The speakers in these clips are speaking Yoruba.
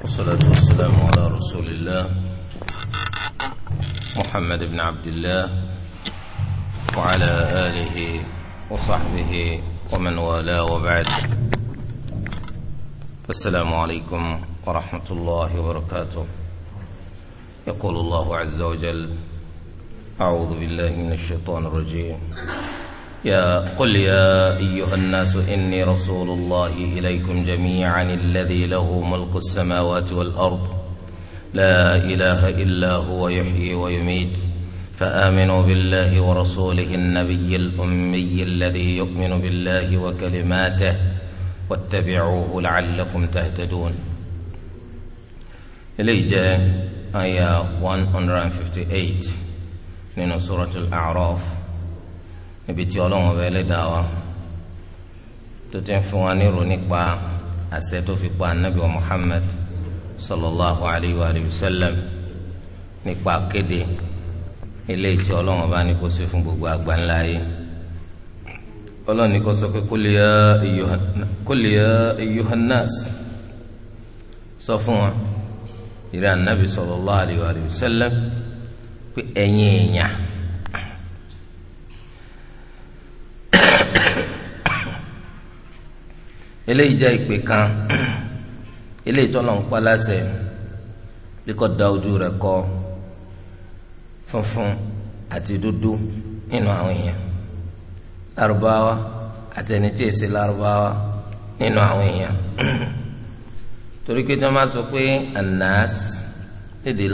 والصلاة والسلام على رسول الله محمد بن عبد الله وعلى آله وصحبه ومن والاه وبعد السلام عليكم ورحمة الله وبركاته يقول الله عز وجل أعوذ بالله من الشيطان الرجيم يا قل يا أيها الناس إني رسول الله إليكم جميعا الذي له ملك السماوات والأرض لا إله إلا هو يحيي ويميت فآمنوا بالله ورسوله النبي الأمي الذي يؤمن بالله وكلماته واتبعوه لعلكم تهتدون إليجا آية 158 من سورة الأعراف níbi tí ọlọ́run ọba ẹlẹ́dàá wa tó ti ń fún wa nírò nípa àṣẹ tó fi pa anabi wa muhammad sallallahu alayhi wa sallam nípa kéde ilé ìtì ọlọ́run ọba ni kò sí fún gbogbo àgbáńlá yìí ọlọ́run ni kò sọ pé kul ya sọ fún wa ìrẹ́ anabi sallallahu alayhi wa sallam pé ẹ̀yin èèyàn. eléyìí jẹ́ ìpè kan eléyìí tọ́lọ̀ ń pa láṣẹ bí kò da ojú rẹ̀ funfun àti dúdú nínú àwọn èèyàn larubawa àti ẹni tí èsì lárúbáwá nínú àwọn èèyàn torí pé tí sọ pé anas lédè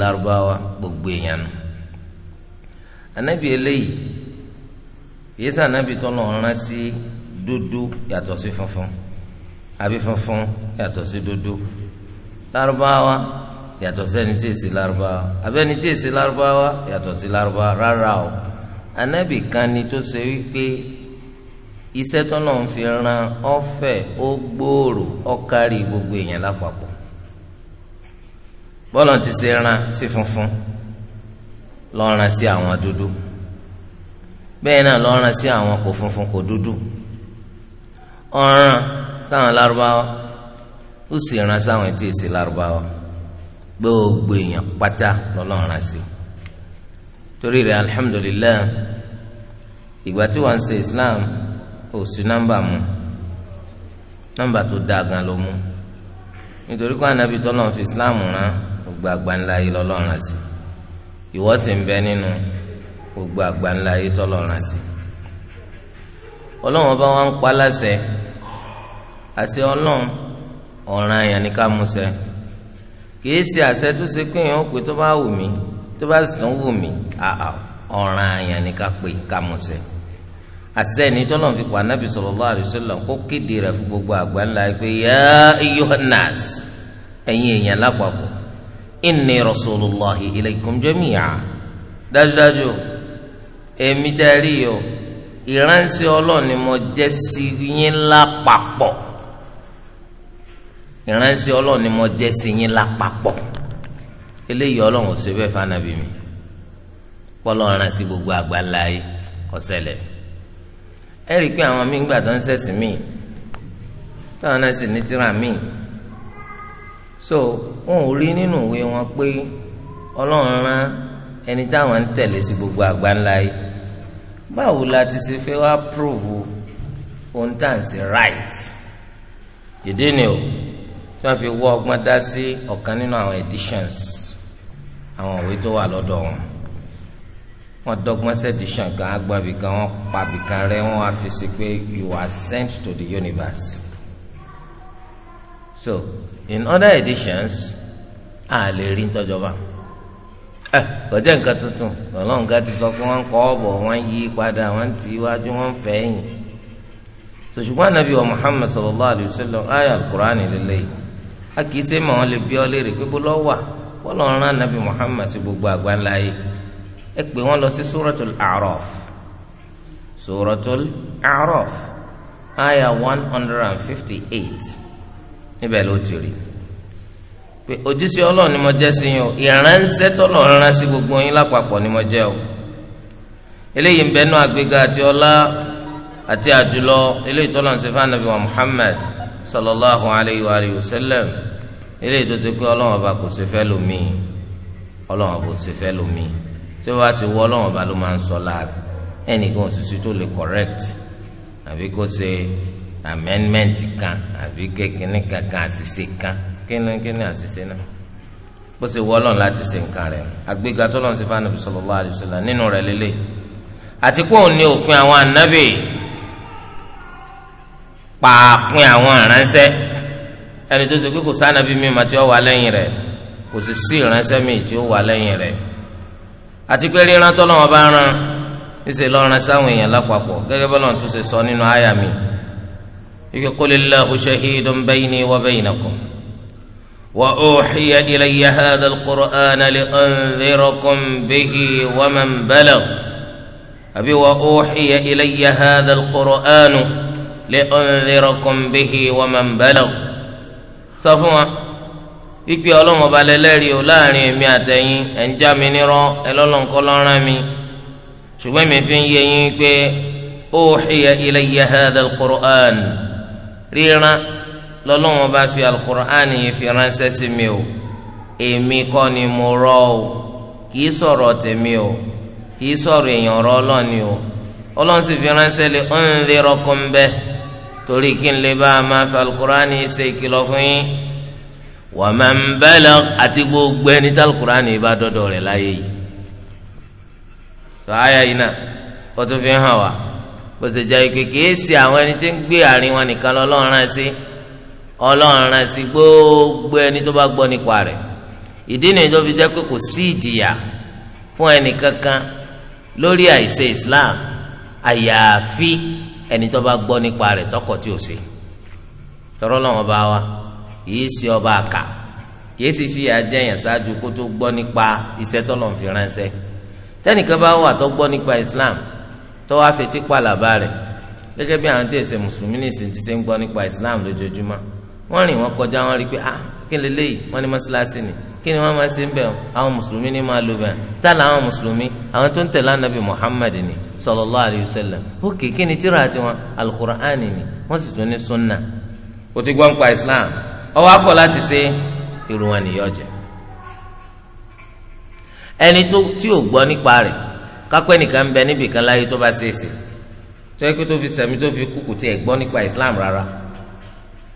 gbogbo èèyàn nù eléyìí. yìí sànàbì tọ́lọ̀ rán sí dúdú yàtọ̀ sí funfun àbí funfun yàtọ̀ sí dúdú lárúbáwá yàtọ̀ sẹ́ni tí èsì lárúbáwá abẹ́ni tí èsì lárúbáwá yàtọ̀ sí lárúbáwá rárá o ànábì kan ni tó ṣe wípé iṣẹ́ tọ́lọ̀ ń fi ran ọ̀fẹ́ ó gbòòrò ó kárí gbogbo èèyàn lápapọ̀ bọ́lọ̀ ti ṣe ran sí funfun lọ́ọ́ ran sí àwọn dúdú. Si bẹ́ẹ̀ náà lọ́ràn sí àwọn kò funfun kò dúdú ọ̀ràn sáwọn lárúbáwá ó sì ràn sáwọn etí èsì lárúbáwá gbogbo èèyàn pátá lọ́lọ́ràn sí torí rẹ̀ alihamudulilayi ìgbà tí wọ́n ṣe islam ò sí nọ́mbà mu nọ́mbà tó dáa gan ló mú nítorí kó ànábì tọ́lọ́ fi islam rán gbogbo àgbáńlá yìí lọ́lọ́ràn sí ìwọ sì nínú. No gbogbo àgbáńlá ayé tọ́lọ́run sí ọlọ́run ọba wa ń pa láṣẹ àṣẹ ọlọ́run ọ̀ràn àyàn ní ká múṣẹ kìí ṣe àṣẹ tó ṣe pé èèyàn pé tó bá wù mí tó bá sì tún wù mí ọ̀ràn àyàn ní ká pé ká múṣẹ àṣẹ ní tọ́lọ́run fi pa anábì kó kéde fún gbogbo èmi tẹ́ rí o ìránṣẹ́ ọlọ́run ni mo jẹ́ sí yín lápapọ̀ ìránṣẹ́ ọlọ́run ni mo jẹ́ sí yín lápapọ̀ eléyìí ọlọ́run ò ṣe bẹ́ẹ̀ fànàbí mi kọ́lọ́ ràn sí gbogbo àgbáńlá yìí ẹ rí i pé àwọn míì gbà tó ń ṣẹ̀sìn míì táwọn náà sì ní tíra míì so wọn ò rí nínú ìwé wọn pé ọlọ́run rán ẹni táwọn ń tẹ̀lé sí gbogbo àgbáńlá báwo la ti ṣe fẹ́ wá prove ohun tá à ń ṣe right ìdí ni o tí wọ́n fi wọ́ ọgbọ́n dá sí ọ̀kan nínú àwọn editions àwọn òwe tó wà lọ́dọ̀ wọn wọ́n dọ́gbọ́n sí edition kan agbábi kan wọ́n pa bìkan rẹ wọ́n wá fi sí pé you are sent to the universe so in other editions a lè rí ń tọ́jọba. Ah, ẹ eh, kọjá nǹkan tuntun ọlọ́run ká ti sọ pé wọ́n ń kọ́ ọ̀bọ̀ wọ́n ń yí padà wọ́n ń iwájú wọ́n ń fẹ́ anabi wa muhammed sallallahu alayhi wa sallam ayé alukur'an lele a kì í ṣe mà wọn lè bí ọ léèrè pé bó lọ wà wọ́n lọ rán anabi muhammed sí gbogbo àgbáńlá yìí ẹ pè wọ́n lọ sí suratul a'raf suratul a'raf ayé one hundred and fifty eight níbẹ̀ ló ti rí pé ojúṣe ọlọ́run ni mo jẹ́ sí yín o ìránṣẹ́ tọ́lọ́run rán sí gbogbo yín lápapọ̀ ni mo jẹ́ o eléyìí ń bẹ nú àgbéga àti ọlá àti àjùlọ eléyìí tọ́lọ́run ṣe fún anabi wa Muhammad sallallahu alayhi wa alihi wa sallam eléyìí tó ṣe pé ọlọ́run ọba kò ṣe fẹ́ lómi ọlọ́run ọba kò ṣe fẹ́ lómi tí wọ́n bá ṣe wọ́ ọlọ́run ọba ló máa ń sọ láàrin ẹnìkan òṣìṣẹ́ tó lè correct àbí kó ṣe amendment kan àbí kékeré kankan àṣìṣe kan kínkínní àṣìṣe náà bó ṣe wọ Ọlọ́run láti ṣe nǹkan rẹ̀ àgbéga tó lọ́n sí fanabi sallallahu alaihi wasallam nínú rẹ̀ lélẹ̀ àti pé òun ni òpin àwọn ànábì pàápín àwọn àránṣẹ́ ẹni tó ṣe pé kò sànàbí mímọ́ tí ó wà lẹ́yìn rẹ̀ kò sì sí ìránṣẹ́ míì tí ó wà lẹ́yìn rẹ̀ àti pé ríran tó lọ́wọ́ bá ran ṣíṣe lọ́ran sáwọn èèyàn lápapọ̀ gẹ́gẹ́ tó ṣe sọ nínú àyà mi وأوحي إلي هذا القرآن لأنذركم به ومن بلغ أبي وأوحي إلي هذا القرآن لأنذركم به ومن بلغ صفوا ikpe ọlọ́run ọba lẹ́lẹ́rìí o láàrin èmi àtẹ̀yìn ẹ̀ ń já mi nírọ́ ẹ lọ́lọ́run kọ́ lọ́rán mi ṣùgbọ́n mi fi ń yé yín pé ó xìyà ilẹ̀ yẹ hàdà qur'an ríran lọ́lọ́wọ́n bá fi alukur'an yìí fi ránṣẹ́ sí mi o èmi kọ́ ni mo rọ́ o kìí sọ̀rọ̀ tèmi o kìí sọ̀rọ̀ èèyàn rọ́ ọlọ́ni o ọlọ́run sì fi ránṣẹ́ lé ọ̀nlẹ́rọ̀kùn bẹ́ torí kí n lè bá a máa fi alukur'an yìí ṣe ìkìlọ̀ fún yín wà máa ń bẹ́lẹ̀ àti gbogbo ẹni tí alukur'an yìí bá dọ́dọ̀ rẹ̀ láyé yìí tó àyà yìí náà ó tún fi hàn wá bó ṣe jẹ́ ike kìí àwọn ẹni tí ń gbé àárín wọn nìkan lọ́lọ́run ọlọ́run rán sí gbogbo ẹni tó bá gbọ́ nípa rẹ̀ ìdí nìyí tó fi jẹ́ pé kò sí ìjìyà fún ẹnì kankan lórí àìṣe islam àyàfi ẹni tó bá gbọ́ nípa rẹ̀ tọkọ tí ò sí tọrọ lọ́wọ́ bá wa yìí ṣe ọba àkà yìí sì fi àjẹ yẹn ṣáájú kó tó gbọ́ nípa iṣẹ́ tọ́lọ̀ ń fi ránṣẹ́ tẹ́nìkan bá wà tó gbọ́ nípa islam tó wá fetí pàlàbà rẹ̀ gẹ́gẹ́ bí àwọn tí èsè mùsùlùmí nìsín ti ṣe ń gbọ́ nípa islam lójoojúmọ́ wọ́n rìn wọ́n kọjá wọ́n rí pé ah kí lè léyìí wọ́n ní mọ́sálásí ni kí ni wọ́n máa ṣe ń bẹ̀ àwọn mùsùlùmí ní máa lò bẹ̀ tá làwọn mùsùlùmí àwọn tó ń tẹ̀lé anabi muhammad ni sallallahu alayhi wa sallam ókè kí ni tíra tiwọn alukur'an ni wọ́n sì tún ní sunna o ti gbọ́ ń pa islam ọwọ́ akọ láti ṣe irú wọn nìyọ jẹ ẹni tí ò gbọ́ nípa rẹ̀ kápẹ́ nìkan ń bẹ níbìkan láyé tó bá ṣe é ṣe tó yẹ kó tó fi sẹ̀mí tó fi kúkú tiẹ̀ gbọ́ nípa islam rárá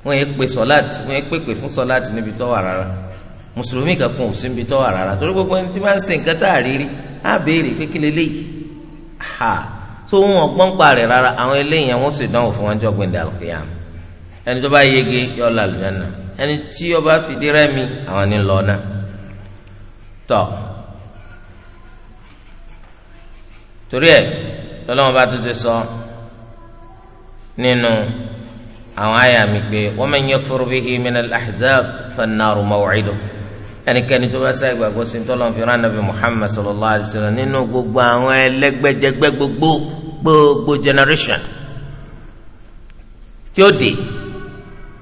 wọn yẹ pé sọláàtì wọn yẹ pépè fún sọláàtì níbi tó wà rárá mùsùlùmí kankan ò sí níbi tó wà rárá torí gbogbo ẹni tí máa ń ṣe nǹkan tá a rí rí á béèrè pé kí leléyìí ha tó wọn ọgbọ́n pa rẹ̀ rárá àwọn eléyìí àwọn sì dánwò fún wọn jọ gbẹ̀ndẹ̀ àlùkìyàm ẹni tó bá yege yọ lọ àlùjáná ẹni tí ó bá fìdí rẹmi àwọn ni lọ náà tọ torí ẹ tọ́lọ́mọba tó ti sọ nínú àwọn àyà mi pé wa man yakfur bihi minal ahzab fannaru maw'iduhu ẹnikẹ́ni tó bá sáyẹ gbàgbọ́ sí tọ́lọ́n fi rán nàbì Muhammad sallallahu alayhi wa sallam nínú gbogbo àwọn ẹlẹ́gbẹ́jẹgbẹ́ gbogbo gbogbo generation tí ó dé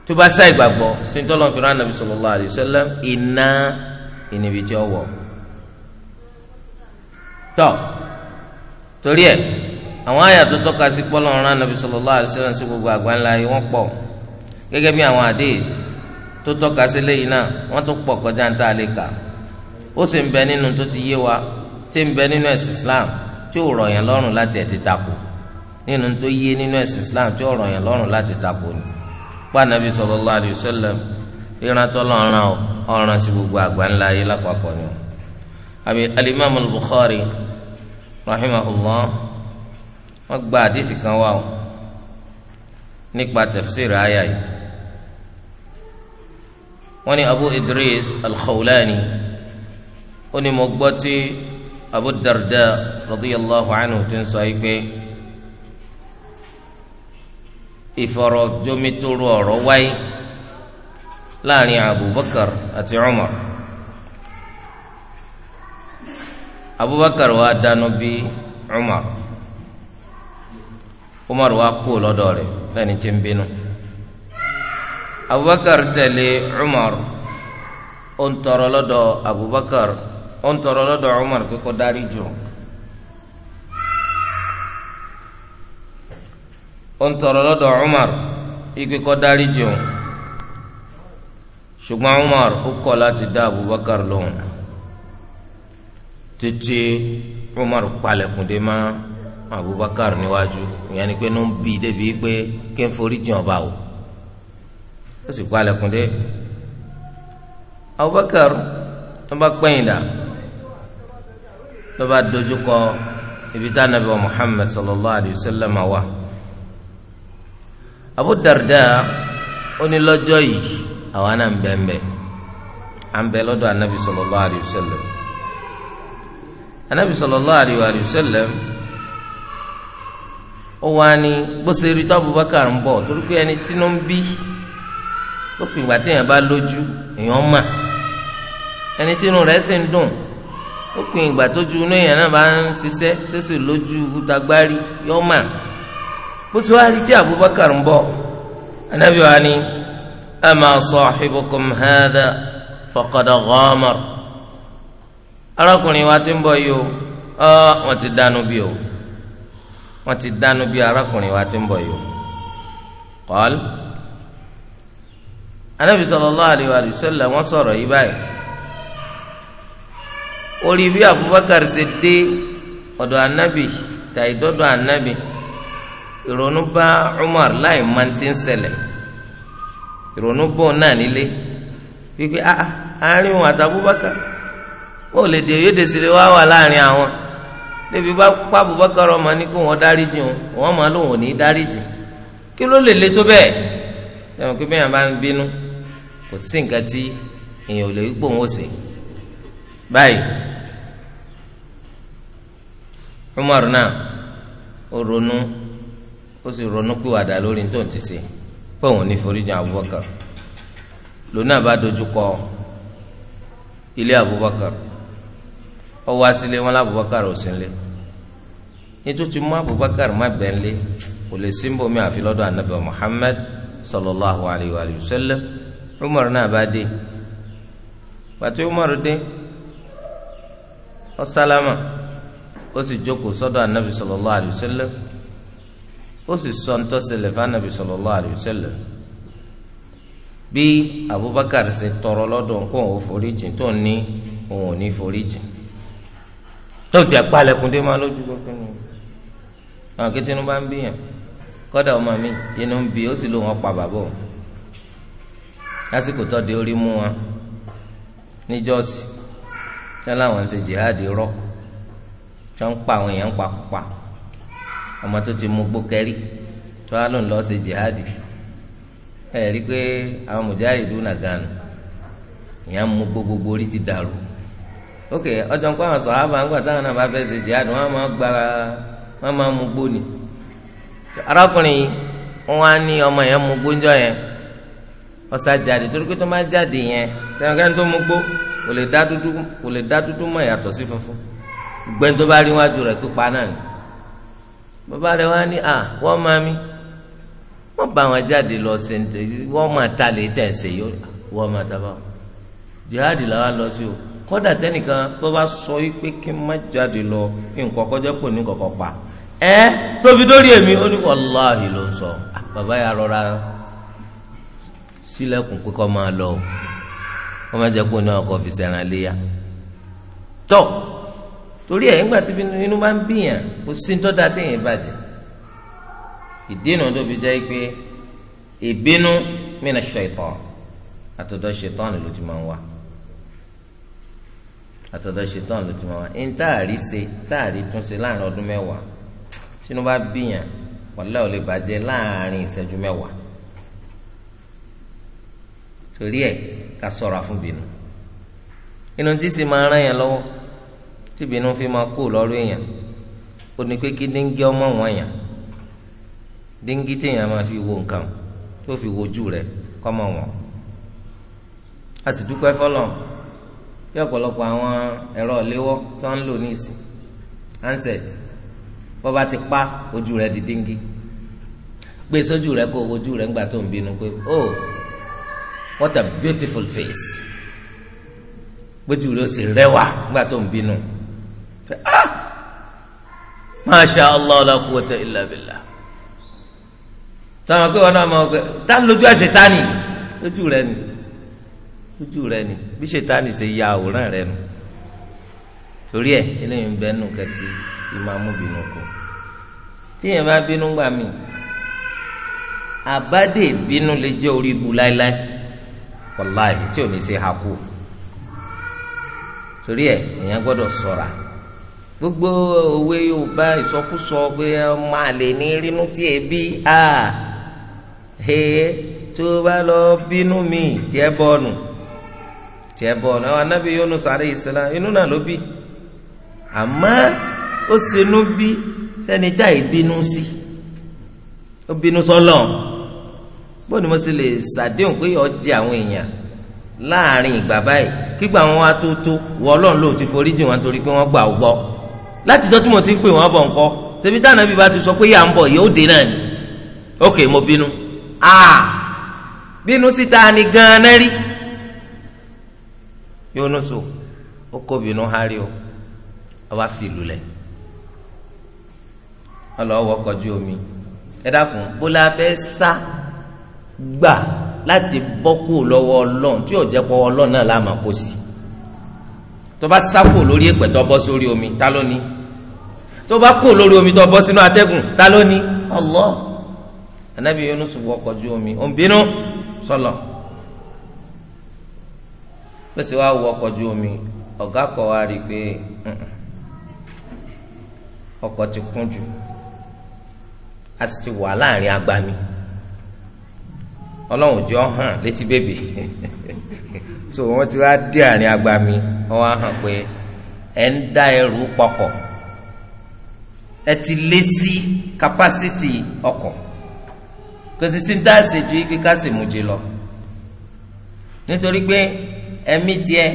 tó bá sáyẹ gbàgbọ́ sí tọ́lọ́n fi rán nàbì sallallahu alayhi wa sallam iná ìníbi tí ó wọ̀ tọ́ torí ẹ̀ àwọn àyà tó tọ́ka sí pọ́lọ́run rán nàbí sallallahu alaihi wasallam sí gbogbo àgbáńlá yìí wọ́n pọ̀ gẹ́gẹ́ bí àwọn àdé tó tọ́ka sí lẹ́yìn náà wọ́n tún pọ̀ kọjá ń tà lè kà ó sì ń bẹ nínú tó ti yé wa tí ń bẹ nínú ẹ̀sìn Islam tí ò rọ̀yàn lọ́rùn láti ẹ̀ ti takò nínú tó yé nínú ẹ̀sìn Islam tí ò rọ̀yàn lọ́rùn láti takò ni pa nàbí sallallahu alaihi wasallam wọ́n gba àdìsí kan wá o nípa tafsir àyà yìí wọ́n ní abu idris al-khawlani ó ní mo gbọ́ tí abu darda radiyallahu anhu ti ń sọ yìí pé ìfọ̀rọ̀jomitoro ọ̀rọ̀ wáyé láàrin abubakar àti umar abubakar wá dáná bí umar. umar wa kú lọ́dọ̀ rẹ̀ lẹ́ni tí ń bínú abubakar tẹ̀lé umar ó ń tọrọ lọ́dọ̀ abubakar ó ń tọrọ lọ́dọ̀ umar pé kó dárí jù ó ń tọrọ lọ́dọ̀ umar ipe kó dárí jù ṣùgbọ́n umar ó kọ̀ láti dá abubakar lóhùn títí umar palẹ̀kùn dé máa. Abubakar níwájú ìyẹn ni pé ló ń bi débi pé kí n forí jìn ọba o ó sì pa alẹ́kùn dé Abubakar ló bá pẹ́yìn dà ló bá dojú kọ ibi tá anabi wa Muhammad sallallahu alayhi wa sallam wa Abu Darda ó ní lọ́jọ́ yìí àwa náà ń bẹ́ẹ̀ bẹ́ẹ̀ à ń bẹ lọ́dọ̀ anabi sallallahu alayhi wa sallam anabi sallallahu alayhi wa sallam. ó wá ní bó ṣe rí tó bọ̀ torí pé ẹni tí ló ń bí lópin ìgbà tí èèyàn bá lójú èèyàn mà ẹni tí inú rẹ̀ sì ń dùn lópin ìgbà tójú inú èèyàn náà bá ń ṣiṣẹ́ tó sì lójú yóò mà bó ṣe wá rí tí ni o ọ wọn ti dànù o. wọ́n ti dánú bí arákùnrin wa ti ń bọ̀ yìí kọ́l anabi sallallahu alayhi wa sallam wọ́n sọ̀rọ̀ yìí báyìí orí bí abubakar ṣe dé ọ̀dọ̀ anabi tàyí dọ́dọ̀ anabi ìrònú bá umar láì máa ti ń ṣẹlẹ̀ ìrònú bọ̀ náà nílé wípé ah, ah, àárín òun àti abubakar ó lè dèrè dèsèrè wá wà láàrin àwọn débi bá pa Abubakar ọmọ ní kó wọn dáríjì òun wọn máa lóun ò ní dáríjì kí ló lè le tó bẹ́ẹ̀ ẹ̀wọ̀n pé bẹ́ẹ̀ bá ń bínú kò sí nǹkan tí èèyàn ò lè rí pò ń wòsè báyìí Umar náà ó ronú ó sì ronú pìwàdà lórí tó ń ti ṣe pé òun ní foríjì Abubakar lòun náà bá dojú kọ ilé Abubakar ọ wá sílé wọn lábùbákàr ò sí nílé nítorí mú abubakar má bẹ́ẹ̀ nílé kò lè sí bomi àfi lọ́dọ̀ anabi muhammed sallallahu alayhi wa sallam umar náà bá dé pàtó umar dé ọ sálámà ó sì jókòó sọ́dọ̀ anabi sallallahu alayhi wa sallam ó sì sọ ntọ́sẹ̀lẹ̀ fún sallallahu alayhi wa sallam bí abubakar ṣe tọrọ lọ́dọ̀ nǹkan òun foríjì tó ní òun ò ní foríjì tó ti palẹ̀kùn ma máa lójú gbogbo ni àwọn kí tinubu ń bíyàn kọ́dà ọmọ mi inú ń bí ó sì ló wọn pa bàbá lásìkò tó di orí mú wọn ní jọ́ọ̀sì tí wọ́n láwọn ń ṣe jihad rọ tí wọ́n ń pa àwọn èèyàn pa pa ọmọ tó ti mú gbókẹ́rí tí ti dàrú ok ọjọ nǹkan àwọn sàhábà ńgbà táwọn náà bá fẹ́ ṣe jihad wọ́n máa gba ma máa mú gbóni arákùnrin wọn á ní ọmọ yẹn mú gbóńjọ yẹn ọ̀sà jáde torí pé tó máa jáde yẹn sẹ́yìn kẹ́ni tó mú gbó kò lè dá dúdú kò lè dá dúdú mọ̀ yàtọ̀ sí funfun gbẹ́ni tó bá rí wájú rẹ̀ pípa náà ni bàbá wá ní à wọ́n máa mi wọ́n bá kódà tẹnìkan tó bá sọ wípé kí n má jáde lọ nǹkan kọjá kò ní kọkọ pa ẹ tóbi dórí èmi ó ní wàláhì ló ń sọ ah, bàbá yà rọra sílẹ̀kùn pé kọ máa lọ kọ má jẹ kó ní ọkọ fi sẹran léyà tọ torí ẹ nígbà tí inú bá ń bìyàn kò sí ní tọ́da tí èèyàn bàjẹ́ ìdènà tó fi jẹ́ pé ìbínú mina ṣaitan àtọ̀dọ̀ ṣaitan ló ti máa ń wá àtọ̀dọ̀ ṣetán ló ti mọ̀ wọn. ń táàrí ṣe táàrí tún ṣe láàrin ọdún mẹ́wàá tínú bá bìyàn wàlẹ́ ò lè bàjẹ́ láàrin ìṣẹ́jú mẹ́wàá. torí ẹ̀ ká sọ̀rọ̀ àfúnbínú. inú tí sì máa rán yẹn lọ́wọ́ tí ìbínú fi máa kú lọ́rọ̀ èèyàn ó ní pé kí dengue ọmọ wọn yàn dengue téèyàn máa fi wo nǹkan tó fi wojú rẹ̀ kọ́mọ wọn. a sì dúpẹ́ fọlọ́n bí ọ̀pọ̀lọpọ̀ àwọn ẹ̀rọ ìléwọ́ tí wọ́n ń lò ní ìsìn handset bọ́ bá ti pa ojú rẹ̀ di díngí gbé sójú rẹ̀ kó ojú rẹ̀ ńgbà tó ń bínú pé oh what a beautiful face gbójú rẹ̀ ó sì rẹwà ńgbà tó ń bínú pé ah masha allah la quwwata illa billah táwọn akéwà náà máa gbé tá lójú àṣetánì lójú rẹ̀ ni lójú rẹ̀ ni bí ṣètánì ṣe ya àwòrán rẹ nù torí ẹ eléyìí ń bẹ nù kẹtì ìmàmù bínú kù tíyẹn bá bínú gbà mí àbádé ìbínú lè jẹ orí ibu láéláé wàláì tí ò ní ṣe haku torí ẹ èèyàn gbọ́dọ̀ ṣọ́ra gbogbo òwe Yorùbá ìsọkúsọ pé ọmọ àlè ní rínú tí ẹ bí a he tó bá lọ bínú mi jẹ bọnu tiẹ̀ bọ̀ náà anábì Yunus alayhi salam inú náà ló bí àmọ́ ó sinú bí sẹ́ni tá ìbínú sí ó bínú sọ́lọ̀ bó ni mo sì lè ṣàdéhùn pé ó jẹ àwọn èèyàn láàrin ìgbà báyìí kígbà wọn wá tó tó wọ Ọlọ́run ló ti forí jì wọn torí pé wọ́n gbà ó gbọ́ láti tọ́ tí mo ti pè wọ́n bọ̀ ńkọ́ ṣebí táwọn ẹbí bá ti sọ pé yà ń bọ̀ yóò dé náà ni ok mo bínú ah! bínú síta ni gan-an rí Yunusu ó kó bínú hárí o ọba fìlú lẹ ọlọ́wọ́ kọjú omi ẹ dákun bólá fẹ́ sá gbà láti bọ́ kúrò lọ́wọ́ ọlọ́run tí òjẹ́ pọ̀ ọlọ́run náà láàmà kó sí tó bá sá kúrò lórí èpẹ̀ tó bọ́ sórí omi ta ló ní tó bá kúrò lórí omi tó bọ́ sínú atẹ́gùn ta ló ní Allah anabi Yunus wọ omi òun sọlọ. So ó sì wá wọ ọkọ̀ ojú omi ọ̀gá kọ̀ wá rí i pé ọkọ̀ ti kún jù a sì ti wà láàrin agbami ọlọ́run jọ hàn létí bèbè so wọ́n ti wá dé àárín agbami wọ́n wá hàn pé ẹ̀ ń dá ẹrù pọkọ̀ ẹ ti lé sí kapásítì ọkọ̀ kò sì sí dáàsì ju ibi ká sì mú jẹ lọ nítorí pé ẹ̀mí tiẹ̀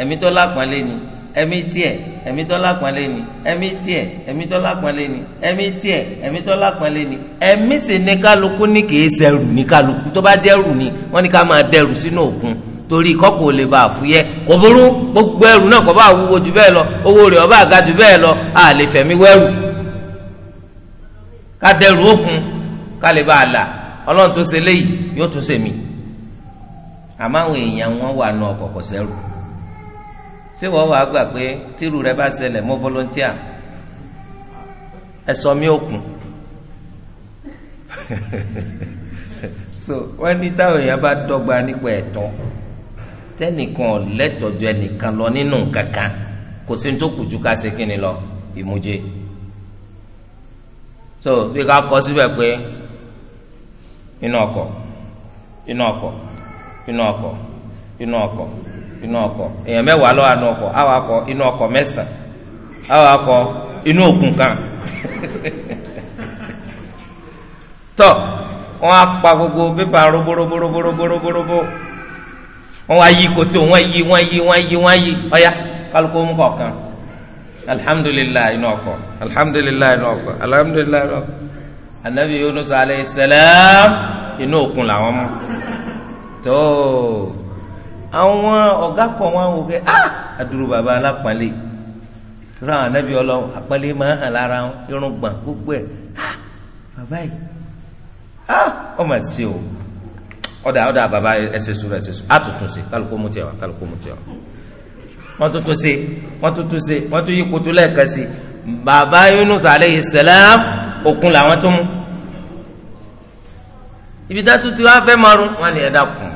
ẹ̀mí tó lápọ̀nlé ni ẹ̀mí tiẹ̀ ẹ̀mí tó lápọ̀nlé ni ẹ̀mí tiẹ̀ ẹ̀mí tó lápọ̀nlé ni ẹ̀mí tiẹ̀ ẹ̀mí tó lápọ̀nlé ni ẹ̀mí sì ní kálukú ní kìí ṣẹrù ní kálukú tó bá dẹrù ni wọ́n ní ká máa dẹrù sínú òkun torí kọ́kọ́ lè bá àfúyẹ́ kò burú gbogbo ẹrù náà kò bá wúwo jù bẹ́ẹ̀ lọ owó rẹ̀ ọba àga jù bẹ́ẹ̀ lọ a lè fẹ̀mí wẹ́rù ká dẹrù òkun ká lè bá a là ọlọ́run tó ṣe léyìí yóò tún ṣèmí àmọ́ àwọn èèyàn wọn wà nù ọ̀kọ̀ọ̀kọ̀ sẹ́rù tí wọ́n wàá gbà pé tírù rẹ bá ṣẹlẹ̀ mọ́ volunteer ẹ sọ mí òkun so wọ́n ní táwọn èèyàn bá dọ́gba nípa ẹ̀tọ́ tẹ́nìkan ọ̀lẹ́tọ̀jọ ẹnìkan lọ nínú kankan kò sí ní tó kù ká ṣe kí lọ ìmújẹ so bí ká kọ síbẹ̀ pé inú ọkọ̀ inú ọkọ̀. inú ọkọ̀ inú ọkọ̀ inú ọkọ̀ èèyàn mẹ́wàá lọ́wọ́ àánú ọkọ̀ àwọn akọ inú ọkọ̀ mẹ́sàn àwọn akọ inú òkun kan tọ́ nwa á pa gbogbo pépà roboroboroboroboroborobo wọ́n wá yí kòtò wọ́n yí wọ́n yí wọ́n yí yí alhamdulilayi inú alhamdulilayi inú inú anabi yunus alayhi salam inú òkun tó àwọn ọ̀gá kan wọn wò pé ah adúrú bàbá alápọ̀nlé rà wọn anábì ọlọ́run àpọ̀nlé máa ń hàn lára wọn irun gbọ̀n gbogbo ẹ̀ ah bàbá yìí ah ọmọ ẹ̀ sí o ọ̀dà ọ̀dà bàbá ẹsẹ̀ sùúrù ẹsẹ̀ sùúrù àtúntún sí kálukú mú tiẹ̀ wá kálukú mú tiẹ̀ wá wọ́n tún tún sí wọ́n tún tún sí wọ́n tún yí kutu lẹ́ẹ̀kan sí bàbá Yunus aleyhi salam òkun làwọn tún mú ibi dátútù wá fẹ́ máa rún wọn ni ẹ̀ dákun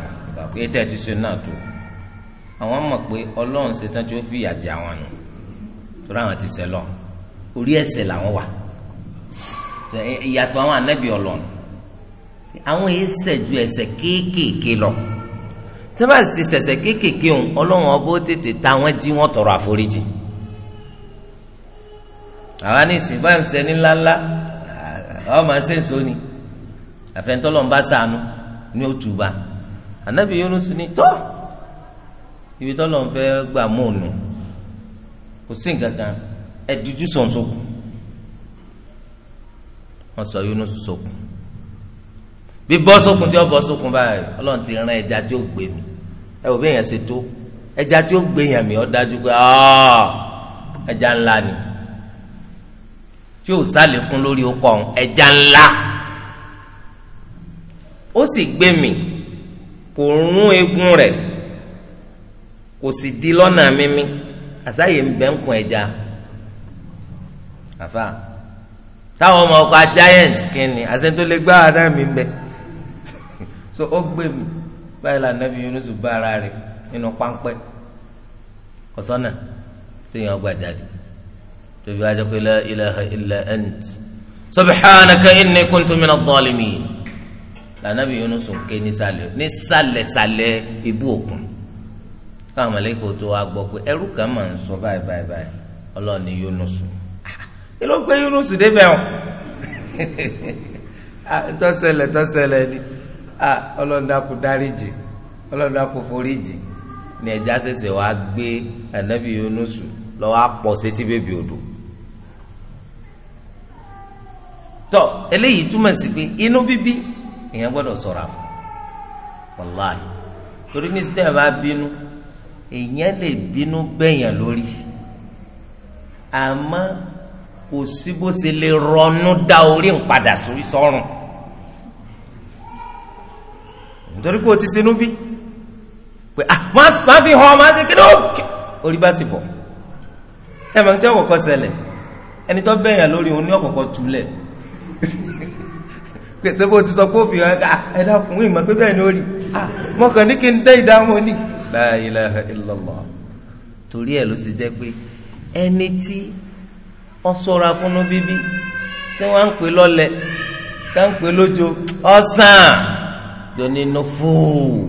pé tẹ́ ẹ ti ṣe náà tó àwọn mọ̀ pé ọlọ́run ṣetán tí ó fi ìyà jẹ àwọn nù torí àwọn ti ṣẹ̀ lọ orí ẹ̀ṣẹ̀ làwọn wà ìyàtọ̀ àwọn ànábì ọlọ́run àwọn yìí ṣẹ̀ ju ẹ̀ṣẹ̀ kéékèèké lọ tí wọ́n bá ti ṣẹ̀ṣẹ̀ kéékèèké òun ọlọ́run ọbọ̀ tètè ta wọ́n jí wọ́n tọrọ àforíjì àwa ní ìsìn bá ń ṣe ní ńláńlá àwọn máa ń sọ ni àfẹnitọ́lọ́n bá sànú ní òtúba anabi yunus ní tọ́ ibi tọ́lọ̀ ń fẹ́ gbà mọ́ọ̀nù kò sí nǹkan kan ẹ̀dùjú sọ̀nsọ̀kù wọ́n sọ yunus sọ̀kù bí bọ́ sọ̀kùn tí ó bọ́ sọ̀kùn báyìí ọlọ́run ti rán ẹja tí ó gbé mi ẹ wò bí èèyàn ṣe tó ẹja tí ó gbé èèyàn mi ó dájú pé ẹja ńlá ni tí ò sálẹ̀ kún lórí okọ̀ ẹja ńlá ó sì gbé mi. kò rún eegun rẹ̀ kò sì di lọ́nà mímí àsáyè ń bẹ́ ń kun ẹja àfa táwọn ọmọ ọkọ giant kìíní àsèntólẹ́gbà náà mi ń bẹ so ó gbé mi báyìí la nàbí Yunus bá ara rẹ̀ nínú páńpẹ́ to téèyàn gbà jáde tóbi wájú pé la ilaha illa ant subhanaka inni kuntu minadh-dhalimin. lànàbí Yunus ké nísàlẹ̀ nísàlẹ̀sàlẹ̀ ibú òkun káwọn mọ̀lẹ́kọ̀ tó wá gbọ́ pé ẹrú kan máa ń sọ báyìí báyìí báyìí ọlọ́run ní Yunus kí ló gbé Yunus débẹ̀ o ah, tọ́sẹ̀lẹ̀ tọ́sẹ̀lẹ̀ ni ah, ọlọ́run dàpọ̀ dáríjì ọlọ́run dàpọ̀ foríjì ni ẹja ṣẹ̀ṣẹ̀ wàá gbé ànábì Yunus lọ́wọ́ àpọ̀ sétí bèbè odò tọ́ eléyìí túmọ̀ sí pé inú bíbí èèyàn gbọ́dọ̀ sọ̀rọ̀ àfọ̀ wàláì torí ní sítẹ̀ bá bínú èèyàn lè bínú gbẹ̀yàn lórí àmọ́ kò sí bó ṣe lè ronú dá orí ń padà sórí sọ́run nítorí pé o ti sinú bí pé ah máa fi hàn máa ṣe kí ló orí bá sì bọ̀ sẹ́mi tí ọkọ̀ọ̀kọ̀ ṣẹlẹ̀ ẹni tó bẹ̀yàn lórí òun ní ọkọ̀ọ̀kọ̀ túlẹ̀. pèsè bó ti sọ pé òfin ọ̀hún ẹ dákun ìmọ̀ pé bẹ́ẹ̀ ni ó rí mọ̀kàn ní kí n dẹ́ ìdáhùn ní. la ilaha illallah torí ẹ̀ ló sì jẹ́ pé ẹni tí ọ sọ́ra fúnnú bíbí tí wọ́n ń pè lọ́lẹ̀ tá ń pè lójo ọ̀sán jọ nínú fúù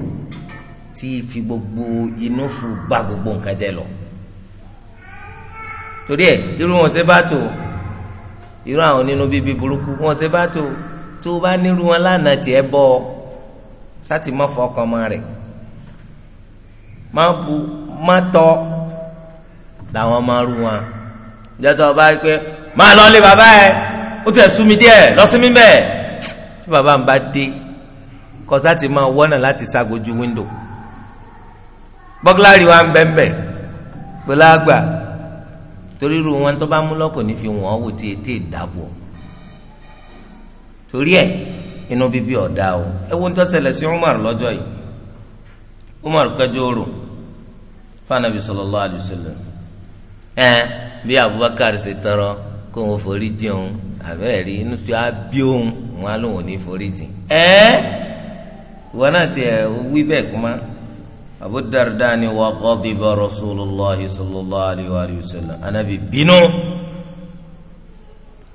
tí fi gbogbo inú fúù bá gbogbo nǹkan jẹ lọ torí ẹ̀ irú wọn ṣe bá tó irú àwọn nínú bíbí burúkú wọn ṣe bá tó tó o bá nírú wọn lánàá tiẹ̀ bọ́ ọ sátì má fọkàn ọmọ rẹ̀ má bu má tọ́ làwọn máa rú wọn jẹ́tọ́ ọba yìí pé máa lọ lé bàbá ẹ̀ ó tẹ̀ sú mi díẹ̀ lọ sí mi bẹ́ẹ̀ tí bàbá mi bá dé kọ sátì máa wọ́nà láti ságojú wíńdò bọ́gláàrí wa ń bẹ́ńbẹ́ pẹ̀lú àgbà torí irú wọn tó bá mú lọ́kọ̀ fi wọ́n wò tí etí ìdábọ̀ torí ẹ inú bíbí ọ̀dà o ẹ wo ń tó ṣẹlẹ̀ sí Umar lọ́jọ́ yìí Umar kẹjọ oru fanabi sallallahu alaihi Abubakar ṣe tọrọ kó wọn forí jìn òun àbẹ́rẹ́ inú tí a bí òun wọn á lóun ò ní forí jìn ẹ náà ti ẹ wí sallallahu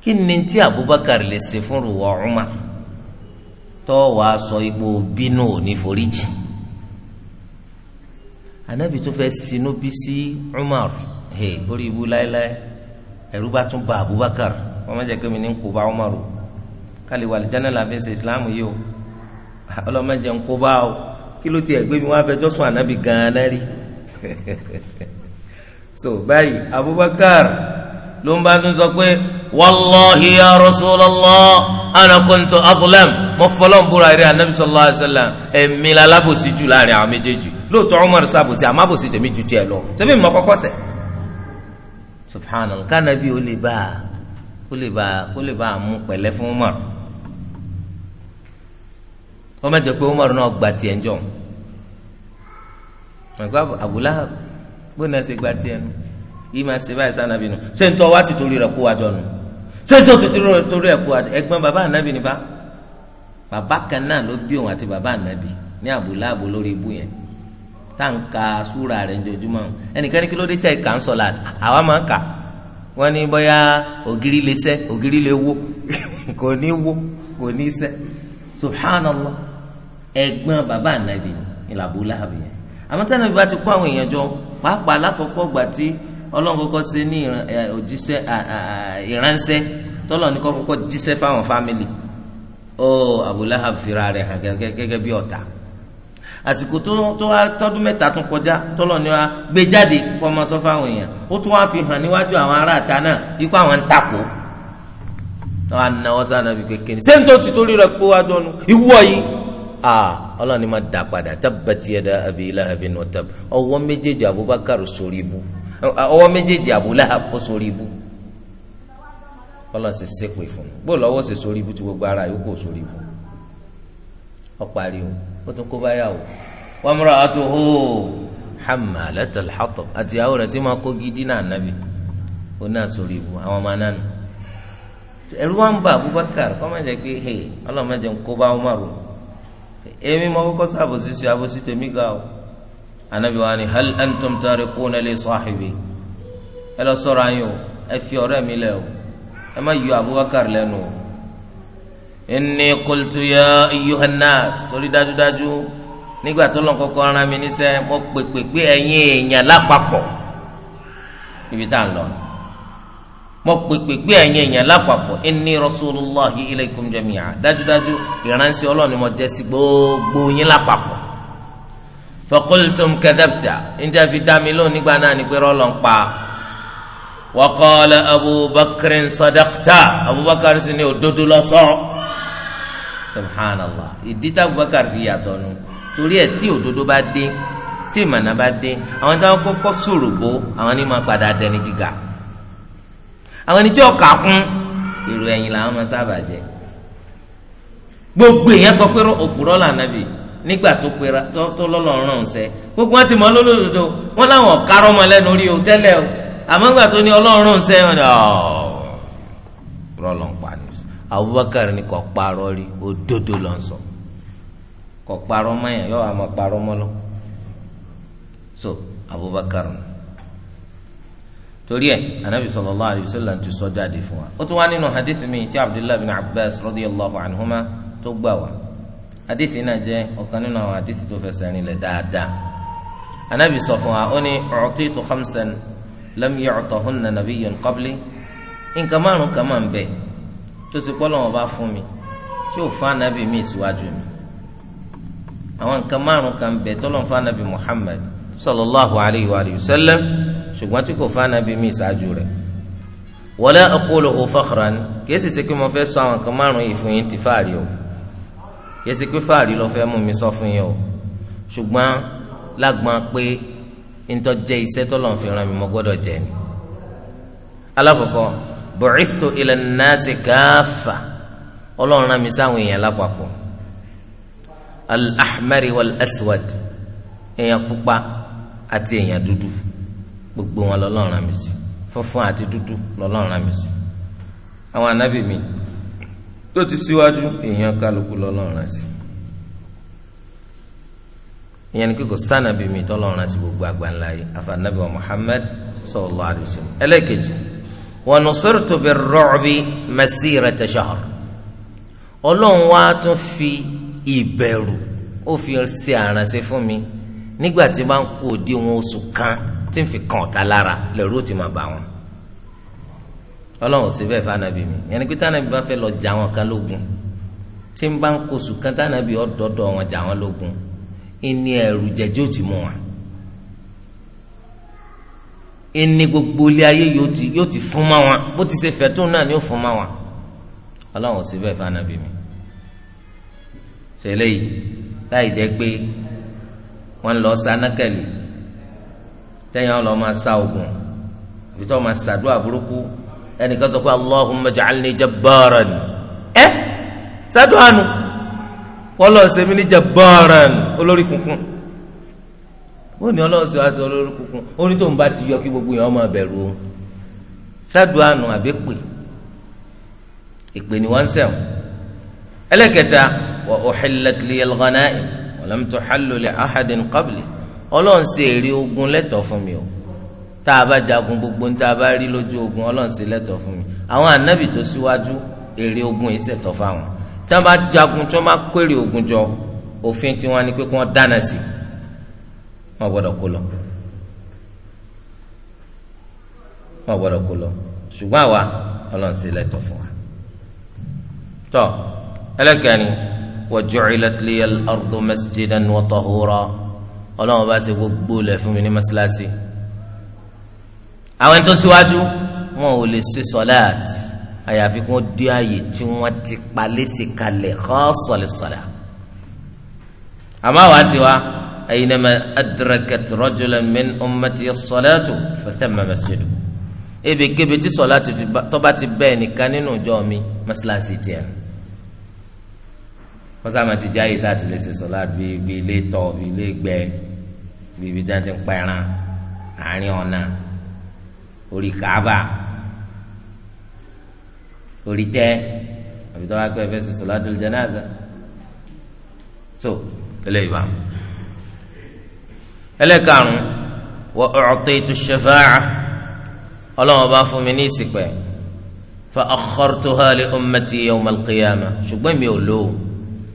kí ni tí Abubakar lè ṣe fún ruwa Umar tó wàá sọ ipò bínú òní foríjì anabi tó fẹ́ sinú bí sí Umar he orí ibu láéláé ẹ̀rú bá tún ba Abubakar wọ́n má jẹ́ kí mi ní kó bá Umar o kálí wà lìjánà làbẹ́ ṣe Islam yìí o ọlọ́mọdé ń kó bá o kí ló tiẹ̀ gbé mi wá fẹjọ́ sùn anabi gan-an rí so báyìí Abubakar ló ń bá fi sọ pé wàlláhi ya rasulallah ana kuntu adlam mo fọlọ́n búra eré anabi sallallahu alayhi wa sallam èmi la lábòsí jù láàrin àwọn méjèèjì lóòótọ́ umar sábòsí àmọ́ àbòsí tèmi ju tiẹ̀ lọ tẹ́bí mọ́ kọ́kọ́ sẹ̀ subhanallah kánàbí ó lè bá ó lè bá ó lè bá mú pẹ̀lẹ́ fún umar wọ́n mẹ́jọ pé umar náà gba tiẹ̀ ń jọ̀ ẹ̀gbọ́n bó na ṣe gba tiẹ̀ nù yìí máa ṣe báyìí sànàbì nù ṣé ń tọ́ wá ti torí rẹ̀ kó wa jọ nù ṣé ń tọ́ ti torí rẹ̀ kó wa ẹ̀gbọ́n bàbá ànábì ni bá bàbá kan náà ló bí òun àti bàbá ànábì ní àbúláàbò lórí ibú yẹn tá n ka súra rẹ̀ njojúmọ́ ẹnìkan kí ló dé tẹ́ ẹ̀ kà ń sọ̀lá àwa máa ń kà wọ́n ní bóyá ògiri lè sẹ́ ògiri lè wó kò ní wó kò ní sẹ́ subhanallah ẹ̀gbọ́n bàbá ànábì ni làbúláàbò yẹn àmọ́ tẹ́lẹ̀ bí wọ́n ti kó àwọn èèyàn jọ pàápàá alákọ̀ọ́kọ́ gbà tí ọlọ́run kọ́kọ́ ṣe ní òjíṣẹ́ ìránṣẹ́ tọ́lọ̀ ní kọ́kọ́ jíṣẹ́ fáwọn fámìlì ó Abu Lahab fira rẹ̀ hàn gẹ́gẹ́ bí ọ̀tá àsìkò tó wá tọ́dún mẹ́ta tún kọjá tọ́lọ̀ ni wá gbé jáde kọ́ ọmọ sọ fáwọn èèyàn ó tún wá fi hàn níwájú àwọn ará àta náà ikú àwọn ń takò náà náwó sáà nàbí kékeré sẹ́ńtò ti torí rẹ̀ kó wá dọ́nu ìwọ yìí ọlọ́run ni máa dà padà tábàtì ẹ̀dá Abi Lahabin wa tab ọwọ́ méjèèjì Abubakar sórí ibu. ọwọ méjèèjì Abu Lahab ó sórí ibú ọlọ́run sì fún un bó lọ́wọ́ sì sórí ibú tí gbogbo ara yòókù sórí ibú ọparí o ó tún kó o wa imra'atuhu hammalatal hatab àtìyàwó rẹ̀ tí máa kó gidi náà nàbì ó náà sórí ibú àwọn ọmọ ba Abubakar kọ́ máa pé ń kó bá èmi sábòsí sí abòsí tèmi o. anabi wa ni hal antum tarikuna li sahibi ẹ lọ sọ̀rọ̀ anyi o ẹ fi ọ̀rẹ́ mi lẹ̀ o ẹ má yọ abubakar lẹ́nu o inni qultu ya ayyuhannas torí dájúdájú nígbà tó lọ́n kọ́kọ́ rán mi níṣẹ́ mo pèpè pé ẹ̀yin èèyàn lápapọ̀ ibi tá à ń lọ mo pèpè ẹ̀yin èèyàn lápapọ̀ inni rasulullahi ilaykum jami'a dájúdájú ìránṣẹ́ ọlọ́run ni mo jẹ́ sí gbogbo yín lápapọ̀. فقلتم كذبت انت في داملون نيغبا نا ني وقال ابو بكر صدقت ابو بكر سني ودودو لصو سبحان الله اديت ابو بكر رياتونو torí ẹ tí òdodo bá dé tí ìmọ̀nà bá dé àwọn tí wọn kọ́kọ́ sòrògbó àwọn ni máa padà dẹni gíga àwọn ẹni ọkà kún èrò ẹ̀yìn làwọn máa sábà jẹ gbogbo èèyàn sọ pé òpùrọ́ lànà bíi nígbà tó pera tó lọ́lọ́run ràn ṣẹ́ gbogbo wọn ti mọ lólódodo wọn láwọn kárọ́ mọ lẹ́nu rí o tẹ́lẹ̀ o àmọ́ nígbà tó ní ọlọ́run ràn ṣẹ́ wọn ọ̀ rọlọ́n pani Abubakar ni kò parọ́ rí òdodo lọ́n sọ kò parọ́ mọ́yàn yọ àmọ́ parọ́ mọ́ lọ so Abubakar ni torí ẹ anabi sallallahu alayhi wa sallam ti sọ jáde fún wa ó tún wá nínú hadith mi ti Abdullahi bin Abbas radiyallahu anhuma tó gbà wá hadithi náà jẹ́ ọ̀kan nínú àwọn hadithi tó fẹsẹ̀ rinlẹ̀ dáadáa anabi sọ fún wa ó ní u'titu khamsan lam yu'tahunna nabiyyun qabli nǹkan márùn kan máa ń bẹ tó ti pọ́ lọ́wọ́ bá fún mi tí ò fún anabi mi síwájú mi àwọn nǹkan márùn kan bẹ tó lọ́n fún anabi muhammad sallallahu alayhi wa sallam ṣùgbọ́n tí kò fún anabi mi ṣáájú rẹ̀ wala aquluhu fakhran kìí sì ṣe pé mo fẹ́ sọ àwọn nǹkan márùn yìí fún yín tìfáàrí o yẹsẹ pé fàárì lọ fẹ́ mú mi sọ fún yẹn o ṣùgbọ́n lágbọn pé ntọ́ jẹ́ iṣẹ́ tó lọ́n fi ràn mí mo gbọ́dọ̀ jẹ́ ni. alákọ̀ọ́kọ́ bu'ithtu ila nnasi kaffa ọlọ́run rán mi sáwọn èèyàn lápapọ̀ al wal-aswad èèyàn pupa àti èèyàn dúdú gbogbo wọn lọ́lọ́run rán mi sí funfun àti dúdú lọ́lọ́run rán mi sí àwọn anábì tó ti síwájú èèyàn kálukú lọ́lọ́run sí ìyẹn ni kíkọ sànàbí mi tọ́lọ́run sí gbogbo àgbáńlá yìí àfànàbí wa Muhammad sallallahu alaihi wasallam ẹlẹ́kejì wa nusirtu bir-ru'bi masirata shahr ọlọ́run wá tún fi ìbẹ̀rù ó fi ṣe àrànṣe fún mi nígbà tí wọ́n kú òdiwọ̀n oṣù kan tí ń fi kàn ọ̀tá lára lẹ́rú ti máa bá wọn ọlọ́run ò sí bẹ́ẹ̀ fànàbì mi yẹnni pé tànàbì bá fẹ́ lọ jà wọn kan lógun tí ń bá ń kóṣù kan tànàbì ọ̀dọ́dọ̀ wọn jà wọn lógun ìní ẹ̀rù jẹ̀jẹ̀ ò ti mú wọn. ìní gbogbo ilé ayé yóò ti fún mọ́ wọn bó ti ṣe fẹ́ tó náà ni ó fún mọ́ wọn ọlọ́run ò sí bẹ́ẹ̀ fànàbì mi. tẹ́lẹ̀ yìí láì jẹ́ pé wọ́n lọ sa nákàlì tẹ́yìn ọlọ́ọ̀ máa sa oògùn àbí tó máa sàdúrà burúkú ẹnìkan sọ pé allahumma ja'alni jabbaran ẹ sádùn àánú kọlọ sẹmi ní jabbaran olórí kunkun ó ní ọlọ́run sọ aṣọ olórí kunkun ó ní tóun bá ti yọ kí gbogbo yẹn ọmọ bẹ̀rù o sádùn àánú àbí pè ìpè ni wọ́n ń sẹ̀wọ̀n ẹlẹ́kẹta wa uhillat liyal ghanaim wa lam tuhall qabli ọlọ́run ṣe ogun lẹ́tọ̀ọ́ fún mi o tá a bá jagun gbogbo ní tá a bá rí lójú ogun ọlọ́run ṣe lẹ́tọ̀ fún mi àwọn ànábì tó síwájú èrè ogun yìí ṣẹ̀tọ́ fáwọn tí wọ́n bá jagun tí wọ́n bá kórè ogun jọ òfin tiwọn ni pé kí wọ́n dáná sí wọn gbọ́dọ̀ kó lọ wọn gbọ́dọ̀ kó lọ ṣùgbọ́n àwa ọlọ́run lẹ́tọ̀ fún wa. tọ́ ẹlẹ́kẹ̀rin wa ju'ilat liya al àwọn ẹni tó síwájú wọn ò lè ṣe sọláàt àyàfi kó dé ààyè tí wọn ti palẹ́sì kalẹ̀ xọ́sọ̀lẹ̀sọ̀lá àmọ́ àwa ti wá ayinama adrakat rajulan min ummati sọláàtù fatamma masjidu ebi kebe tí sọláàtù tọ́ba ti bẹ́ẹ̀ nìkan nínú ìjọ mi masalasi tiẹ̀ kọ́sàmà ti jẹ́ àyè tá a ti lè ṣe sọláàtù bíi bíi ilé tọ̀ bíi ilé gbẹ bíi ibi tí wọ́n ti ń pẹ́ran àárín ọ̀nà orí kaaba orí tẹ àbí tó bá pẹ́ fẹ́ sọ̀tọ̀ láti lè jẹ́náàzà so eléyìí bá ẹlẹ́karùn-ún wọ ọ̀ọ́tẹ́ ètò ṣẹfàá ọlọ́wọ́n bá fún mi ní ìsìpẹ́ fa akhartuha li ummati yawm al-qiyamah ṣùgbọ́n mi ò lò ó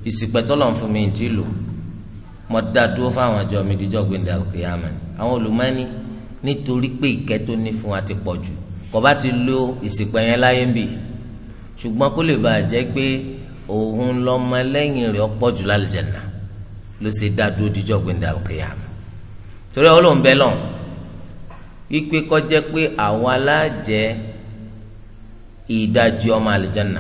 ìsìpẹ́ tọ́lọ̀ fún mi ti lò mo dá fáwọn àjọ mi díjọ́ gbẹ̀ndẹ̀ al-qiyamah àwọn olùmọ́ni nítorí pé ìkẹ́ tó ní fún wa ti pọ̀ jù kò bá ti lo ìsìnkú yẹn láyé ń bì ṣùgbọ́n kó lè bàa jẹ́ pé òun lọ́mọ lẹ́yìn rẹ̀ ọ̀pọ̀ jù lálùjẹ̀nà ló ṣe dá dúró díjọ́ gbẹ̀ndà òkèèyàn torí ọlọ́run bẹ́ẹ̀ lọ́n wípé kọjá pé àwa la ìdajì ọmọ àlùjẹ̀nà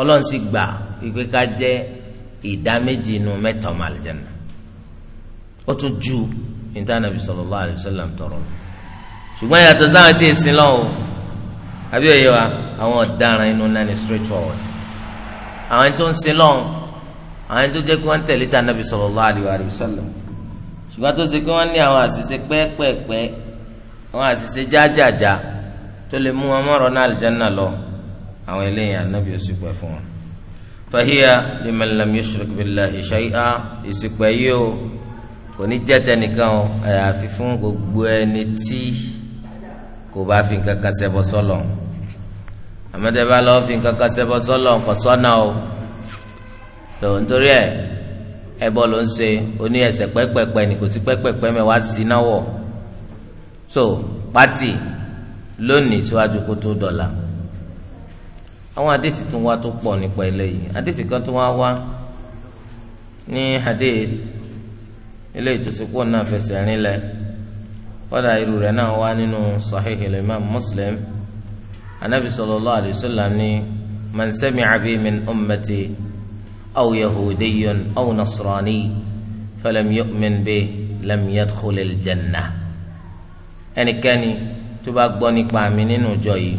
ọlọ́run sì gbà wípé ká ìdá méjì inú mẹ́ta ọmọ àlùjẹ̀nà ó tún ju intanẹti sallallahu alaihi wasallam tọrọ ṣùgbọ́n yàtọ̀ sáwọn tí èsì lọ o àbí òye wa àwọn ọ̀daràn inú náà ni straight forward àwọn tó ń sin lọ àwọn tó jẹ́ kí wọ́n tẹ̀lé ta nàbì sallallahu alaihi wasallam ṣùgbọ́n tó ṣe kí wọ́n ní àwọn àṣìṣe pẹ́ẹ́pẹ́ẹ́pẹ́ àwọn àṣìṣe jájàjá tó lè mú wọn mọ́rọ̀ náà àlìjáná lọ àwọn eléyìí ànábì ò sì pẹ́ fún wọn. fahiya liman lam yushrik billahi shay'a kò ní jẹ́ tẹnìkan o àyàfi fún gbogbo ẹni tí kò bá fi nǹkan kan ṣẹbọ sọ́lọ̀ àmọ́tẹ́ bá lọ́ọ́ fi nǹkan kan ṣẹbọ sọ́lọ̀ kò sọ́nà o tó nítorí ẹ̀ ẹbọ ló ń ṣe oní ẹsẹ̀ pẹ́pẹ́pẹ́ ni kò sí pẹ́pẹ́pẹ́ mẹ́wàá sí náà wọ̀ so pátì lónìí síwájú kó tó dọ̀la àwọn àdìsí tún wá tó pọ̀ nípa eléyìí àdìsí kan tún wá wá ní àdìsí ilé ìtòsíkú náà fẹsẹ̀ rìn lẹ̀ kọ́dà irú rẹ̀ náà wá nínú sahih al-imam muslim anabi sallallahu alayhi wa sallam ni man sami'a bi min ummati aw yahudiyun aw nasrani falam yu'min bi lam yadkhul al-janna ẹnikẹ́ni tó bá gbọ́ nípa mi nínú ìjọ yìí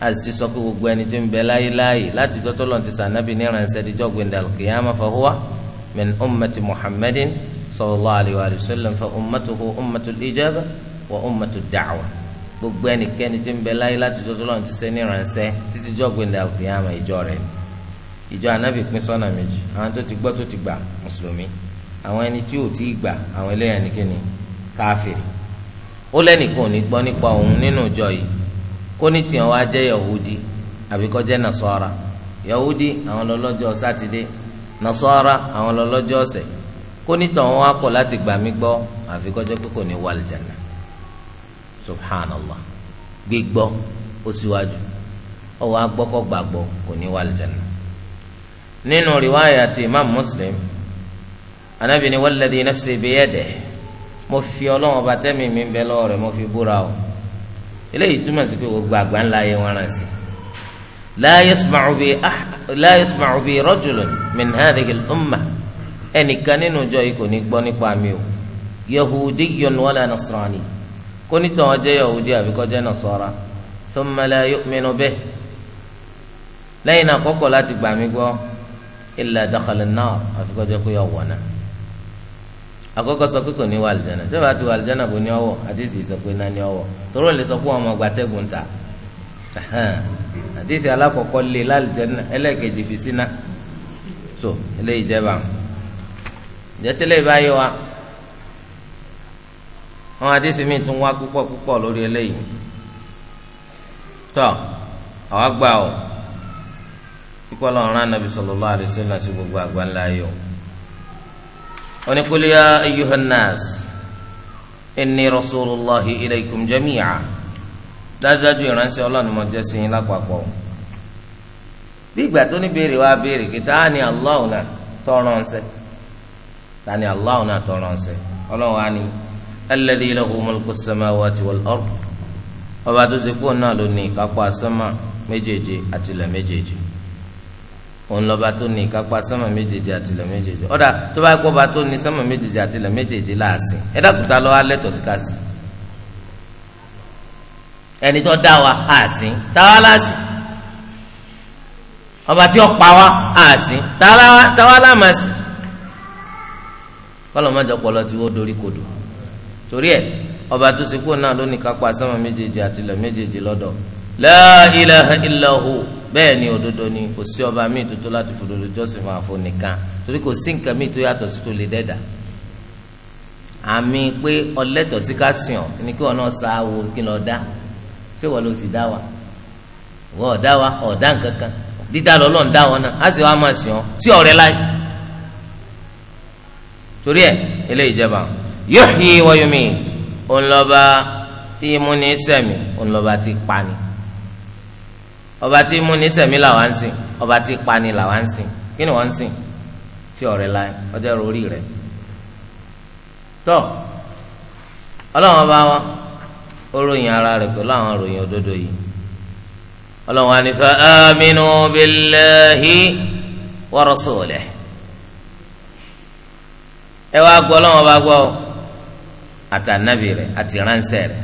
a sì ti sọ gbogbo ẹni tí ń bẹ láyéláyé láti dọ́tọ́ lọ́n ti sànábì ní ìrànṣẹ́ díjọ́ gbẹ̀ndàlùkìyàmá fahuwa min ummati muhammadin. صلى الله عليه sallam fa ummatuhu ummatul ijaba wa ummatud da'wa gbogbo ẹnikẹ́ni tí ń bẹ láyé láti dọ́tọ́ lọ́n ti ṣe ní ìrànṣẹ́ títí jọ́gbìn dà òkè àmọ́ ìjọ rẹ̀ ìjọ anábì pín sọ́nà méjì àwọn tó ti gbọ́ tó ti gbà mùsùlùmí àwọn ẹni tí ò tí ì gbà àwọn eléyàn nìkéni káfíìrì ó lẹ́nìkan ò ní gbọ́ nípa òun nínú ìjọ yìí kó ní tiẹ̀ wá jẹ́ yahudi àbí kó yahudi àwọn lọ́lọ́jọ́ sátidé nasara àwọn lọ́lọ́jọ́ ọ̀sẹ̀ kónítàn wọn akọ láti gbà mí gbọ́ àfi kọjá pé kò ní wà lìjànà subhanallah gbígbọ́ ó síwájú ọwọ agbọkọ gbàgbọ́ kò ní wà lìjànà nínú riwaayà ti imam muslim anabi ni walladhi nafsi biyadihi mo fi ọlọ́wọ́n bá tẹ́mi mi bẹ́ lọ́wọ́ rẹ̀ mo fi búra o eléyìí túmọ̀ sí pé gbogbo àgbà ńlá yẹn wọn rán sí la yasma'u bi ah, rajulun min hadhihi al ẹnìkan nínú ìjọ yìí kò ní gbọ́ nípa mi o yahudi yọnu wala nasrani kó nítorí wọn jẹ́ yahudi àbí kó jẹ́ nasara thumma la yu'minu bih lẹ́yìn náà kọ́kọ́ láti gbà mí gbọ́ illa dakhala an-nar àfi kó kó yọ wọ̀ náà sọ pé kò ní wà àlùjáná tí bá ti wà àlùjáná bò ní ọwọ́ àdìsí sọ pé náà ní ọwọ́ tóró lè sọ pé wọn ọmọ gbàtẹ́gùn ta àdìsí alákọ̀ọ́kọ́ lé lálùjáná ẹlẹ́ẹ̀kejì fi síná tó eléyìí jẹ́ báwọn. jẹ́tẹ́lẹ̀ ìbáyé wa àwọn àdéhùn mi tún wá púpọ̀ púpọ̀ lórí eléyìí tọ́ àwa gbà ọ́ kíkọ́ lọ́run rán nàbì sí gbogbo àgbáńlá yìí o. ya ayyuhan nas inni ilaykum jami'a dájúdájú yín lápapọ̀ bí ìgbà tó béèrè wa béèrè kìtà Allah tani allah náà tọrọ ń sẹ ọlọ́run á ní alladhi lahu mulku samawati wal ard ọba tó ṣe kó náà ló ní ìkápá sánmà méjèèje àtìlẹ̀ méjèèje òun lọ́ba tó ní ìkápá sánmà méjèèje àtìlẹ̀ méjèèje ọ̀dà tó bá kó ọba tó ní sánmà méjèèje àtìlẹ̀ méjèèje láàsìn ẹ̀dá kùtà lọ́wọ́ alẹ́ tọ̀síkàsì ẹni tó dá wa àsìn táwa láàsìn ọba tí ó pa wa àsìn táwa láàmásìn kọ́lọ̀ má jọ pọ̀lọ́ tí ó dorí kodò torí ẹ̀ ọba tó ṣe kúrò náà lónìí kápá sánmà méjèèjì àtìlẹ̀ méjèèjì lọ́dọ̀ la ilaha illa hu bẹ́ẹ̀ ni òdodo ni kò sí ọba míì tó tó láti fòdodo jọ́sìn fún àfọ nìkan torí kò sí nǹkan míì tó yàtọ̀ sí tó lè dẹ́dà àmì pé ọlẹ́tọ̀ sí ká ni kí wọn náà sa wo kí lọ dá ṣé wọn ló ti dá wa wọn ò dá wa ọ̀ dá nǹkan kan dídá lọ́lọ́ ń dá wọn náà á sì wá máa sìn ọ́ sí ọ̀rẹ́ láì torí ẹ ilé ìjẹba yuhyi wa yumit ònlọba tí mú ní sẹmí ònlọba tí pani ọba tí mú ní sẹmí làwọn ń sìn ọba tí pani làwọn ń sìn kí ni wọn ń sìn fi ọrẹ la ọjọ orí rẹ tọ Ọlọ́run ọba wa ó ara rẹ pẹ̀lú àwọn ròyìn òdodo yìí Ọlọ́run wa ni fa aminu billahi wa rasulihi ẹ wá gbọ́ ọlọ́wọ́n bá gbọ́ àtànábì rẹ̀ àti ránṣẹ́ rẹ̀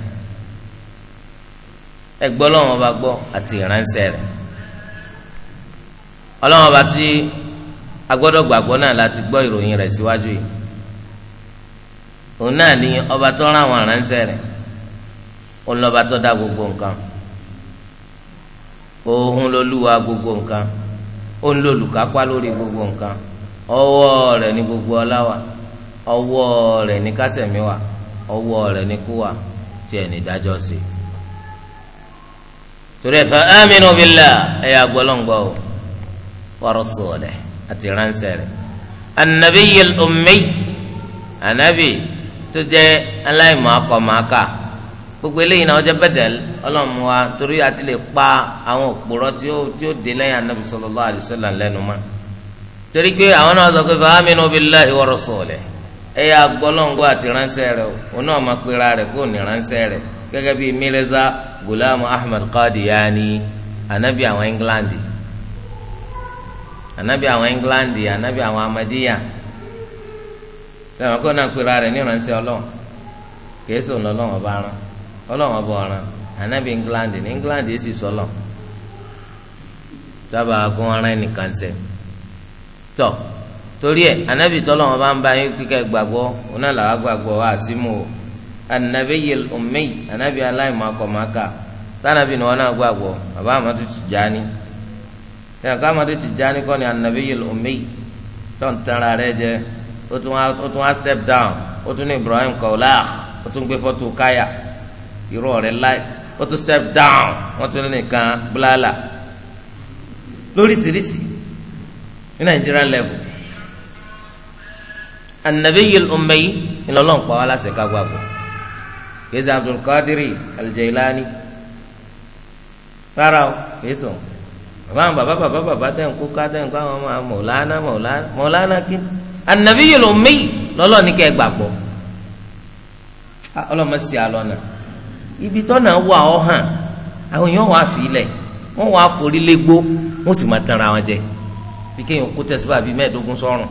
ẹ gbọ́ ọlọ́wọ́n bá gbọ́ àti ránṣẹ́ rẹ̀ ọlọ́wọ́n bá ti agbọ́dọ̀ gbàgbọ́ náà láti gbọ́ ìròyìn rẹ̀ síwájú yìí òun náà ni ọba tó rán àwọn ránṣẹ́ rẹ̀ ó lọ́ba tó dá gbogbo nǹkan òun lolúwa gbogbo nǹkan ó ń lòlùkápá lórí gbogbo nǹkan ọwọ́ rẹ̀ ní gbogbo ọlá ọwọ́ rẹ̀ ní kásẹ̀mí wà ọwọ́ rẹ̀ ní kú wà tí ẹ̀ ní dájọ́ sí i torí ẹ̀ fẹ́ aminu billah ẹ̀ yà gbọ́lọ́ngbọ́ o wa rasulihi àti ránṣẹ́ rẹ̀ annabiyil ummi anabi tó jẹ́ aláìmọ̀ akọ̀ màkà gbogbo eléyìí náà ọjọ́ bẹ́tẹ̀l ọlọ́run wa torí àti lè pa àwọn òpùrọ̀ tí ó tí ó dé lẹ́yìn anabi sallallahu alaihi lẹ́nu mọ́ torí pé àwọn náà sọ pé fa aminu billahi wa rasulihi ẹ yà gbọ́lọ́ngbọ́ àti ránṣẹ́ rẹ̀ o náà máa pera rẹ̀ kó ní ránṣẹ́ gẹ́gẹ́ bíi ahmed qadiani anabi àwọn england anabi àwọn england anabi àwọn amadiya sẹ́wọ̀n kó náà pera rẹ̀ ní ránṣẹ́ ọlọ́run kìí sòun lọ́lọ́run rán ọlọ́run ọba anabi england ní england yìí sì taba sábà kó wọn rán ẹnìkan torí ẹ anabi tọ́lọ́wọ́n bá ń bá yín kíkẹ́ gbàgbọ́ ọ̀nà làwọn gbàgbọ́ wá sí mu o anabi yel omi anabi aláìmọ̀ akọ̀mọ́ká sanabi ni wọn náà gbàgbọ́ bàbá amadu Tijani ẹ̀ka amadu Tijani kọ́ ni anabi yel omi tọ́n tẹ́ra rẹ jẹ ó tún wá step down ó tún ní Ibrahim Kaulakh ó tún gbé fọ́tò káyà irọ́ rẹ láì ó tún step down wọ́n tún nìkan búlálà lóríṣiríṣi ní Nàìjíríà level annabiyil ummi ìlọlọ́n pa wá láṣẹ ká gbàgbọ́ kèésì Abdul Qadir al-Jailani rárá o kèésì o bàbá àwọn bàbá bàbá bàbá tẹ̀ ń kú ká tẹ̀ ń kú àwọn ọmọ mọ̀lánà mọ̀lánà mọ̀lánà kí annabiyil ummi lọ́lọ́ ní kẹ́ gbàgbọ́ ọlọ́mọ sí alọ́nà ibi tọ́nà wà ọ́ hàn àwọn èèyàn wà fìlẹ̀ wọ́n wà forí légbó wọ́n sì máa tanra wọn jẹ bí kéèyàn kó tẹ̀síwájú bíi mẹ́ẹ̀ẹ́dógún sọ́rùn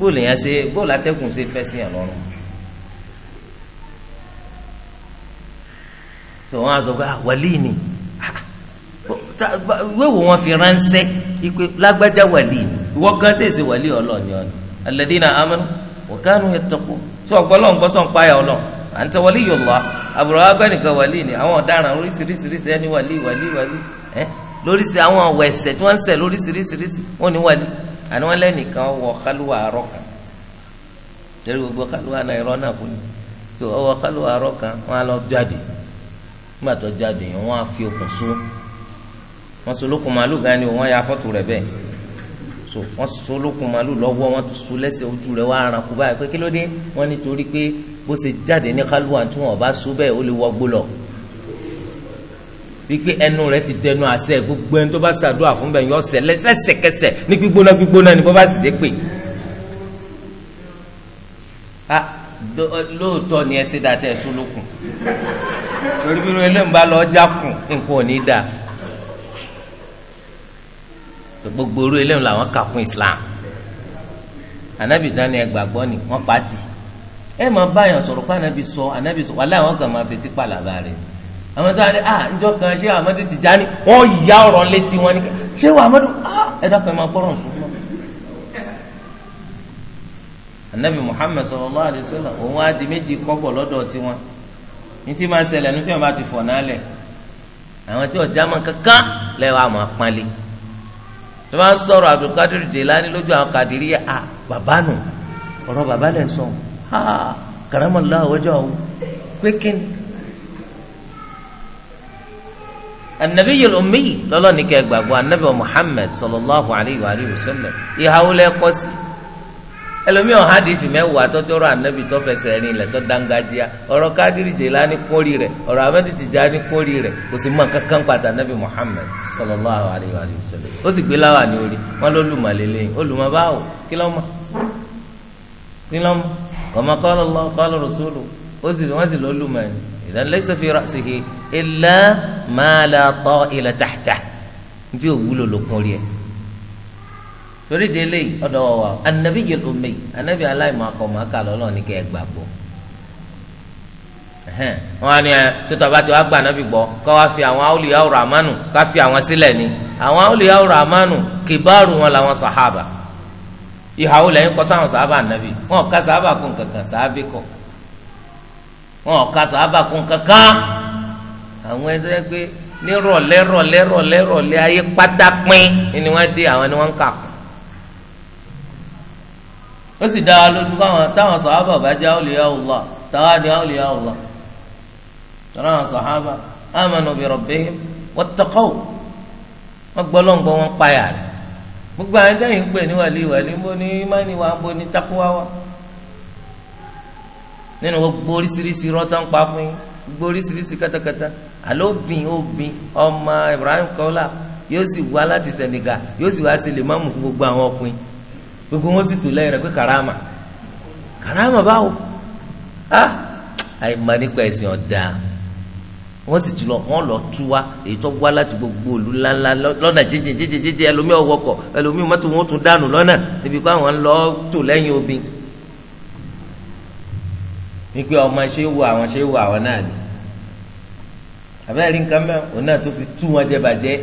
bóòlù yẹn ṣe bóòlù atẹ́gùn ṣe fẹ́ sí yẹn lọ́rùn tó wọn á sọ pé ah, àwọlé ni ah, wéwò wọn fi ránṣẹ́ ipe lágbájá wàlí ìwọ gan ṣe èsì wàlí ọlọ́ọ̀ni ọ̀ni alladhina amanu wa kanu yattaqun tí ọgbọ́lọ́ ń gbọ́ sọ̀ ń páyà ọlọ́ọ̀ à ń tẹ wàlí yòó lọ àbúrò agbẹnìkan wàlí ni àwọn ọ̀daràn oríṣiríṣiríṣi ẹni wàlí wàlí wàlí ẹ lóríṣi àwọn ọ̀wọ̀ ẹ̀ṣẹ̀ tí wọ́n ń ṣẹ̀ lóríṣiríṣiríṣi wọ́n ní wàlí àni wọn lẹ́nìkan wọ kálúwà àárọ̀ kan torí gbogbo kálúwà náà irọ́ náà fún so ọwọ́ kálúwà àárọ̀ kan wọn á lọ jáde nígbà tó jáde yẹn wọn á okùn so wọn so lókun màálù gan ni wọn ya fọ́tò rẹ̀ bẹ́ẹ̀ so wọn so lókun màálù lọ́wọ́ wọn tún so lẹ́sẹ̀ ojú rẹ̀ wọn aràn kú báyìí pé kí ló dé wọn nítorí pé bó ṣe jáde ní kálúwà tí wọn bá so bẹ́ẹ̀ ó lè wọgbó lọ wípé ẹnu rẹ ti dẹnu àṣẹ gbogbo ẹni tó bá ṣàdúrà fún bẹ́ẹ̀ yọ ọ̀sẹ̀ lẹ́sẹ̀kẹsẹ̀ ní gbígbóná gbígbóná ni bó bá sì dé pè. a lóòótọ́ ni ẹ ṣe dáa tẹ́ ẹ sún lókun torí bí eléyìí bá lọ jákùn nǹkan ò ní dáa gbogbo orú eléyìí làwọn kà fún Islam anabi tán ni ẹ gbàgbọ́ ni wọ́n pa á ti ẹ máa báyàn sọ̀rọ̀ pé anabi sọ anabi sọ wàhálà àwọn kan máa fetí pàlàbà rẹ̀ ni. àwọn tó wà ní ah njọ kan ṣé Ahmadu Tijani wọn yà ọ̀rọ̀ létí wọn ni ṣé wà Ahmadu ah ẹ dákun ẹ máa gbọràn fún anabi muhammed sallallahu alaihi òun á di méjì kọ́bọ̀ lọ́dọ̀ tiwọn ní tí máa ṣẹlẹ̀ ní tí wọn bá ti fọ̀ náà àwọn tí ọjà máa kankan lẹ́wọ̀ àmọ́ pánlé tó bá ń Abdulkadir Jelani lójú àwọn ah bàbá nù bàbá sọ ah anabi yẹlẹ omi lọlọ ní kẹ gbàgbọ́ anabi wa muhammed sallallahu alayhi wa alayhi wa sallam ìhàwó lẹ kọ sí ẹlòmí ọ̀hún hadisi mẹ́wàá tọ́jọ́rọ́ anabi tó fẹsẹ̀ rìn lẹ̀ tó dángájíá ọ̀rọ̀ kádìrì jèlá ní kórì rẹ̀ ọ̀rọ̀ amẹ́tì tìjà ní kórì rẹ̀ kò sì mọ kankan pàtà anabi muhammed sallallahu alayhi wa alayhi wa sallam ó sì gbé láwà ní orí wọn ló lùmọ̀ lélẹ́yìn olùmọ̀ báwo kí lọ́mọ kí lọ́mọ kọ̀mọ́kọ́ lọ́ọ́ kọ́ lọ́ọ́ rọ̀ sólò ó sì wọ́n sì lọ́ lùmọ̀ yìí idhan ليس في رأسه إلا ما لا طائل تحته. ntí òwúlò ló kún rí لي torí délé ọ̀dọ̀ wa wa an-nabiyyul ummi anabi aláìmọ akọmọ akálọ Ọlọ́run ní kẹ ẹ gbàgbọ́ wọn á ní ẹ tótó bá ti wá gba ànábì gbọ́ kó wá fi àwọn awliya rahmanu ká fi àwọn sílẹ̀ ni àwọn awliya rahmanu kìbáàrù wọn làwọn sàhábà ìhàwó lẹ́yìn kọ sáwọn sàhábà ànábì wọn ká sàhábà kún kankan sàhábì kọ wọn ò ka sàábà kún kankan àwọn ẹni tó yẹ pé nírọ̀lẹ́ rọ̀lẹ́ rọ̀lẹ́ rọ̀lẹ́ ayé pátápín ni wọ́n dé àwọn ni wọ́n ń kà kún. ó sì dá lójú káwọn táwọn sàábà bá jẹ́ awliya Allah táwa di awliya Allah tọ́lá àwọn sàábà amanu bi rabbihim wattaqaw wọ́n gbọ́ lọ́ngbọ́n wọn páyà rẹ̀ gbogbo àwọn ẹ̀jẹ̀ yìí ń pè ní wàlíwàlí ń bọ́ ní imáni ń bọ́ ní takuwa nínú gbogbo oríṣiríṣi rọ́tà ń pa fún yín gbogbo oríṣiríṣi kátàkátà àlóbìn obìn ọmọ Ibrahim Kọ́lá yóò sì wá láti Senegal yóò sì wá sí lè má mú fún gbogbo àwọn ọkùnrin gbogbo wọn sì tò lẹ́yìn rẹ̀ pé karama karama báwo ah àìmọ̀ nípa ẹ̀sìn ọ̀dà wọ́n sì ti lọ wọ́n lọ tú wa èyí tó wá láti gbogbo òlu ńláńlá lọ́nà jíjìn jíjìn jíjìn ẹlòmíì ọwọ́kọ̀ wọn tún dànù lọ́nà níbi kó àwọn lọ́ọ́ tò lẹ́yìn obìn wípé ọmọ ṣe wo àwọn ṣe wo àwọn náà ni àbẹ́rẹ́ rí nǹkan mẹ́rin òun náà tó fi tú wọn jẹ bàjẹ́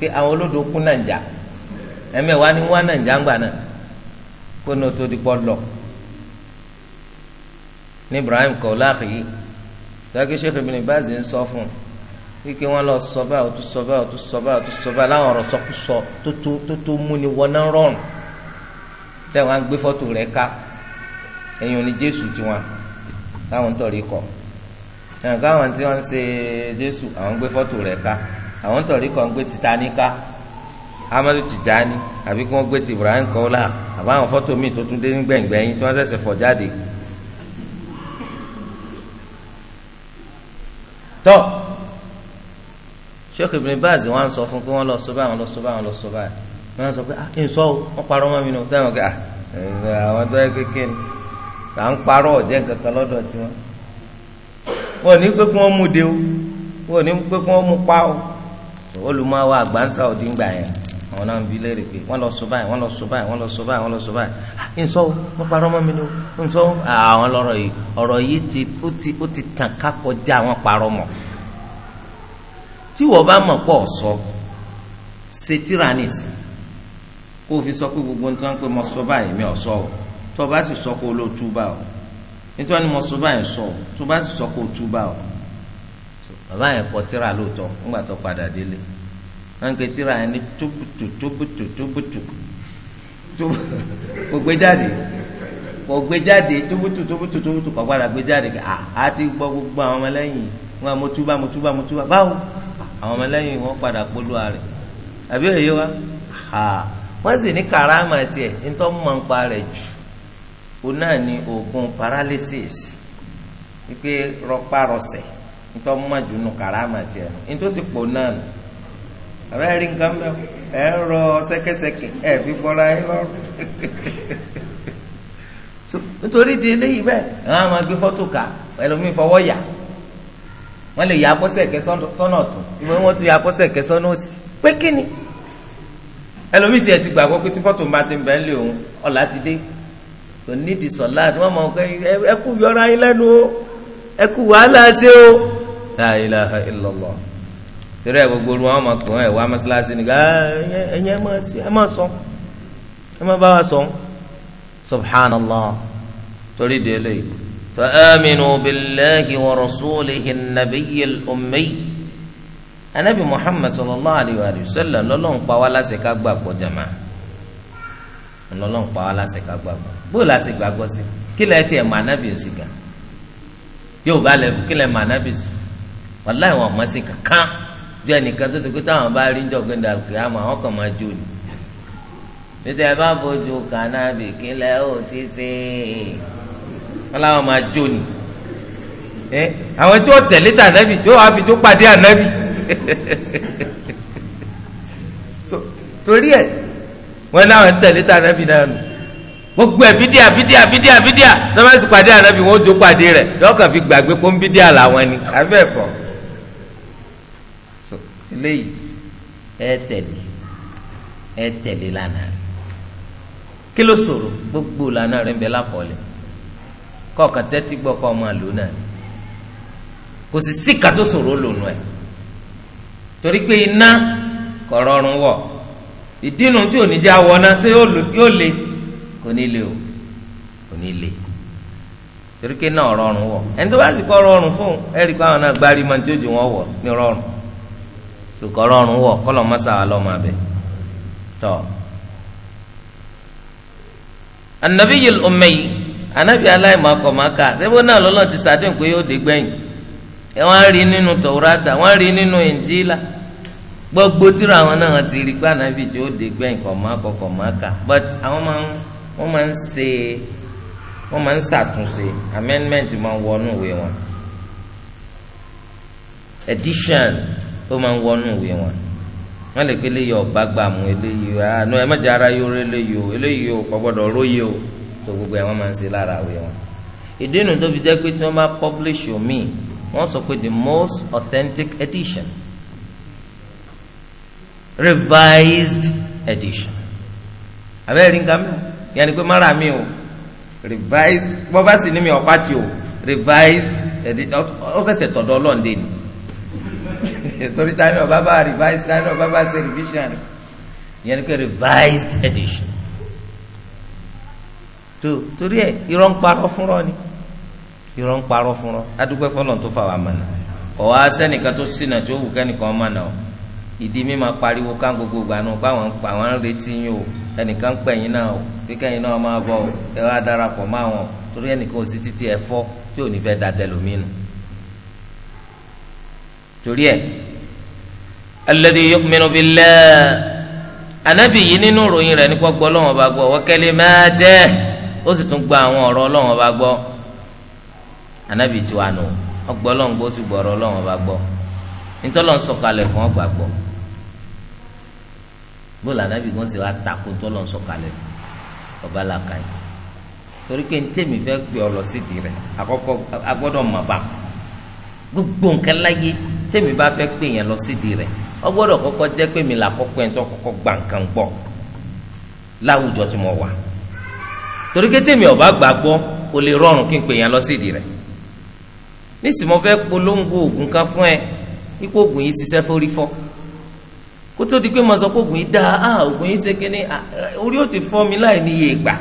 pé àwọn olódò kún náà jà ẹ̀mẹ́ wa ni wọ́n náà jà ń gbà náà kó ní o tó di pọ́ lọ ní Ibrahim Kaulahi yìí tọ́kí Sheikh Ibn Baz ń sọ fún un wíkí wọn lọ sọ báyìí ó tún sọ báyìí ó tún sọ báyìí ó tún sọ báyìí láwọn ọ̀rọ̀ sọkúsọ tó tó tó ni wọn náà rọrùn tẹ á gbé fọ́tò rẹ̀ ká ẹ̀yìn òní Jésù tiwọn táwọn ń tọ̀rí kọ̀ ẹnì káwọn tí wọ́n ń ṣe jésù àwọn ń gbé fọ́tò rẹ̀ ká àwọn ń tọ̀rí kọ̀ ń gbé Titanic ká amadu Tijani àbí kí wọ́n gbé ti Ibrahim kọ́lá àbá àwọn fọ́tò míì tó tún dé ní gbẹ̀ngbẹ̀yìn tí wọ́n ṣẹ̀ṣẹ̀ fọ̀ jáde. tọ́ Sheikh Ibn Baz wọn ń sọ fún pé wọ́n lọ sọ báyìí wọ́n lọ sọ báyìí wọ́n lọ sọ báyìí wọ́n sọ pé ah ǹsọ́ o wọ́n parọ́ mọ́ mi nù sẹ́wọ̀n kẹ́ ah àwọn tó yẹ kékeré kà ń parọ́ ọ̀jẹ́ kankan lọ́dọ̀ tiwọn wọn ò ní pé kí wọ́n mú de o wọn ò ní pé kí wọ́n mú pa o olùmọ̀wá àgbáńsá òdì ń gbà yẹn àwọn náà ń bi léèrè pé wọ́n lọ sọ báyìí wọ́n lọ sọ báyìí wọ́n lọ sọ báyìí wọ́n lọ sọ báyìí ǹsọ́ ah, wọ́n parọ́ mọ́ mi ni o ǹsọ́ ah, àwọn lọ́rọ̀ yìí ọ̀rọ̀ yìí ti ó ti ó ti tàn ká kọjá àwọn parọ́ mọ́ tí wọ́n bá mọ̀ pọ̀ sọ ṣe tíranis kó o fi sọ pé gbogbo nǹkan pé mo sọ báyìí mi ò sọ o tó o bá sì sọ kó o lò túbà o nítorí wọn ni mo sọ báyìí sọ o tó o bá sì sọ kó o túbà o bàbá yẹn kọ tíra lóòótọ́ ńgbà tó padà délé wọn pe tíra yẹn ní tóbùtù tóbùtù tóbùtù kò gbé jáde kò gbé jáde tóbùtù tóbùtù tóbùtù kò padà gbé jáde kà á ti gbọ́ gbogbo àwọn ọmọlẹ́yìn wọn mo túbà mo túbà mo túbà báwo àwọn ọmọlẹ́yìn wọn padà polúwa rẹ̀ àbí òye wa wọ́n sì ní karama tiẹ̀ ntọ́ mọ̀ nípa rẹ̀ jù o náà ní oògùn paralysis wípé rọpárọsẹ̀ nítorí wọn máa dùnú karama tiẹ̀ nù nítorí sì pò náà nù àbẹ́ rí nǹkan ń rọ sẹ́kẹ́sẹ́kẹ́ ẹ fi bọ́ra ẹ nítorí di eléyìí bẹ́ẹ̀ àwọn àmọ́ gbé fọ́tò ká ẹlòmíì fọwọ́ yà lè ya akọ́sẹ̀kẹ́ sọ́nà ọ̀tún ìwé wọn tún ya ti pé tí bá ti ń ti dé kò nídìí sọ̀lá àti wọ́n mọ̀ ọ́ ẹkú yọra yín lẹ́nu o ẹkú wàhálà ṣe o la ilaha illallah torí ẹ gbogbo ru wọn mọ̀ pé wọn ẹ̀ wá mọ́ṣáláṣí ni ẹ̀yẹ ẹ̀ máa sọ ẹ̀ máa bá wa sọ subhanallah torí délé فآمنوا بالله ورسوله النبي الأمي النبي محمد صلى الله عليه وسلم lọ́lọ́run pa wá láṣẹ ká gbàgbọ́ jàmáà ńlọlọ́n pa wá láṣẹ ká gbàgbọ́ bó láṣẹ gbàgbọ́ sí kí lẹ́ẹ̀ tiẹ̀ mọ anábì òsì gà yóò bá lẹ́kùn kí lẹ́ẹ̀ mọ anábì sí wàláì wọn mọ̀ sí kankan ju ẹnìkan tó ti pé táwọn bá rí njọ́ gbẹ́ndà kìámà wọn kàn máa jó ni níta ẹ bá bójú kànáàbì kí lẹ́ ò ti ṣe wọn làwọn máa jó ni ẹ àwọn tí wọn tẹ̀lé tà nábì tí wọn àfi tó pàdé ànábì torí ẹ wọn náà tẹ̀lé tá anabi náà nù gbogbo ẹ bídíà bídíà bídíà bídíà lọ́wọ́ sì pàdé anabi wọn ó jó pàdé rẹ̀ lọ́kàn fi gbàgbé pé ń bídíà làwọn ni abẹ́ ẹ̀kọ́ eléyìí ẹ tẹ̀lé ẹ tẹ̀lé lánàá rẹ̀ kí ló sòrò gbogbo lánàá rẹ̀ ń bẹ lápọ̀lẹ̀ kọ̀ọ̀kan tẹ́tí gbọ́ kọ́ ọmọ àlò náà kò sì síkà tó sòrò lòun torí pé iná kọ̀ rọrùn wọ̀ ìdínú tí onídìí awọ́ná ṣé yóò le kò ní le o kò ní le toríke náà rọrùn wọ ẹni tó bá sì kọ́ rọrùn fún ẹ rí i pé àwọn náà gbárí máa tí ó jù wọ́n wọ̀ ní rọrùn rọrùn wọ abẹ anabi yìí anabi náà ti yóò dé ẹ á rí nínú gbogbo tíra àwọn náà wọn ti rí pé ànábì tí ó dé gbẹ̀yìn kọ̀ máa kọ̀ but àwọn máa ń wọ́n máa ń ṣe wọ́n máa ń ṣàtúnṣe amendment máa ń wọnú ìwé wọn edition ó máa ń wọnú ìwé wọn wọ́n lè pé eléyìí ọ̀gbá gbà mú eléyìí àánú ah, ẹ mọ̀jà ara yóò rí eléyìí o eléyìí o kò gbọ́dọ̀ róye o tó gbogbo ẹ̀ wọ́n máa ń ṣe lára ìwé wọn ìdí inú tó fi jẹ́ pé tí wọ́n bá publish omi wọ́n sọ pé the most authentic edition revised edition abẹ́rẹ́ rí nǹkan mi o yẹn ni pé mara mi o revised bọ́ bá sì ní mi ọ̀pá tí o revised edition ó fẹsẹ̀ tọ̀dọ̀ ọlọ́ọ̀dẹ ni torí táyọ̀ bàbá revised táyọ̀ bàbá ṣe revision yẹn ni pé revised edition tó torí ẹ irọ́ ń parọ́ fúnrọ́ ni irọ́ ń parọ́ fúnrọ́ adúgbò fọlọ́n tó fà wá mọ̀nà ọ̀wá sẹ́nìkan tó sínà tó wù kẹ́nìkan mọ̀nà o. ìdí mi máa pariwo ká gbogbo gbanú báwọn ń pa àwọn retí yín o ẹnìkan pẹ̀ yín náà o kíkẹ́ yín náà máa bọ̀ ẹ wá darapọ̀ mọ́ àwọn torí ẹnìkan ò sí títí ẹ fọ́ tí ò ní fẹ́ da tẹlómìnì. torí ẹ alladhi yu'minu billah anabi yìí nínú ìròyìn rẹ̀ nípa gbọ́ lọ́wọ́n bá anabi tiwa nù ọgbọ́ lọ́wọ́n gbọ́ bóòlù anábì gan ṣe wá takò tó lọ sọ̀kalẹ̀ ọba làkà yìí torí pé ntẹ́mi fẹ́ pè ọ lọ sídi rẹ̀ àkọ́kọ́ agbọ́dọ̀ mọ̀ bá gbogbo nǹkan láyé tẹ́mi bá fẹ́ pè yẹn lọ sídi rẹ̀ ọ gbọ́dọ̀ kọ́kọ́ jẹ́ pé mi là kọ́kọ́ yẹn tó kọ́kọ́ gbà nǹkan gbọ́ láwùjọ ọba o lè rọrùn kí n pè yẹn lọ polongo oògùn kan fún ẹ ipò oògùn yìí ṣiṣẹ́ kó tó di pé mo sọ pé oògùn yìí dáa ah oògùn yìí ṣe kíní ah, orí ó ti fọ́ mi láì ní iye ìgbà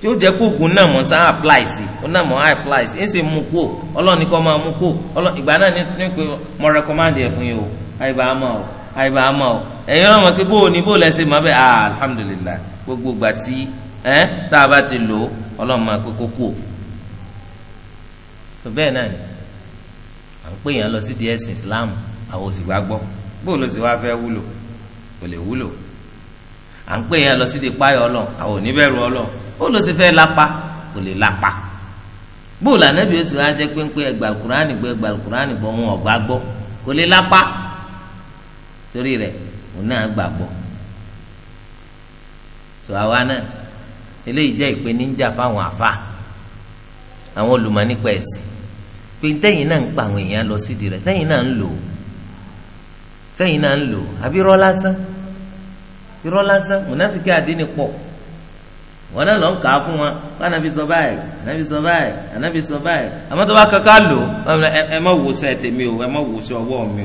tí ó jẹ́ kó oògùn náà mo sá apply sí ó náà mo apply sí ń sì mú kó ọlọ́ọ̀ni kọ́ máa mú kó ìgbà náà ní pé mo recommend ẹ̀ fún yìí o àyíbá àmọ́ o àyíbá àmọ́ o ẹ̀yin náà mọ̀ pé bó o ní bó o lẹ́sẹ̀ mọ́ bẹ́ẹ̀ ah alhamdulilayi gbogbo gbà tí ẹ́ tá a bá ti lò ó ọlọ́run Islam àwọn òsì gbàgbọ́ bóòlù sì wá fẹ́ wúlò kò lè wúlò à ń pè yẹn lọ sí di páyọ ọlọ àwọn oníbẹ̀rù ọlọ bóòlù sì fẹ́ lápá kò lè lápá bóòlù ànábì ó sì wá jẹ́ pé ẹgbà kúránì gbọ́ ẹgbà kúránì gbọ́ wọn ọ̀gbá gbọ́ kò lè torí rẹ̀ òun náà gbà gbọ́ tó àwa náà eléyìí jẹ́ àwọn olùmọ̀ nípa ẹ̀sìn pé tẹ́yìn náà ń pa lọ sídìí rẹ̀ sẹ́yìn náà ń lò sẹ́yìn na ń lò àbí irọ́ lásán irọ́ lásán mùnàfíkì àdínì pọ̀ wọn náà lọ ń kà á fún wọn anabi sọ báyìí anabi sọ báyìí anabi sọ báyìí o ẹ má ọwọ́ mi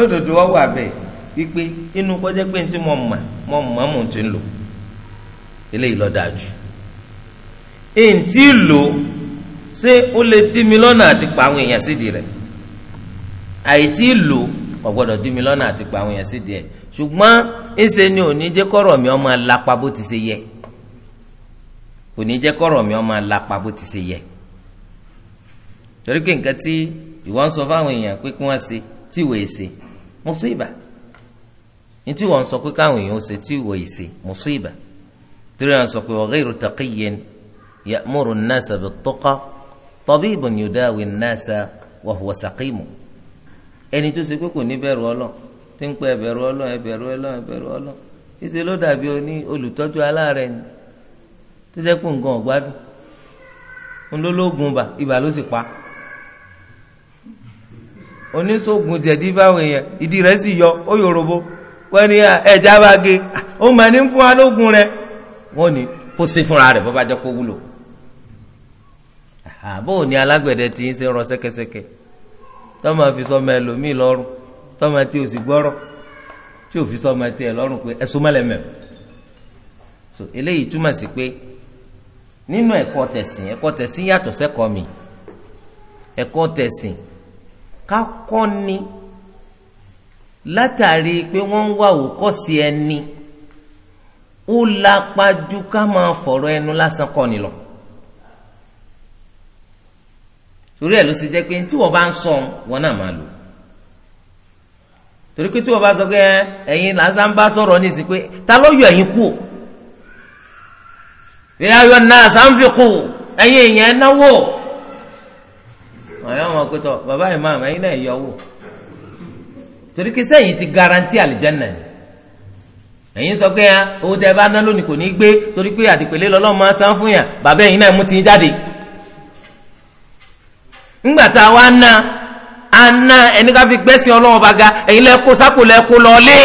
o wípé inú kọjá pé ntí mo mà mo mà mò ń ti lò eléyìí lọ dáa jù ntí lò ṣé ó lè dí mi lọ́nà àti pa àwọn èèyàn sídìí rẹ̀ àìtí lò kò dí mi lọ́nà àti pa àwọn èèyàn sídìí ẹ̀ ṣùgbọ́n ńṣe ni òní jẹ́ kọ́rọ̀ mi ọmọ alápá bó ti ṣe yẹ òní jẹ́ kọ́rọ̀ mi ọmọ alápá bó ti ṣe yẹ torí pé nǹkan tí ìwọ ń sọ fáwọn èèyàn pé kí wọ́n ṣe tí ìwé ṣe mùsíbà ní tí wọ́n sọ pé káwọn èèyàn ṣe tí ìwọ ìṣe mùsíbà torí wọ́n sọ pé wa ghayru taqiyyin ya'muru an-nasa bit-tuqa tabibun yudawi an-nasa wa huwa saqimu ẹni tó ṣe pé kò ní bẹ̀rù ọlọ́ tí ń pẹ́ ẹ̀bẹ̀rù ọlọ́ ẹ̀bẹ̀rù ọlọ́ ẹ̀bẹ̀rù ọlọ́ ìṣe ló dàbí oní olùtọ́jú aláàárẹ̀ ni tó jẹ́ pé nǹkan ọ̀gbádùn ńlọ́lọ́gùn bà ibà ló sì pa oníṣògùn jẹ̀dí báwọn èèyàn ìdí rẹ̀ sì yọ ó yòròbó wọ́n ní ẹja bá ge ó mà ní fún alógun rẹ wọ́n ní kó ṣe fúnra rẹ̀ bó jẹ́ kó wúlò àbò ní alágbẹ̀dẹ tí ń ṣe rọ ṣẹ́kẹ́ṣẹkẹ̀ tọ́mọ fi sọmọ ẹlòmíì lọ́rùn tọ́mọ tí o sì gbọ́rọ̀ tí o fi sọmọ tiẹ̀ lọ́rùn pé ẹ̀sùn mẹ́lẹ̀mẹ́ so eléyìí túmọ̀ sí pé nínú ẹ̀kọ́ tẹ̀sìn ẹ̀kọ́ tẹ̀sìn yàtọ̀ sẹ́kọ̀ọ́ mi ẹ̀kọ́ tẹ̀sìn ká kọ́ ni látàrí pé wọ́n ń wá òkọ́sí ẹni ó lápá ju ká máa fọ̀rọ̀ ẹnu lásán kọ́ ni lọ. torí ẹ̀ ló ṣe jẹ́ pé tí wọ́n bá ń sọ wọn náà máa lò torí pé tí wọ́n bá sọ pé ẹ̀yin lásán bá sọ̀rọ̀ ní ìsìn pé ta ló yọ ẹ̀yin kú ìyá yọ náà sáǹfìkù ẹ̀yin èèyàn náwó. àwọn ọmọ pẹ̀tọ̀ bàbá ìmáàmù ẹ̀yin náà yọ wò torí kí sẹ́yìn ti garanti àlìjánà ni ẹ̀yin sọ pé hàn ah, owó tẹ bá ná lónìí kò ní gbé torí pé àdìpẹ̀lẹ́ lọ́lọ́run máa san fún yàn bàbá ẹ̀yin náà mú ti jáde ńgbà tá a wá ná a ná ẹni ká fi gbẹ́sìn ọlọ́run bá ga ẹ̀yin lẹ́kọ́ sápò lẹ́kọ́ lọ́ọ́lé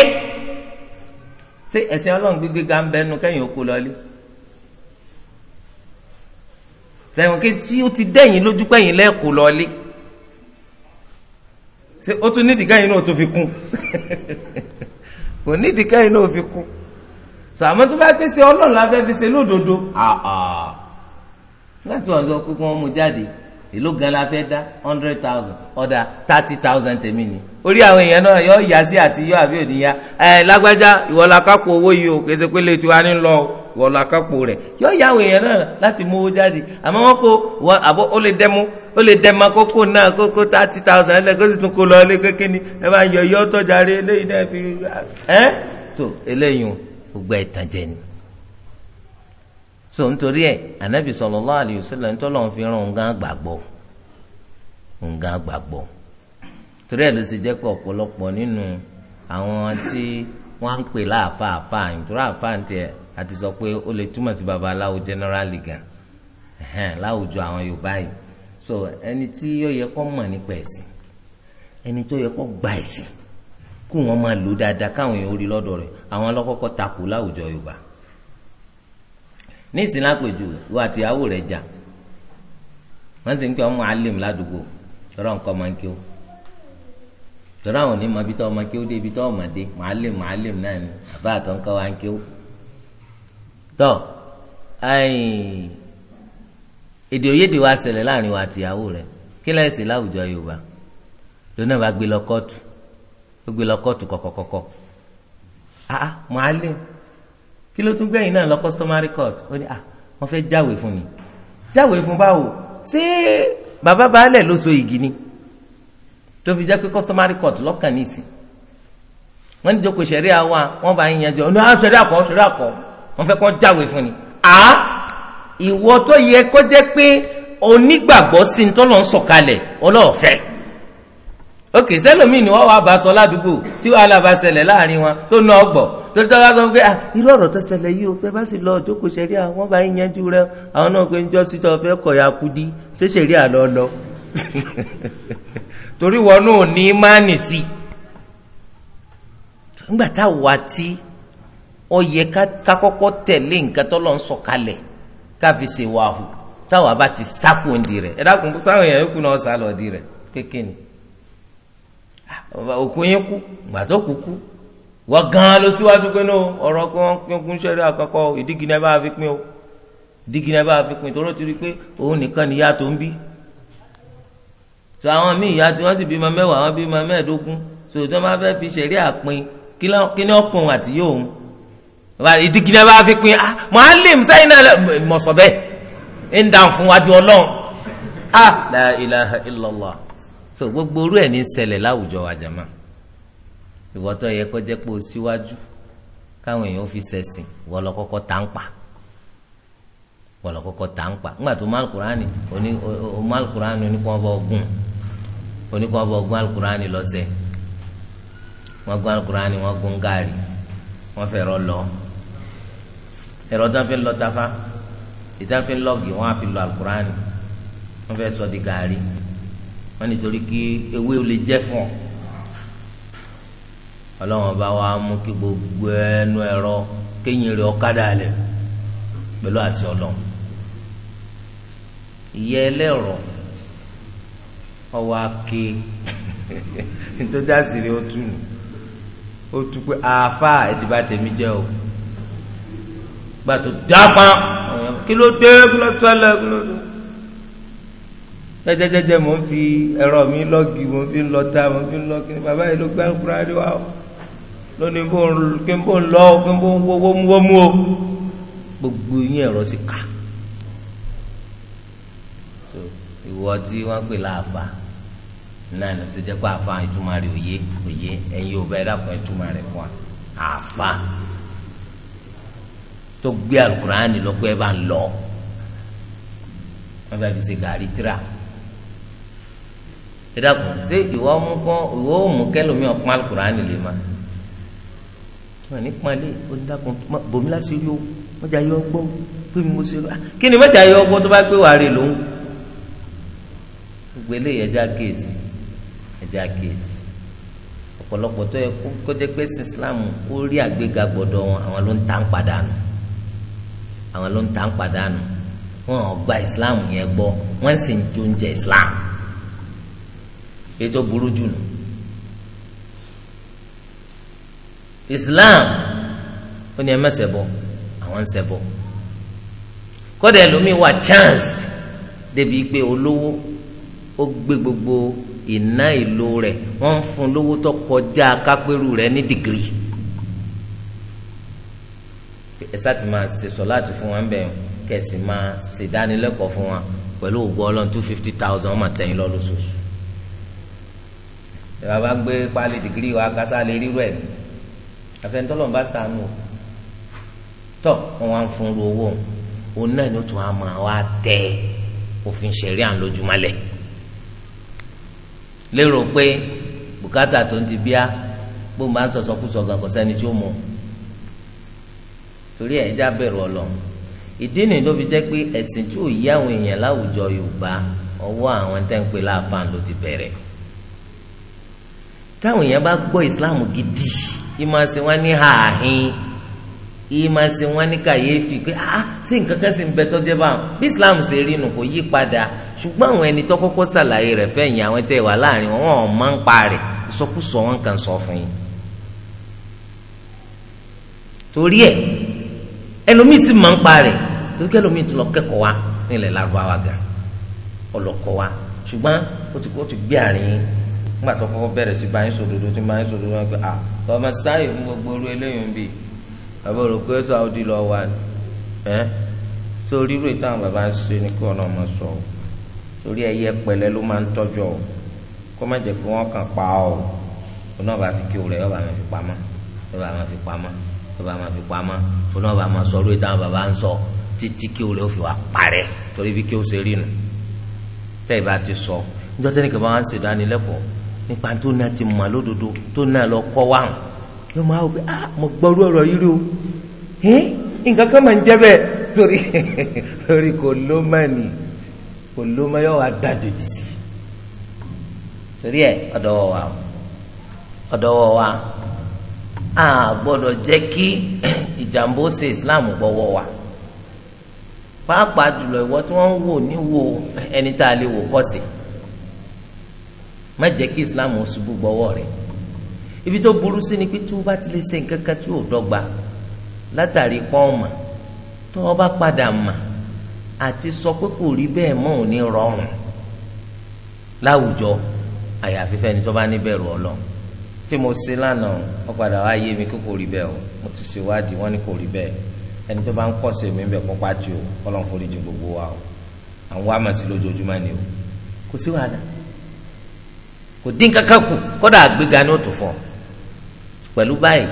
ṣé ẹ̀sìn ọlọ́run gbígbé ga ń bẹnu kẹ́yìn ó kó lọ́ọ́lé sẹ́wọ̀n kí tí ó ti dẹ́yìn lójú pẹ́yìn lẹ́kọ́ lọ́ọ́lé ṣe ó tún nídìí káyìn náà tó fi kún kò nídìí káyìn náà fi kún sàmọ́ tó bá pèsè ọlọ́run la fẹ́ fi ṣe lódodo Ah, ah. láti wà sọ pé kí wọ́n mú jáde ìlú gan la fẹ́ dá hundred thousand ọ̀dà thirty thousand tèmi ni orí àwọn èèyàn náà yọ ìyá sí àti yọ àbí òdì ya ẹ lágbájá ìwọ la kápò owó yìí o kèsì pé létí wa ní lọ ìwọ la kápò rẹ yọ ìyá àwọn èèyàn náà láti mú owó jáde àmọ́ wọn kó wọn àbọ ó lè dẹmu ó lè dẹmu akókó náà kókó thirty thousand ẹlẹ kó sì tún kó lọ ilé kékeré ni ẹ máa yọ ìyọ tọjà rẹ eléyìí náà fi ẹ so eléyìí gbogbo ẹ̀tàn jẹ ni so nítorí ẹ anabi sallallahu alayhi wa sallam nítorí òun fi ràn òun gan gbàgbọ́ òun gan gbàgbọ́ torí ẹ ló ti jẹ́ pé ọ̀pọ̀lọpọ̀ nínú àwọn tí wọ́n ń pè láàfáà àfáà nítorí àfáà ń tiẹ̀ àti sọ pé ó lè túmọ̀ sí babaláwo generally gan láwùjọ àwọn yorùbá yìí so ẹni tí yóò yẹ kó mọ̀ nípa ẹ̀sìn ẹni tó yẹ kó gba ẹ̀sìn kó wọn máa lò dáadáa káwọn èèyàn rí lọ́dọ̀ rẹ̀ àwọn ọlọ́kọ́kọ́ takò láwùjọ yorùbá ní ìsìnlá pèjù ìwọ àtìyàwó rẹ jà wọn sì ń pè ọmọ alim ládùúgbò tọrọ nǹkan máa ń kí ó tọrọ àwọn onímọ̀ ibi tó ọmọ kí ó dé ibi tó ọmọ dé màálìm màálìm náà ni àbá àtọ nǹkan wá ń kí ó tọ èdè òyédè wa ṣẹlẹ̀ láàrin wa àtìyàwó rẹ kí lẹ́sìn láwùjọ yorùbá lónà bá gbé lọ kóòtù ó gbé lọ kóòtù kọ̀kọ̀kọ̀kọ̀ ah màálìm. Ah, kí ló tún gbẹ̀yìn náà lọ customary court ó ní à ah, wọ́n fẹ́ jáwèé fún ni jáwèé fún báwo ṣé bàbá baálẹ̀ ló so igi ni tó fi jẹ́ pé customary court lọ́kàn ní ìsìn wọ́n ní jókòó ṣẹ̀rí àwa wọ́n bá yín yanjú ọ̀nà ah, ṣẹ̀rí àkọ́ ṣẹ̀rí àkọ́ wọ́n fẹ́ kọ́ jáwèé fún ni à ah, ìwọ tó yẹ kó jẹ́ pé onígbàgbọ́ sí ní tọ́lọ́ ń sọ̀kalẹ̀ ọlọ́ọ̀fẹ́ òkè sẹ́lómi ni wọ́n wá bá sọ ládùúgbò tí wàhálà bá ṣẹlẹ̀ láàrin wọn tó ná ọgbọ̀n torí tó bá sọ pé ah, irú ọ̀rọ̀ tó ṣẹlẹ̀ yìí o pé bá sì lọ jókòó ṣẹ̀rí àwọn bá yín yanjú rẹ àwọn náà pé ń jọ́ sí ya kudi ṣé ṣẹ̀rí àlọ́ lọ torí wọn náà ní mánì sí nígbà tá a wà tí ó yẹ ká kọ́kọ́ tẹ̀lé nǹkan tó lọ́n sọ̀kalẹ̀ ká fi ṣe táwa bá ti rẹ̀ ẹ dákun kó sáwọn èèyàn náà di wọ́n gan ló síwájú pé náà ọ̀rọ̀ pé wọ́n pín ogún ṣẹ́rí àkọ́kọ́ ìdígínà bá fi pín o ìdígínà bá fi pín tóró ti rí pé òun nìkan ni ìyá tó ń bí tó àwọn míì ìyá tí wọ́n sì bímọ mẹ́wàá wọ́n bímọ mẹ́ẹ̀ẹ́dógún tó tó máa fẹ́ fi ṣẹ̀rí àpín kí ni ọkùnrin àti yóò ń ìdígínà bá fi pín ah mọ́álìm sẹ́yìn náà mọ̀sọ̀ ń dà fún wájú ọlọ́run ah la ìwọ́tọ̀ yẹ kó jẹ́ pé o síwájú káwọn èèyàn fi ṣẹ̀sìn wọ́n lọ kọ́kọ́ tá ń pa wọ́n lọ kọ́kọ́ tá ń pa ńgbà tó má alukurani oní má alukurani oníkọ́ ọba ogun oníkọ́ ọba ogun alukurani lọ́sẹ̀ wọ́n gun alukurani wọ́n gun gaari wọ́n fẹ̀rọ lọ ẹ̀rọ tán fi lọ tafa ìtàn fi lọ́ọ̀gì wọ́n á fi lọ alukurani wọ́n fẹ́ sọ di gaari wọ́n nítorí kí ewé o lè jẹ́ fún ọ ọlọ́run ọba wa mú kí gbogbo ẹnu ẹ̀rọ kéyìn rẹ̀ ọ̀kadà lẹ̀ pẹ̀lú àṣẹ ọlọ́run ìyẹ́ ẹlẹ́rọ ọwọ́ ake nítorí àṣírí ó tù ó tù pé àáfà ẹ ti bá tèmi jẹ o gbàtò dápá kí ló dé kí ló ṣẹlẹ̀ kí ló jẹjẹjẹjẹ mo ń fi ẹ̀rọ mi lọgì mo ń fi lọta mo ń fi lọkì bàbá yìí ló gbá kúrò o lónìí bó ń lọ kí n bó ń wọ́wọ́ mú wọ́n mú o gbogbo yín ẹ̀rọ sí ká ìwọ tí wọ́n pè láàfà náà ní ṣe jẹ́ pé àfa ìtumọ̀ rẹ̀ òye òye ẹ̀yin ò bá ẹ̀dá kan ìtumọ̀ rẹ̀ fún wa àfa tó gbé alukurani lọ pé ẹ bá ń lọ wọ́n fẹ́ẹ́ fi ṣe gàrí tíra ẹ ṣé ìwọ mú kọ́ ìwọ ò mú kẹ́lòmí ọ̀pọ̀ alukurani lè máa wọn ní pọnlé onídàkùn bòmí láṣìírí o mọjà yọ ọgbọ pé mi mo ṣe lọ ah, kí ni mọjà yọ ọgbọ tó bá pé wàá rè lòun gbogbo eléyìí ẹja kéèsì ẹja kéèsì ọ̀pọ̀lọpọ̀ tó yẹ kó jẹ́ pé sin Islam ó rí àgbéga gbọ́dọ̀ wọn àwọn ló ń ta ń padànù àwọn ló ń ta ń padànù wọn ò gba Islam yẹn gbọ́ wọ́n sì ń jó ń jẹ Islam ètò burú jù nù. islam ó ní ẹ má ṣẹbọ àwọn ń ṣẹbọ kódà ẹlòmíì wà chanced débi pé olówó ó gbé gbogbo ìná ìlò rẹ̀ wọ́n ń fún lówó tó kọjá kápẹ́rù rẹ̀ ní dìgírì ẹsẹ àti máa ṣe sọ láti fún wọn bẹ́ẹ̀ kẹsì máa ṣe dánilẹ́kọ̀ọ́ fún wọn pẹ̀lú ògbó ọlọ́run two fifty thousand wọ́n máa tẹ̀yìn lọ lóṣooṣù ìwà bá gbé pálí dìgírì wa kásá lè rírọ̀ ẹ̀ àfẹnitọ́lọ́n bá sànù tọ́ wọn wá ń fún ru owó òun náà ló tún á mọ àwa tẹ òfin ṣẹ̀rí à ń lójúmọ́lẹ̀ lérò pé bùkátà tó ń ti bíá bóun bá ń sọ̀sọ́kúsọ gàgọ́ sẹ́ni tí ó mọ̀ torí ẹ̀ já bẹ̀rù ọlọ́run ìdí nìyí ló fi jẹ́ pé ẹ̀sìn tí ò yí àwọn èèyàn láwùjọ Yorùbá ọwọ́ àwọn tẹ́ láàfáà ló ti bẹ̀rẹ̀ táwọn èèyàn bá gbọ́ ìsìláàmù gidi ìmọ̀ sí wọn ní hàhín ìmọ̀ sí wọn ní kàyéfì pé ah sí nǹkan kan sì ń bẹ tó jẹ́ báwọn bí Islam ṣe rí nù kò yí padà ṣùgbọ́n àwọn ẹni tó kọ́kọ́ ṣàlàyé rẹ̀ fẹ̀yìn àwọn tẹ́ wà láàrin wọn wọn máa ń pa rẹ̀ ìsọkúsọ wọn kàn sọ fún yín torí ẹ ẹlòmíì sì máa ń pa rẹ̀ torí kẹlòmíì tún lọ kẹ́kọ̀ọ́ wa nílẹ̀ Lárúbáwá gan ọlọ́kọ̀ wa ṣùgbọ́n ó ti gbé àárín yín nígbà tó kọ́kọ́ bẹ̀rẹ̀ sí báyìí sòdodo tí báyìí sòdodo wọn pé à ọmọ sáyè fún gbogbo orú eléyìí ń bì bàbá rò pé Saudi lọ wà ẹ sórí rè táwọn bàbá ń ṣe ní kí ọ̀nà ọmọ sọ ọ torí ẹyẹ pẹ̀lẹ́ ló máa ń tọ́jú ọ kó má jẹ́ pé wọ́n kàn pa ọ ọ náà bá fi kí o rẹ̀ ọba máa fi pamọ́ ọba máa fi pamọ́ ọba máa fi pamọ́ ọ náà bá máa sọ rè táwọn bàbá ń sọ títí kí o ó fi wà parẹ́ torí bí kí o ṣe rí nu tẹ́ ì ti sọ níjọ́ tẹ́nìkan bá nípa tó náà ti mọ̀ lódodo tó náà lọ kọ́ wá hàn yóò máa wò pé ah mo gbọ́rú ọ̀rọ̀ yìí rí o nǹkan kan máa ń jẹ́ bẹ́ẹ̀ torí torí kò ló mọ̀ ni kò ló mọ̀ yóò wá dájú jì torí ọ̀dọ́wọ́ wa ọ̀dọ́wọ́ wa a gbọ́dọ̀ jẹ́ kí Islam gbọ́wọ́ wa pàápàá jùlọ ìwọ tí wọ́n ń wò ẹni má jẹ́ kí islam ó ṣubú gbọ́wọ́ rẹ̀ ibi tó burú sí ni pé tí o bá ti lè ṣe nǹkan kan tí ò dọ́gba látàrí pọ́ọ̀mà tó o bá padà mà àti sọ pé kò rí bẹ́ẹ̀ mọ́ ò ní rọrùn láwùjọ àyàfi fẹ́ni tó bá níbẹ̀rù ọlọ́run tí mo ṣe lánàá wọ́n padà wá yé mi kó kò rí bẹ́ẹ̀ o mo ti ṣe wádìí wọ́n ní kò rí bẹ́ẹ̀ ẹni tó bá ń kọ́ sí mi bẹ̀ pọ́pá jù o ọlọ́run forí jù gbogbo wa o àwọn wa mà sí lójoojúmọ́ ni o kò sí wàhálà kò dín kankan kù kódà àgbéga ni ó tún fọ pẹ̀lú báyìí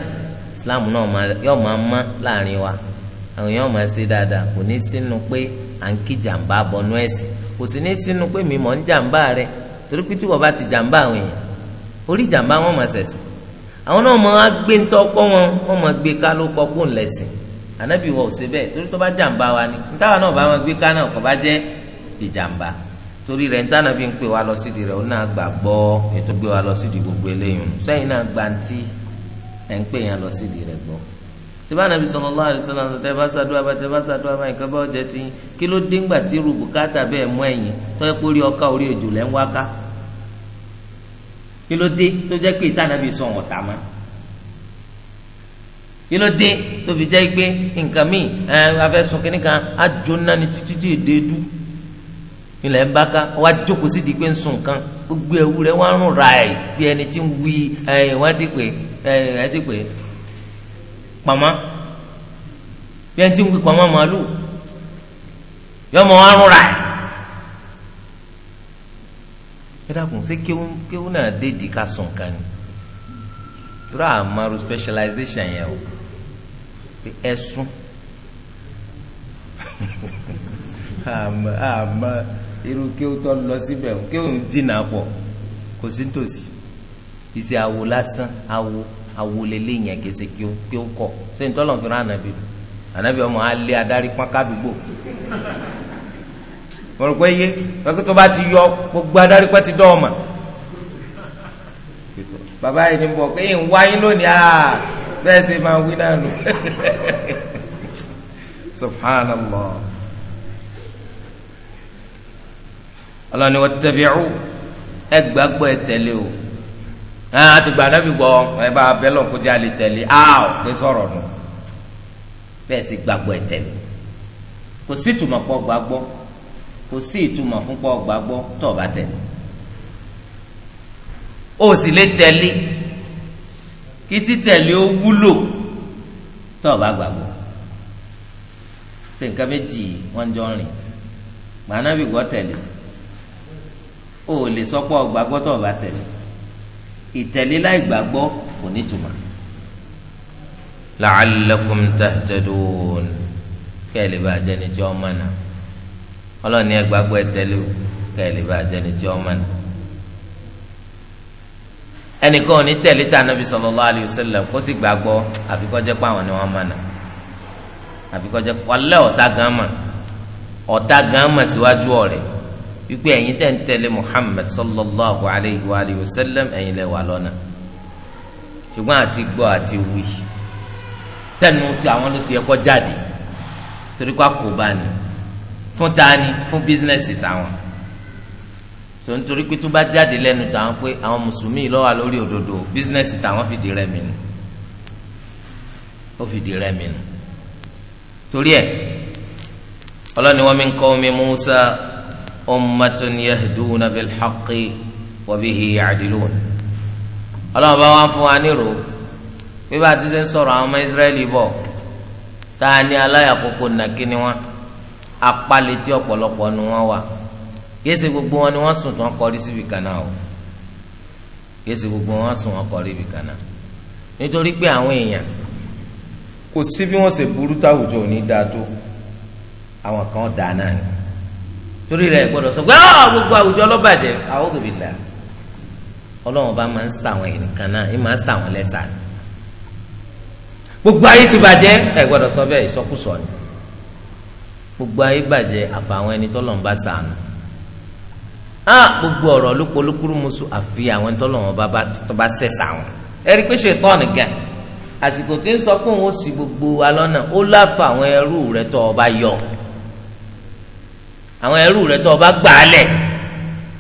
islam náà yóò máa má láàrin wa àwọn èèyàn máa ṣe dáadáa kò ní sínú pé à ń kí jàǹbá bọnú ẹ̀sìn kò sì ní sínú pé mi mọ̀ ń jàǹbá ti jàǹbá àwọn èèyàn orí jàǹbá wọn máa ṣẹ̀sìn àwọn náà máa gbé ntọ́kọ́ wọn wọ́n máa gbé ká ló kọ́ kó ń ò ṣe bẹ́ẹ̀ torí tó bá jàǹbá wa ni náà bá wọn gbé ká torí rẹ̀ níta nàbí ń pè wá lọ sídi rẹ̀ ó náà gbà gbọ́ ètò gbé wá lọ sídi gbogbo eléyìí sẹ́yìn náà gba ntí ẹ̀ ń pè yẹn lọ sídi rẹ̀ gbọ́. síbá nàbí sallallahu alaihi wasallam tẹ bá ṣàdúrà bá tẹ bá ṣàdúrà bá nǹkan bá ọjẹ ti kí ló dé ńgbà tí rúbù káàtà bẹ́ẹ̀ mú ẹ̀yìn tó yẹ kó rí ọkà orí òjò lẹ́ ń wáká kí ló dé tó jẹ́ pé ìta nàbí sọ wọn tà kí ló dé tó fi jẹ́ pé nǹkan míì ẹ afẹ́sùn kìnnìkan á jóná ní títí tí èdè dùn ilẹ̀ ń bá ká wá jókòó sí di pé ń sùn kan gbogbo ẹ̀wù rẹ̀ wá ń rùn ra ẹ̀ bí ẹni tí ń wí ẹ̀yìn wá ti pè ẹ̀ ti pè pamọ́ bí ẹni tí ń wí pamọ́ màálù yọmọ wá ń ra ẹ̀. ẹ dàkún ṣé kéwú náà déèdì ká sùn kan ni tura àmàrú specialization yẹn o ẹ sùn àmà àmà irú kí ó tọ́ lọ síbẹ̀ kí òun jìnnà pọ̀ kò sí nítòsí iṣẹ́ awo lásán awo awo lélẹ́ yẹn kẹsẹ̀ kí ó kí ó kọ̀ sẹ́yìn tọ́lọ̀ fi rán ànábì lò ànábì ọmọ alẹ́ adarí pọ́nká àdúgbò wọ́n rò pé yé wọ́n tó bá ti yọ gbogbo adarí pẹ́ ti dọ́ ọ̀mà bàbá yìí ni bọ̀ pé wáyé lónìí àá bẹ́ẹ̀ sì máa wí náà nù subhanallah. ọlọ́ni wọ́n tẹ̀bi ẹ̀rú ẹ gbàgbọ́ ẹ tẹ̀lé o a ti gba anabi gbọ́ ẹ bá abẹ́lọ̀ kó jẹ́ alẹ́ tẹ̀lé a ò pé sọ̀rọ̀ nù bẹ́ẹ̀ sì gbàgbọ́ ẹ tẹ̀lé kò sí ìtumọ̀ pọ̀ gbàgbọ́ kò sí ìtumọ̀ fún pọ̀ gbàgbọ́ tó bá tẹ̀lé o sì lè tẹ̀lé kí títẹ̀lé ó wúlò tó bá gbàgbọ́ pé nǹkan méjì wọ́n jọ rìn gba anabi gbọ́ tẹ̀lé o lè sọpọ gbàgbọ́ tó o bá tẹ̀lé ìtẹ̀lé láì gbàgbọ́ kò ní tuma. la'allakum tahtadun kẹ́lẹ́ bá jẹ́ ni tí ó mọ̀ náà ọlọ́ọ̀ni ẹ gbàgbọ́ ẹ tẹ̀lé o kẹ́lẹ́ bá jẹ́ ni tí ó mọ̀ náà. ẹnìkan ò ní tẹ̀lé tá anabi sallallahu alayhi wa sallam kó sì gbàgbọ́ àfi kó ni wọ́n mọ̀ náà àfi kó ọ̀tá gan mọ̀ ọ̀tá gan mọ̀ síwájú ọ̀rẹ́ wípé ẹ̀yin tẹ̀ ń tẹ̀lé Muhammad sallallahu alayhi wa alihi wa sallam ẹ̀yin lẹ̀ wà lọ́nà ṣùgbọ́n àti gbọ́ àti wí tẹnu tí àwọn ló ti yẹ kọ́ jáde torí kó àkóbá ni fún tani fún bísínẹ́sì táwọn tó ń torí pé tó bá jáde lẹ́nu táwọn pé àwọn mùsùlùmí ló lórí òdodo bísínẹ́sì táwọn fìdí rẹmi nù ó fìdí rẹmi nù torí ẹ̀ ọlọ́ni wa min qawmi Musa ummatun yahduna bil haqqi wa bihi ya'dilun ọlọ́run bá wá fún wa nírò bí bá ti ṣe ń sọ̀rọ̀ àwọn ọmọ israẹli bọ̀ tá a ní aláyàkókò nàkí ni wọn apálétí ọ̀pọ̀lọpọ̀ ni wọ́n wà yéèsì gbogbo wọn ni wọ́n sùn tí wọ́n kọrí síbi kan o yéèsì gbogbo wọn sùn wọ́n kọrí síbi kan nítorí pé àwọn èèyàn kò sí bí wọ́n ṣe burú táwùjọ ò ní dáa tó àwọn kan dáa náà ni torí rẹ̀ gbọ́dọ̀ sọ pé ọ ah, gbogbo àwùjọ ọlọ́bàjẹ́ àwọn òbí là ọlọ́run bá máa ń sàwọn ẹnìkan náà ẹ máa ń sàwọn lẹ́sà ni gbogbo ayé ti bàjẹ́ ẹ gbọ́dọ̀ sọ bẹ́ẹ̀ ìsọkúsọ ni gbogbo ayé bàjẹ́ àfàwọn ẹni tọ́lọ́run bá ṣàánú á ah, gbogbo ọ̀rọ̀ lókolókúrú musu àfi àwọn ẹni tọ́lọ́run bá sẹ̀sà wọn ẹ rí i pé ṣètọ́ọ̀nù gan àsìkò tí ń sọ pé òun ó sì gbogbo alọ́nà ó láfa àwọn ẹrú rẹ̀ tó ọba yọ àwọn ẹrú rẹ tó o bá gbà á lẹ̀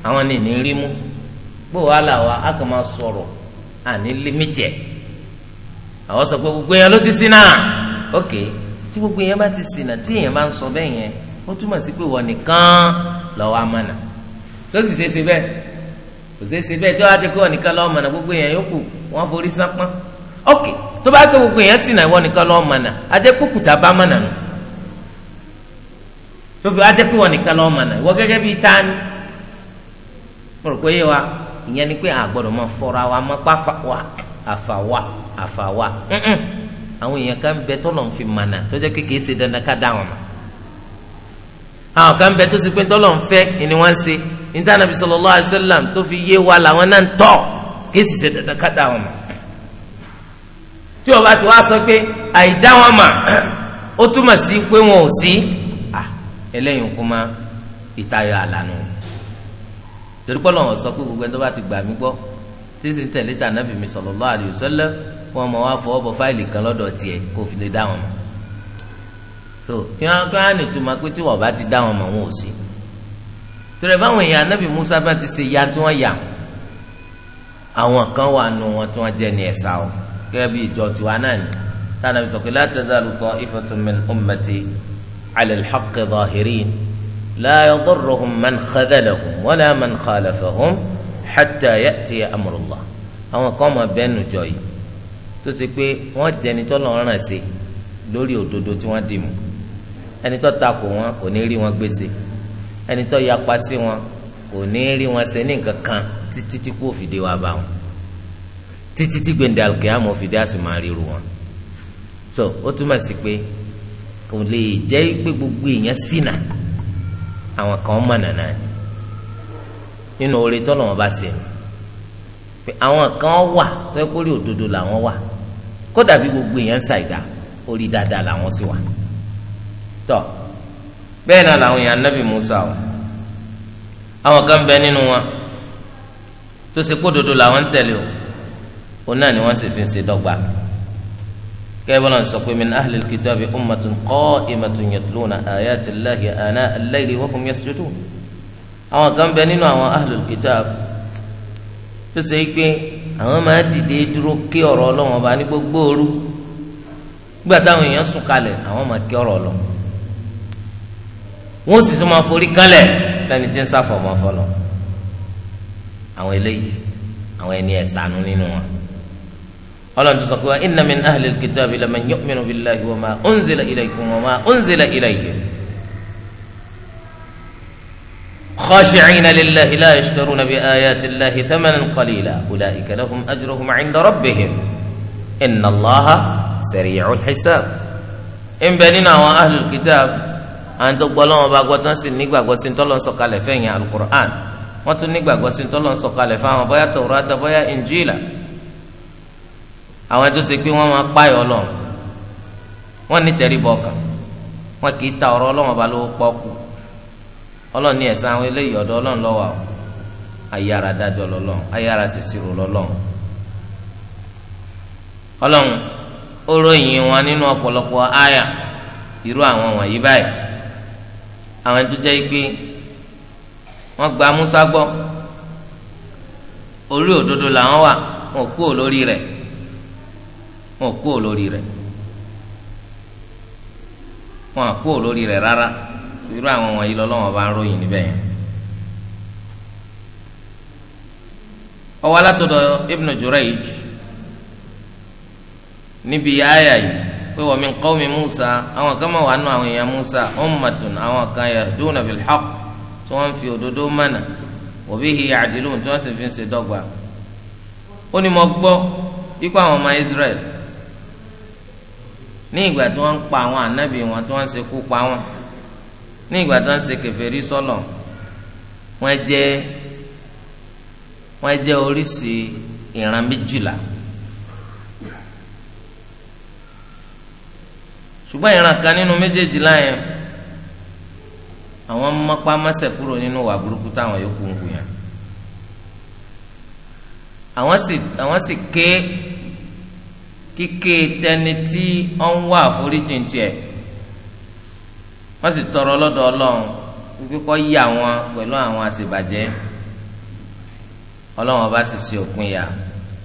àwọn ni ní rí mú bó wàá là a kàn máa sọ̀rọ̀ àní límítì ẹ̀ àwọn sọ pé gbogbo yẹn ló ti sin náà ok tí gbogbo yẹn bá ti sin náà tí èèyàn bá ń sọ bẹ́ẹ̀ yẹn ó túmọ̀ sí pé wọ́n nìkan lọ́wọ́ amánà tó sì ṣe é ṣe bẹ́ẹ̀ kò ṣe é ṣe bẹ́ẹ̀ tí wọ́n á ti kó wọ́n nìkan lọ́wọ́ amánà gbogbo yẹn yókù wọ́n forí sápọ́n ok tó bá kó gbogbo yẹn sin náà wọ́n nìkan lọ́wọ́ amánà adé A bá amánà nù. tó fi wá jẹ́ pé wọ́n nìkan lọ́ọ́ mọ̀nà ìwọ gẹ́gẹ́ bíi tani mo wa ìyẹn ni pé àgbọ̀dọ̀ wa máa wa àfàwa àfàwa àwọn èèyàn kan bẹ tọ́lọ̀ ń fi mọ̀nà tó jẹ́ kékeré ṣe dandan ká dá wọn mọ̀ àwọn kan bẹ tó ṣe pé tọ́lọ̀ ń fẹ́ ni wọ́n ń ṣe níta-nàbí sallallahu alaihi tó fi yé wa làwọn náà ń tọ̀ kéèsì ṣe dandan ká eléyìí kún ma ìtayọ àlànà torí pé Ọlọ́run sọ pé gbogbo ẹni tó bá ti gbà mí gbọ́ tí sì ń tẹ̀lé tà nábì mi sallallahu alaihi wasallam wọn mọ̀ wá fọwọ́ bọ fáìlì kan lọ́dọ̀ tiẹ̀ kó fi lè dá wọn mọ̀ so kí wọn kí wọn nìtumọ̀ pé tí wọn bá ti dá wọn mọ̀ wọn ò sí torí báwọn èèyàn anábì Musa bá ti ṣe ya tí wọn yà àwọn kan wà nù wọn tí wọn jẹ ní ẹ̀sà o gẹ́gẹ́ bí ìjọ tiwa náà ni tá على الحق ظاهرين لا يضرهم من خذلهم ولا من خالفهم حتى يأتي أمر الله àwọn kan máa bẹ́ẹ̀nu jọ yìí tó ṣe pé wọ́n jẹ́ ẹni tó lọ́ọ́ ràn sí lórí òdodo tí wọ́n dì mú ẹni tó takò wọn kò ní rí wọn gbèsè ẹni tó yapa sí wọn kò ní rí wọn ṣe ní nǹkan kan títí tí kò fìdí wa bá wọn títí tí gbèǹdàlùkẹ́ àmọ́ fìdí àsùnmọ́ àríru wọn so ó túmọ̀ sí pé kò lè jẹ́ pé gbogbo èèyàn ṣìnà àwọn kan mọ̀ nànà nínú oore tọ́lọ̀ wọn bá ṣe pé àwọn kan wà tó yẹ kó rí òdodo làwọn wà kó dàbí gbogbo èèyàn ṣàìdá orí dáadáa làwọn sì wà tọ́ bẹ́ẹ̀ náà làwọn èèyàn nábì Musa o àwọn kan bẹ nínú wọn tó ṣe kó òdodo làwọn ń tẹ̀lé o òun náà ni wọ́n sì fi ṣe dọ́gba. كيبلا سقوا من أهل الكتاب أمة قائمة يتلون آيات الله آناء الليل وهم يسجدون àwọn kan bẹ nínú àwọn ahlul kitab tó ṣe é pé àwọn máa dìde dúró kí ọ̀rọ̀ Ọlọ́run ọba ní gbogbo òru gbà táwọn èèyàn sùn kalẹ̀ àwọn máa kí ọ̀rọ̀ lọ wọn sì tún máa forí kalẹ̀ lẹ́ni tí ń sáfọ ọmọ fọlọ àwọn eléyìí àwọn ẹni ẹsànú nínú wọn ọlọ́run ti sọ pé inna min ahli al-kitabi laman yu'minu billahi wa ma unzila خاشعين لله لا يشترون بآيات الله ثمنا قليلا أولئك لهم أجرهم عند ربهم إن الله سريع الحساب إن بنينا وأهل الكتاب أن تقبلون بأقوة نسل نقبع قوسين تلون سقال فين القرآن وتنقبع قوسين تلون سقال فهم بيا توراة بيا إنجيلا àwọn tó ṣe pé wọ́n máa páyọ̀ ọlọ́run wọ́n ní tẹríba ọkàn wọ́n kì í ta ọ̀rọ̀ ọlọ́run ọba lówó pọ́kú ọlọ́run ní ẹ̀san àwọn eléyìí ọ̀dọ̀ ọlọ́run lọ́wọ́ ayára dájọ́ lọ́lọ́run ayára ṣèṣirò lọ́lọ́run ọlọ́run ó ròyìn wọn nínú ọ̀pọ̀lọpọ̀ àyà irú àwọn wọ̀nyí báyìí àwọn tó jẹ́ pé wọ́n gba Musa gbọ́ orí òdodo làwọn wà wọn kú òlórí rẹ̀ wọn kú olórí rẹ̀ wọn kú olórí rẹ̀ rárá irú àwọn wọ̀nyí lọ́lọ́wọ́n bá ń ròyìn níbẹ̀ yẹn. ọwọ́ alátọ̀dọ̀ Ibn Jurayj níbi àyà yìí pé min qawmi Musa àwọn kan máa wà nù àwọn èèyàn Musa ummatun àwọn kan yahduna bil haqq tí wọ́n fi òdodo mọ̀nà wa bihi ya'dilun tí wọ́n sì fi ń ṣe dọ́gba. ó ní mo gbọ́ ikú àwọn ọmọ Israẹli ní ìgbà tí wọ́n ń pa àwọn ànábì wọn tí wọ́n ń ṣekú pa wọn ní ìgbà tí wọ́n ń ṣe kèfèrí sọ́lọ̀ wọ́n jẹ́ wọ́n jẹ́ oríṣi ìran méjìlá ṣùgbọ́n ìran kan nínú méjèèjì láyẹn àwọn mọ́pá mọ́sẹ̀ kúrò nínú wà burúkú táwọn yòókù ń wù yẹn àwọn sì àwọn sì ké. Si kíké tẹni tí ọ ń wá àforíjì tiẹ̀ wọ́n sì tọrọ lọ́dọ̀ Ọlọ́run wípé kó yà wọn pẹ̀lú àwọn àṣebàjẹ́ Ọlọ́run ọba sì ṣe òpin yà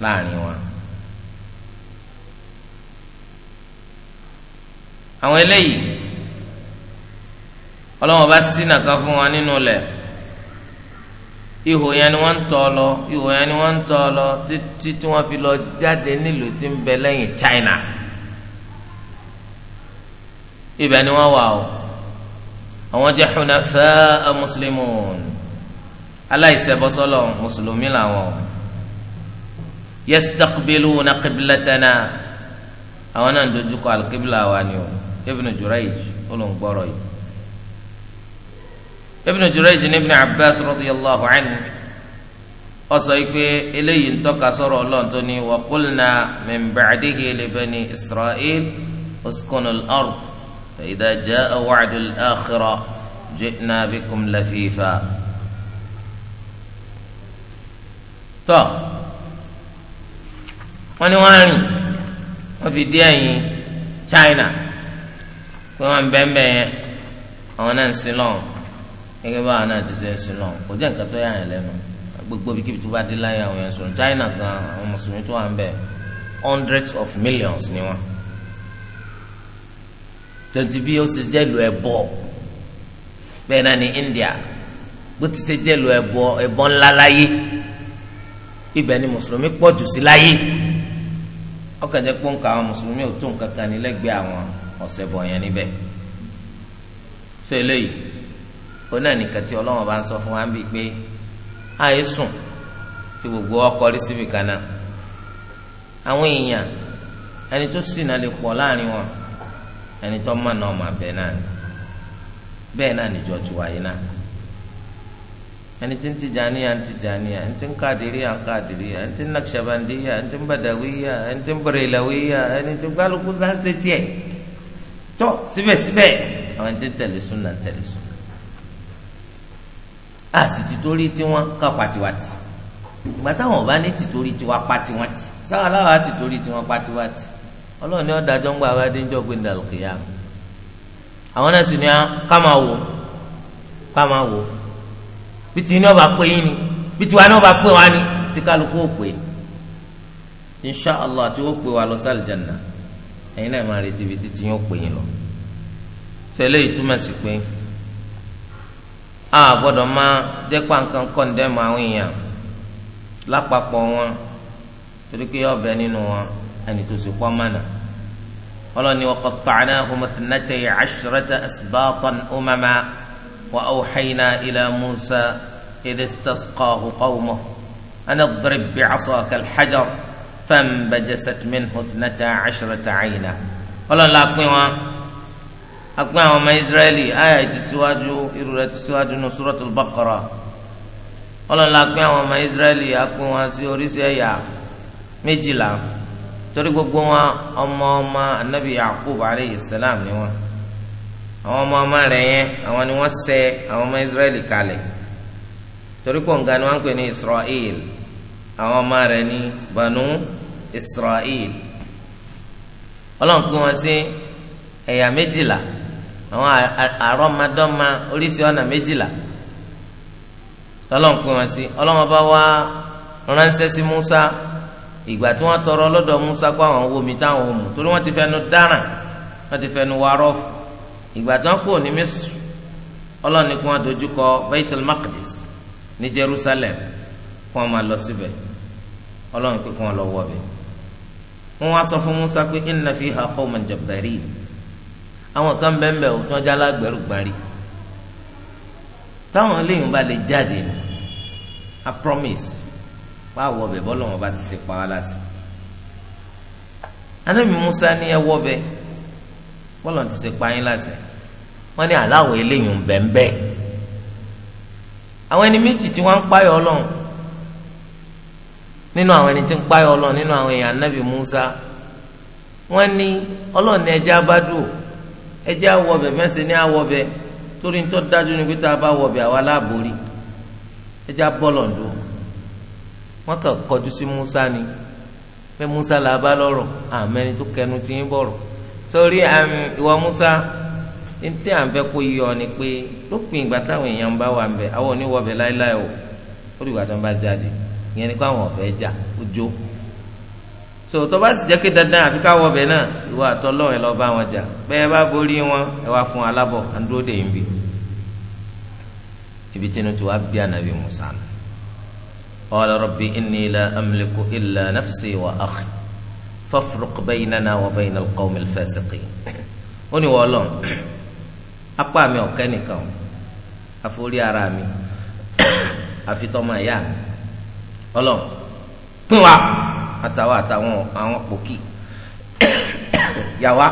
láàrin wọn. àwọn eléyìí Ọlọ́run ọba ṣínà kan fún wọn nínú ihò yẹn ni wọ́n ń tọ́ lọ ihò yẹn ni wọ́n ń tọ́ lọ títí tí wọ́n fi lọ jáde nílùú tí ń bẹ lẹ́yìn China ibẹ̀ ni wọ́n wà o àwọn jẹ́ hunafa muslimun aláìṣẹ̀bọ́sọ́lọ̀ mùsùlùmí làwọn o yastaqbiluna qiblatana àwọn náà ń dojúkọ alqibla wa ni o Ibn Jurayj olùgbọ́rọ̀ yìí. Ibn Jurayj ní Ibn Abbas radiyallahu anhu ó sọ pé eléyìí ń tọ́ka sọ̀rọ̀ Ọlọ́run tó ní wa qulna min ba'dihi li bani Isra'il uskunu al-ard fa idha ja'a wa'du al-akhirah ji'na bikum lafifa. tọ́ wọ́n ní wọ́n rìn wọ́n fi dé ẹ̀yìn China pé wọ́n bẹ́ẹ̀ bẹ́ẹ̀ àwọn náà ń sin lọ́wọ́ gẹ́gẹ́ báwa náà ti ṣe é sí náà kò jẹ́ nǹkan tó yà yẹn lẹ́nu gbogbo bí kíbi tó bá dé láyé àwọn yẹn sọ̀rọ̀ China gan àwọn mùsùlùmí tó wà ń bẹ hundreds of millions ni wọn tonti bí ó ti jẹ́ lu ẹ̀bọ bẹ́ẹ̀ náà ní India bó ti ṣe jẹ́ lu ẹ̀bọ ẹ̀bọ ńlá láyé ibẹ̀ ni mùsùlùmí pọ̀ jù sí láyé ọkàn jẹ́ pọ́ǹkà àwọn mùsùlùmí ò tó nǹkan kan ní lẹ́gbẹ̀ẹ́ àwọn ọ̀sẹ̀ bọ̀ yẹn níbẹ̀ so eléyìí òun náà nìkan tí ọlọ́wọ́n bá ń sọ fún wa ń bì pé àyè sùn kí gbogbo ọkọrí síbi kan náà àwọn èèyàn ẹni tó sì náà lè pọ̀ láàrin wọn ẹni tó mọ̀ náà mà bẹ́ẹ̀ náà ni bẹ́ẹ̀ náà níjọ ti wáyé náà ẹni tí ń Tijaniya ń Tijaniya ẹni tí ń Kadiriya ń Kadiriya ẹni tí ń Naqshbandiya ẹni tí ń Badawiya ẹni tí ń Barelawiya ẹni tí ń kálukú sáńsẹ̀ tiẹ̀ tó síbẹ̀síbẹ̀ àwọn ẹni tí ń tẹ̀lé sunna tẹ̀lé sunna a sì tìtorí tiwọn ká pàtiwàtì ìgbà táwọn ọba ní tìtorí tiwa pàtiwàtì sáwọn aláwa tìtorí tiwọn pàtiwàtì ọlọ́run ní ọ̀dàjọ́ ń gba abáde ń jọ pé ndàlùkìyà àwọn náà sì ní ká máa wò ká máa wò bí ti ní ọba pé yín ni bí tiwa ní ọba pé wá ni tí kálukú ò pé insha allah tí ó pé wa lọ sálìjànà ẹ̀yin náà máa retí ibi títí yín ó pè yín lọ tẹ́lẹ̀ ìtumọ̀ sí pé a gbọ́dọ̀ máa jẹ́ pàǹkan kọ́ńdẹ́mù àwọn èèyàn lápapọ̀ wọn torí pé ọbẹ̀ nínú wọn ẹni tó sì pọ́ mọ́nà ọlọ́ni wa qattanahum ithnatay ashrata asbatan umama wa awhayna ila Musa idh istasqahu qawmuhu an idrib bi'asaka al-hajar fanbajasat minhu ithnata ashrata ayna ọlọ́ni la pín wọn apẹ́ àwọn ọmọ israẹli àyà ti síwájú irú rẹ̀ ti síwájú ní suratul baqara ọlọ́run la pẹ́ àwọn ọmọ israẹli apẹ́ wọn sí oríṣi ẹ̀yà méjìlá torí gbogbo wọn ọmọ ọmọ anabi yaqub aleyhi salam ni wọn àwọn ọmọ ọmọ rẹ̀ yẹn àwọn ni wọ́n ṣẹ̀ àwọn ọmọ israẹli kalẹ̀ torí kọ̀ǹga ni wọ́n pè ní israel àwọn ọmọ rẹ̀ ní banu israel ọlọ́run pín wọn sí ẹ̀yà méjìlá àwọn àrọ́mọdọ́mọ oríṣi ọ̀nà méjìlá tọ́lọ́n pín wọn sí ọlọ́wọ́n bá wá ránṣẹ́ sí Musa ìgbà tí wọ́n tọrọ lọ́dọ̀ Musa kó àwọn owó mi táwọn ò mú torí wọ́n ti fẹnu dáràn wọ́n ti fẹnu wa ìgbà tí wọ́n kú ní Misr ọlọ́run ní kí wọ́n dojú kọ Baitul Maqdis ní Jerusalem kí wọ́n máa lọ síbẹ̀ ọlọ́run pé kí wọ́n lọ wọ̀ bẹ̀ wọ́n wá sọ fún Musa pé inna fiha qawman jabbarin àwọn kan bẹ́ẹ̀ bẹ́ẹ̀ òtún ọjà alágbẹ̀rù gbarí táwọn eléyìí bá lè jáde ni i promise wá wọ ọbẹ̀ bọ́lọ̀ wọn bá ti ṣe pa wá láti. anábì Musa ní ẹ wọ ọbẹ̀ bọ́lọ̀ ti ṣe pa yín láti wọ́n ní aláwọ̀ eléyìí bẹ́ẹ̀ àwọn ẹni méjì tí wọ́n ń páyọ̀ ọlọ́run nínú àwọn ẹni tí ń páyọ̀ ọlọ́run nínú àwọn èèyàn anábì Musa wọ́n ní ọlọ́run ní ẹja bá dùn ẹ jẹ́ awọ ni fẹ́ǹsì ní awọ ọbẹ̀ torí ń tọ́ dájú ni pé tá a bá wọ ọbẹ̀ àwa láàbórí ẹ jẹ́ abọ́lọ̀ ń dùn wọ́n kàn kọjú sí Musa ni pé Musa là bá lọ́rọ̀ àmẹ́ni tó kẹnu ti ń bọ̀rọ̀ sórí um, ìwọ Musa ntí à ń fẹ́ kó yọ ni pé lópin ìgbà táwọn èèyàn ń bá wà ń bẹ àwọn oníwọ̀bẹ̀ láéláé o ó dìgbà tó ń bá jáde ìyẹn ni pé àwọn ọ̀fẹ́ jà ó jó so tó bá sì jẹ́ pé dandan àfi ká wọbẹ̀ náà ìwọ àtọ́lọ́wọ̀n ẹ lọ́ọ́ bá wọn jà bẹ́ẹ̀ bá borí wọn ẹ wá fún alábọ̀ àdúró dè yín bí ibi tí inú ti wá bí ànábì Musa nù qala rabbi inni la amliku illa nafsi wa akhi fafruq baynana wa bayna alqawmi alfasiqin ó ní wọ́ọ́ apá mi ọ̀kẹ́ nìkan àforí ara mi àfitọ́mọ ìyá mi ọlọ́ pín wa àtàwọn àtàwọn àwọn pòkì yàwá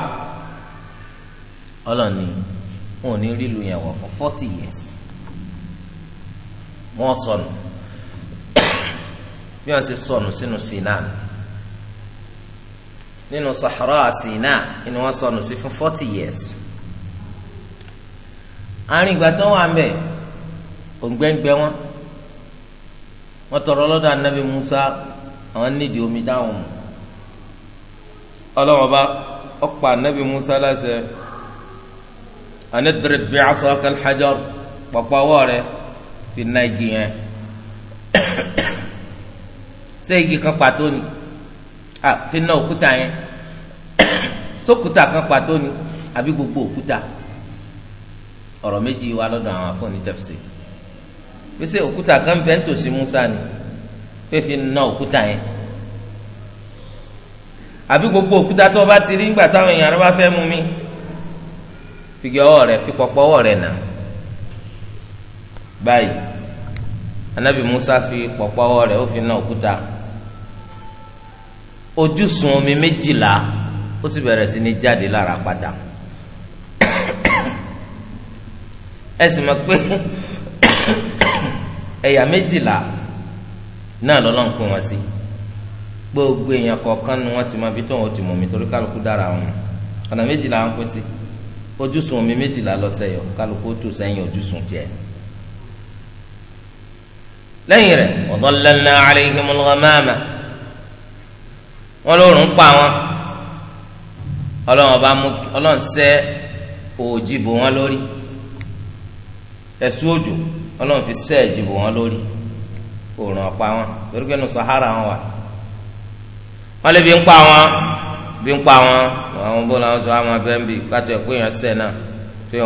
ọlọ́ni wọn ò ní rílu yẹn wọ̀ for forty years wọ́n sọnù bí wọ́n ti sọnù sínú Sinai nínú Sahara Sinai ni wọ́n sọnù sí fún forty years àárín ìgbà tó wà mbẹ òǹgbẹ́ngbẹ́ wọn wọ́n tọrọ lọ́dọ̀ anabi Musa àwọn nídìí omi dáhùn mu ọlọ́wọ́n bá ọ̀pá anabi musa láṣẹ anadrib bi asaka alhajar pàpàwọ́ rẹ fi na igi yẹn ṣé igi kan pàtó ni à fi na òkúta yẹn sókúta kan pàtó ni àbí gbogbo òkúta ọ̀rọ̀ méjì wà lọ́dọ̀ àwọn afọ́nitẹ́fẹ́sẹ̀ pèsè òkúta kan bẹ́ẹ̀ ń tòsí musa ni fífi na òkúta yẹn àbí gbogbo òkúta tó o bá ti rí nígbà táwọn èèyàn rẹ bá fẹ́ mú mi fìgẹ ọwọ́ rẹ fi pọpọ ọwọ́ rẹ nà báyìí anabi musa fi pọpọ ọwọ́ rẹ ó fi na òkúta ojúsùn omi méjìlá ó sì bẹ̀rẹ̀ sí ní jáde lára pátá ẹ sì mọ̀ pé ẹ̀yà méjìlá náà lọ́lọ́run pín wọn sí gbogbo èèyàn kọ̀ọ̀kan ni wọ́n ti máa fi tóun ó ti mọ̀ mi torí kálukú dára wọn ọ̀nà méjìlá ń pín sí ojúsùn omi méjìlá lọ́sẹ̀ yọ kálukú tó sẹ́yìn ojúsùn tiẹ̀ lẹ́yìn rẹ̀ ọ̀dọ́lẹ́lẹ́ alayhimul ghamama wọn lóorùn pa wọn ọlọ́run sẹ́ òjì bò wọn lórí ẹ̀sùn òjò ọlọ́run fi sẹ́ ẹ̀jì bò wọn lórí. oòrùn ọ̀pá wọn torí pé sahara wọn wà wọn lè fi ń pa wọn fi ń pa wọn àwọn bó làwọn sọ àwọn abẹ́ ń bì láti ẹ̀kọ́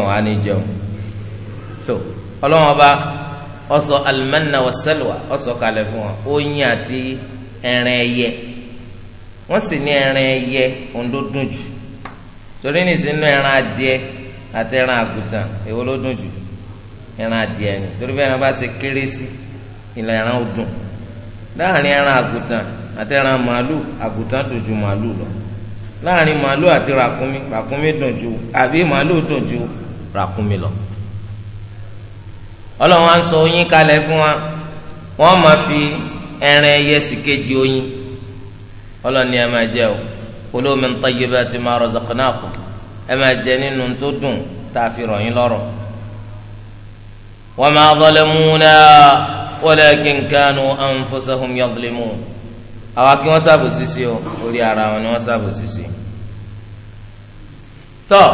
náà ní jẹun tó ọlọ́wọ́n ọsọ ọsọ kalẹ̀ fún wọn oyin àti ẹran ẹyẹ sì ní ẹran ẹyẹ jù torí ìlà ẹran ọdún láàrin ẹran àgùntàn àti ẹran màálù àgùntàn dùn ju màálù lọ láàrin màálù àti ràkúnmí ràkúnmí dùn ju àbí màálù dùn ju ràkúnmí lọ. ọlọ́run á sọ oyin kalẹ̀ fún wa wọ́n máa fi ẹran ẹyẹ sì kejì oyin ọlọ́run ni ẹ máa jẹ o kulu min tayyibati ma razaqnakum ẹ máa jẹ nínú tó dùn tá a fi rọ̀ yín lọ́rọ̀. وما ظلمونا ولكن كانوا أنفسهم يظلمون àwa kí wọ́n ṣàbòsí sí o orí ara wọn ni wọ́n ṣàbòsí sí. tọ́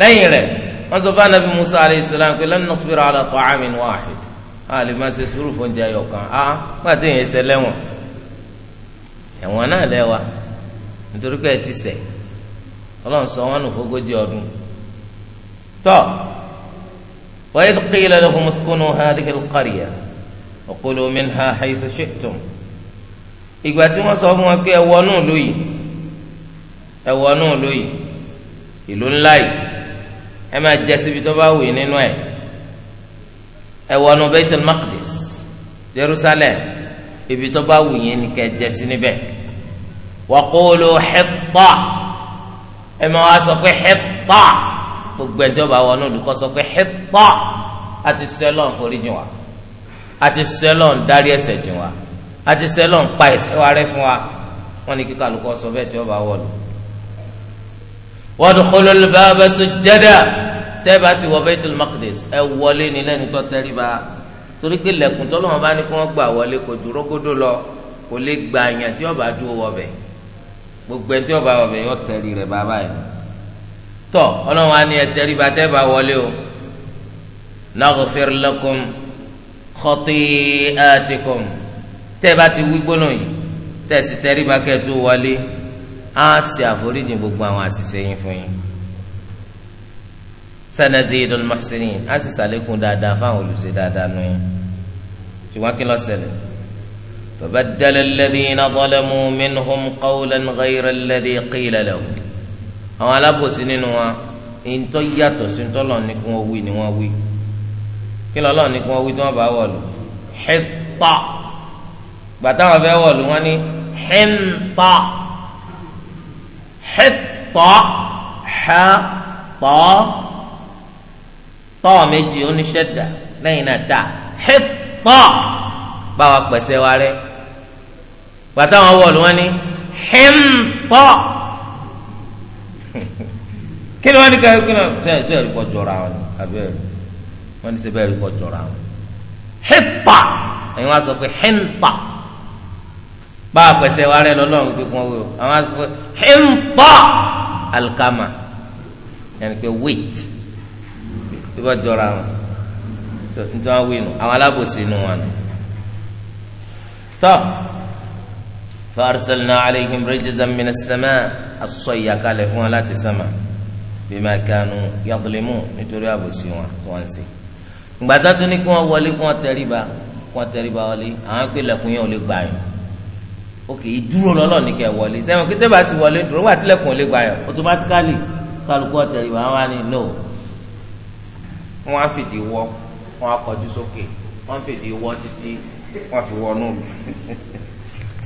lẹ́yìn rẹ̀ wọ́n sọ fún anabi musa alayhi salam pé lan ala ta'amin wahid a lè máa ṣe sùúrù fún jẹ ayọ̀ kan tọ́ wáyé qila lahum uskunu hadhihi al-qaryah wa kulu minha haythu shi'tum ìgbà tí wọ́n sọ fún wọn pé ẹ̀wọ́ náà lóyè ẹ̀wọ́ náà lóyè ìlú ńlá yìí ẹ máa jẹ síbi tó bá wù nínú ẹ̀ ẹ̀wọ́ náà Baitul Maqdis Jerusalem ibi tó bá wù ni kẹ́ jẹ sí níbẹ̀ wa qulu hitta ẹ máa sọ pé hitta gbogbo ẹni tí ó bá wọ náà olùkọ́ sọ pé hẹ́pọ̀ àti sẹ́lọ̀n foríjì wa àti sẹ́lọ̀n dárí ẹ̀ṣẹ̀ jì wa àti sẹ́lọ̀n pa ẹ̀ṣẹ̀ wa rẹ́ fún wa wọ́n ní kíkọ àlùkọ́ sọ bẹ́ẹ̀ tí ó bá wọ lọ. wadkhulul baba sujjada tẹ́ẹ̀bá sì wọ Baitul Maqdis ẹ wọlé ní lẹ́ni tó tẹríba torí pé lẹ́kùn tọ́lọ́mọ bá ní kí wọ́n gbà wọlé kò ju rógódó lọ kò lè gbà àyàn tí ó bá dúró wọbẹ̀ gbogbo ẹni tí ó bá wọbẹ̀ yóò tẹ̀rí rẹ̀ bàbá yìí tọ ọlọ́run á ní ẹtẹ ríba tẹ́ bá wọlé o naghfir lakum khati'atikum tẹ́ bá ti wí gbóná yìí tẹ̀sí tẹ́ ríba kẹ́ tó wọlé á ṣe àforíjì gbogbo àwọn àṣìṣe yín fún yín sanazidul muhsinin á sì ṣàlékún dáadáa fáwọn olùṣe dáadáa nù yín ṣùgbọ́n kí ló ṣẹlẹ̀. فبدل الذين ظلموا منهم قولا غير الذي قيل لهم àwọn alábòsí nínú wọn ìntọ́ yàtọ̀ sí ntọ́ lọ́ọ̀ ní kí wọ́n wí ni wọ́n wí kí lọ́ọ̀ ní kí wọ́n wí tí wọ́n bá wọ̀lú hìtà gbàtà wọn fẹ́ wọ̀lú wọn ní hìntà hìtà ha tọ́ méjì oníṣẹ́dà lẹ́yìn náà dà hìtà báwa pẹ̀sẹ̀ wa rẹ̀ gbàtà wọn wọ̀lú wọn ní hìntà. kí ni wọ́n ní káyọ̀ kí ni wọ́n fẹ́ẹ́ sẹ́ẹ̀rì kọ́ jọra wọn ni abẹ́rẹ́ wọ́n ní sẹ́ẹ̀rì kọ́ jọra wọn. hípa ẹ̀yin wá sọ pé hípa bá a pèsè wa rẹ lọ́lọ́run pé kún owó àwọn sọ pé hípa alikama yẹn pé wait bí wọ́n jọra wọn nítorí wọn wí nù àwọn alábòsí nù wọn فأرسلنا عليهم رجزا من السماء الصيا قال هو لا تسمع بما كانوا يظلمون nítorí àbòsí wọn tí wọ́n ṣe gbàtà tó ní kí wọ́n wọlé kí wọ́n tẹríba kí wọ́n tẹríba wọlé àwọn pé lẹ̀kùn yẹn ò lè gbà yàn òkè ìdúró lọ́lọ́ ní kẹ́ wọlé sẹ́wọ̀n kí tẹ́bà sì wọlé dúró wà tilẹ̀kùn ò lè gbà yàn automatically kálukú ọ̀tẹríba wọn á ní no wọn á fìdí wọ wọn á kọjú sókè wọn fìdí wọ títí wọn fi wọnú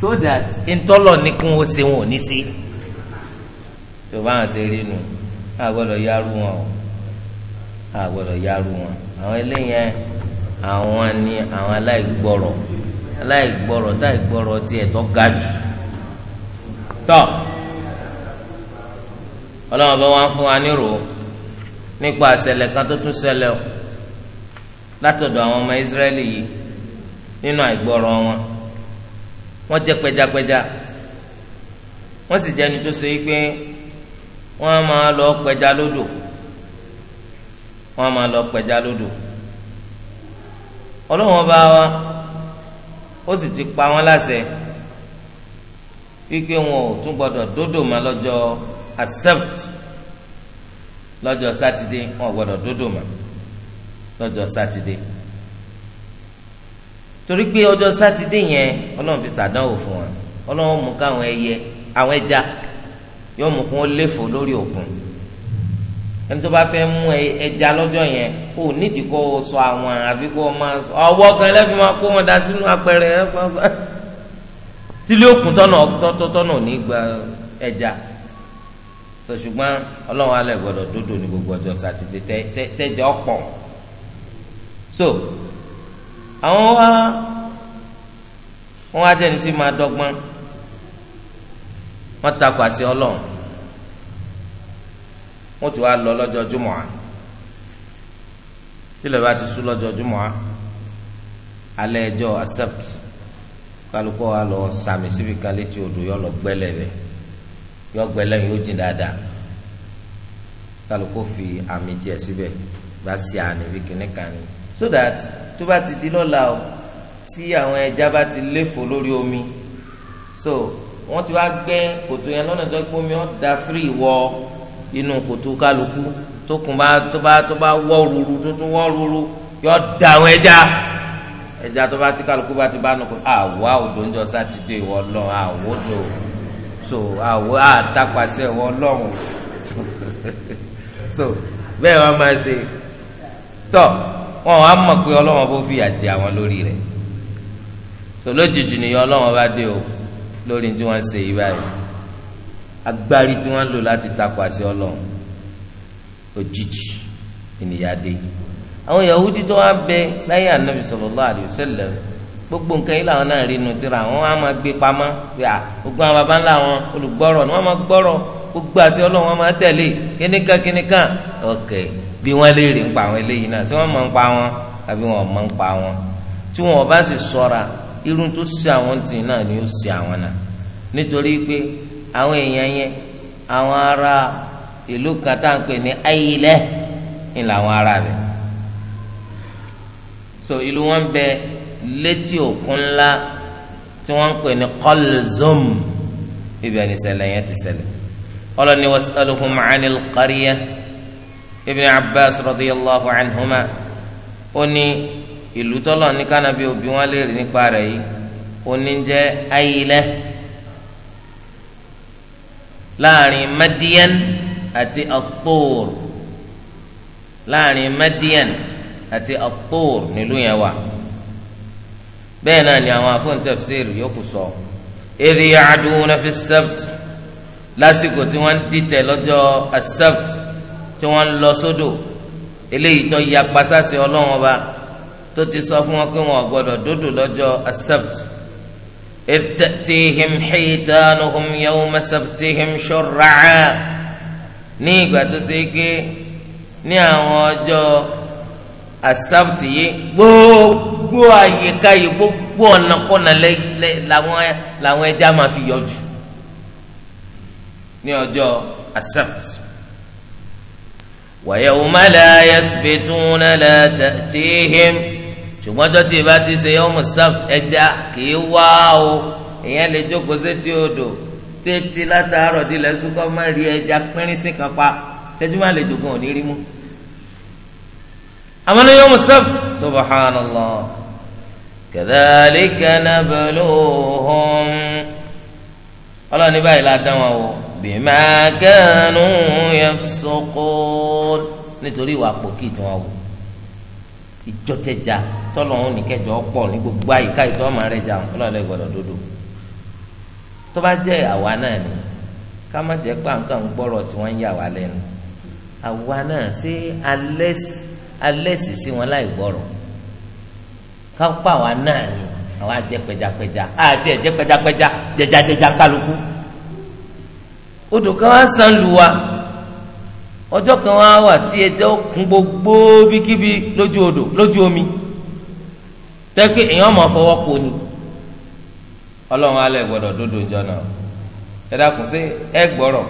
so that ntọ́lọ̀ ní kún ó ṣe wọn ò ní ṣe tó bá wọn ṣe rí nu àgbọ̀dọ̀ yárú wọn o àgbọ̀dọ̀ yárú wọn àwọn eléyẹn àwọn ni àwọn aláìgbọ́rọ̀ aláìgbọ́rọ̀ táìgbọ́rọ̀ tiẹ̀ tó ga jù tọ́ ọlọ́run bá wọn fún wa nírò nípa àṣẹlẹ̀ kan tó tún ṣẹlẹ̀ o látọ̀dọ̀ àwọn ọmọ Ísírẹ́lì yìí nínú àìgbọ́rọ̀ wọn wọ́n jẹ́ pẹjapẹja wọ́n sì jẹ́ ẹni tó ṣe pé wọ́n máa lọ pẹja lódò wọ́n máa lọ pẹja lódò ọlọ́wọ́n bá wa ó sì ti pa wọ́n láṣẹ wípé wọn ò tún gbọdọ̀ dódò mọ́ lọ́jọ́ accept lọ́jọ́ sátidé wọn ò gbọdọ̀ dódò mọ́ lọ́jọ́ sátidé torí pé ọjọ́ sátidé yẹn ọlọ́run fi sàdánwò fún wa ọlọ́run mú káwọn ẹyẹ àwọn ẹja yóò mú kún ó léfò lórí òkun ẹni tó bá fẹ́ mú ẹja lọ́jọ́ yẹn ó nídìí kó o sọ àwọn àbí kó o máa sọ ọwọ́ kan lẹ́fì máa kó wọn da sínú apẹ̀rẹ̀ ẹ̀ fáfá tílé òkun tọ́nà tọ́tọ́tọ́nà ní gba ẹja ṣùgbọ́n ọlọ́run alẹ́ gbọ́dọ̀ dódò ní gbogbo ọjọ́ sátidé tẹ́jọ́ pọ̀ so àwọn wá wọn wá jẹni tí máa dọ́gbọ́n wọn takò àṣẹ Ọlọ́run wọn ti wá lọ lọ́jọ́ jùmọ̀ à tílẹ̀ bá ti sú lọ́jọ́ jùmọ̀ à alẹ́ ẹjọ́ accept kálukọ́ wa lọ sàmì síbi kan létí odò yọ lọ gbẹ́lẹ̀ rẹ̀ yọ gbẹ́lẹ̀ yóò jìn dáadáa kálukọ́ fi àmì tiẹ̀ síbẹ̀ bá ṣe àná ibi kìnnìkan ni so that tó bá ti di lọ́la o tí àwọn ẹja bá ti léfò lórí omi so wọ́n ti wá gbẹ́ kòtò yẹn lọ́nà tó gbé omi wọ́n da firi wọ inú kòtò kálukú tó kùn bá tó bá tó bá wọ́ ruru tó tún wọ́ ruru yọ da àwọn ẹja ẹja tó bá ti kálukú bá ti bá nù kó àwa òdò ń jọ sátidé ìwọ lọ àwòdò so àwọ àtàpàṣẹ ìwọ lọrùn so bẹ́ẹ̀ wọ́n máa ṣe tọ. So, wọn ò á mọ̀ pé ọlọ́wọ́n bó fi àti àwọn lórí rẹ̀ tó lójijì ni ọlọ́wọ́n bá dé o lórí tí wọ́n ń ṣe yìí báyìí agbárí tí wọ́n ń lò láti takwa sí ọlọ́wọ́n òjijì ènìyàn dé àwọn Yahudi tó wá bẹ láyé Ànábì sallallahu alaihi wasallam gbogbo nǹkan yìí làwọn náà rí inú tírà àwọn á máa gbé pamọ́ pé à gbogbo àwọn baba ńlá wọn olùgbọ́rọ̀ ni wọ́n máa gbọ́rọ̀ gbogbo àṣẹ ọlọ́run wọn máa tẹ̀lé kíníkan kíníkan ọ̀kẹ́ bí wọ́n léèrè ń pa àwọn eléyìí náà ṣé wọ́n mọ̀ ń pa wọn àbí wọ́n mọ̀ ń pa wọn tí wọ́n bá sì ṣọ́ra irun tó ṣe àwọn tì náà ni ó ṣe àwọn náà nítorí pé àwọn èèyàn yẹn àwọn ará ìlú kan tá à ń pè ní ayílẹ̀ ń làwọn ará rẹ̀ so ìlú wọn bẹ létí òkun ńlá tí wọ́n ń pè ní Qalzum ibẹ̀ ni ṣẹlẹ̀ yẹn ti ṣẹlẹ̀ ọlọ́ni was'aluhum 'anil qaryah ibn abbas radiyallahu anhuma ó ní ìlú tọ́lọ̀ ní kánábí òbí wọn léèrè nípa rẹ̀ yìí ó ní jẹ́ ayilẹ́ láàrin madian àti at-tur láàrin madian àti at-tur nílùú yẹn wà bẹ́ẹ̀ náà ni àwọn afọ́ntẹ́fṣẹ́r yòókù sọ idh ya'duna fi as lásìkò tí wọ́n ń dìtẹ̀ lọ́jọ́ as tí wọ́n ń lọ sódò eléyìí tó ya gbasásí ọlọ́run ọba tó ti sọ fún wọn pé wọn gbọ́dọ̀ dódò lọ́jọ́ asabt ìtẹ̀tìhìm hìtánùhùm yawma sabtihim ṣurra'a ní ìgbà tó ṣe ké ní àwọn ọjọ́ asabt yìí gbogbo àyíká yìí gbogbo ọ̀nà kọ́nà làwọn ẹja máa fi yọjú ní ọjọ́ asabt. ويوم لا يسبتون لا تأتيهم ṣùgbọ́n tó ti bá ti ṣe yọmù sábt ẹja kì í wá o èèyàn lè jókòó sétí odò tètè látàárọ̀ dilẹ̀ sùkọ́ má rí ẹja pínrín sí kan pa tẹ́júmọ́ lè dùgbọ́n òní rí mú. àmọ́ ní yọmù sábt subhanallah kadhalika nabluhum ọlọ́ọ̀ni báyìí la dán wọn bima kanu yafsuqun nítorí ìwà pòkì tí wọ́n wò ìjọtẹjà tọlọ́run nìkẹjọ pọ̀ ní gbogbo àyíká ìtọ ọmọ rẹ jà Ọlọ́run lè gbọ́dọ̀ dodo tó bá jẹ́ àwa náà ni ká má jẹ́ pàǹkà ń gbọ́rọ̀ tí wọ́n ń yà wá lẹ́nu àwa náà ṣé alẹ́ sì sí wọn láì gbọ́rọ̀ ká pa náà ni àwa jẹ́ pẹjapẹja àti ẹ̀jẹ̀ pẹjapẹja jẹjajẹja kálukú. odò kan wá sàn lù wá ọjọ́ kan wá wà tí ẹjọ́ kún gbogbo bíkíbi lójú odò omi tẹ́pẹ́ èèyàn máa fọwọ́ kò ní ọlọ́run alẹ́ gbọ́dọ̀ dodo ìjọ náà ẹ dákun sí ẹ gbọ́rọ̀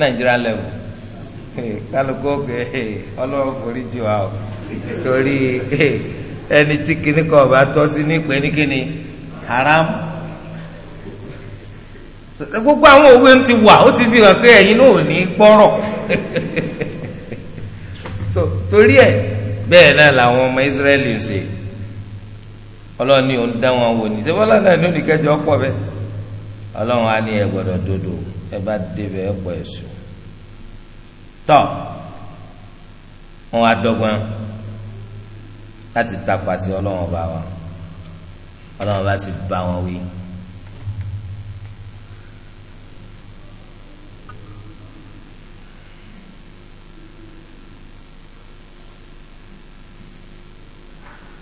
nàìjíríà lẹ́wọ̀ kálukú ọ̀gẹ̀ ọlọ́run forí jì wá o torí ẹni tí kìnnìkan ọba tọ́ sí nípẹ́ haram. gbogbo àwọn òwe ti wà ó ti fi hàn pé ẹ̀yin náà ò ní gbọ́rọ̀ torí ẹ̀ bẹ́ẹ̀ náà làwọn ọmọ Ísírẹ́lì ń ṣe ọlọ́run ni òun dá wọn wò ní sẹ́fọ́lá náà ní oníkẹ́jọ ọ̀pọ̀ bẹ́ẹ̀ ọlọ́run á ní ẹ gbọ́dọ̀ dodo ẹ bá débẹ̀ ẹ pọ̀ ẹ̀sùn tọ́ wọn á dọ́gbọ́n láti tapasí ọlọ́run ọba wa ọlọ́run bá sì bá wọn wí.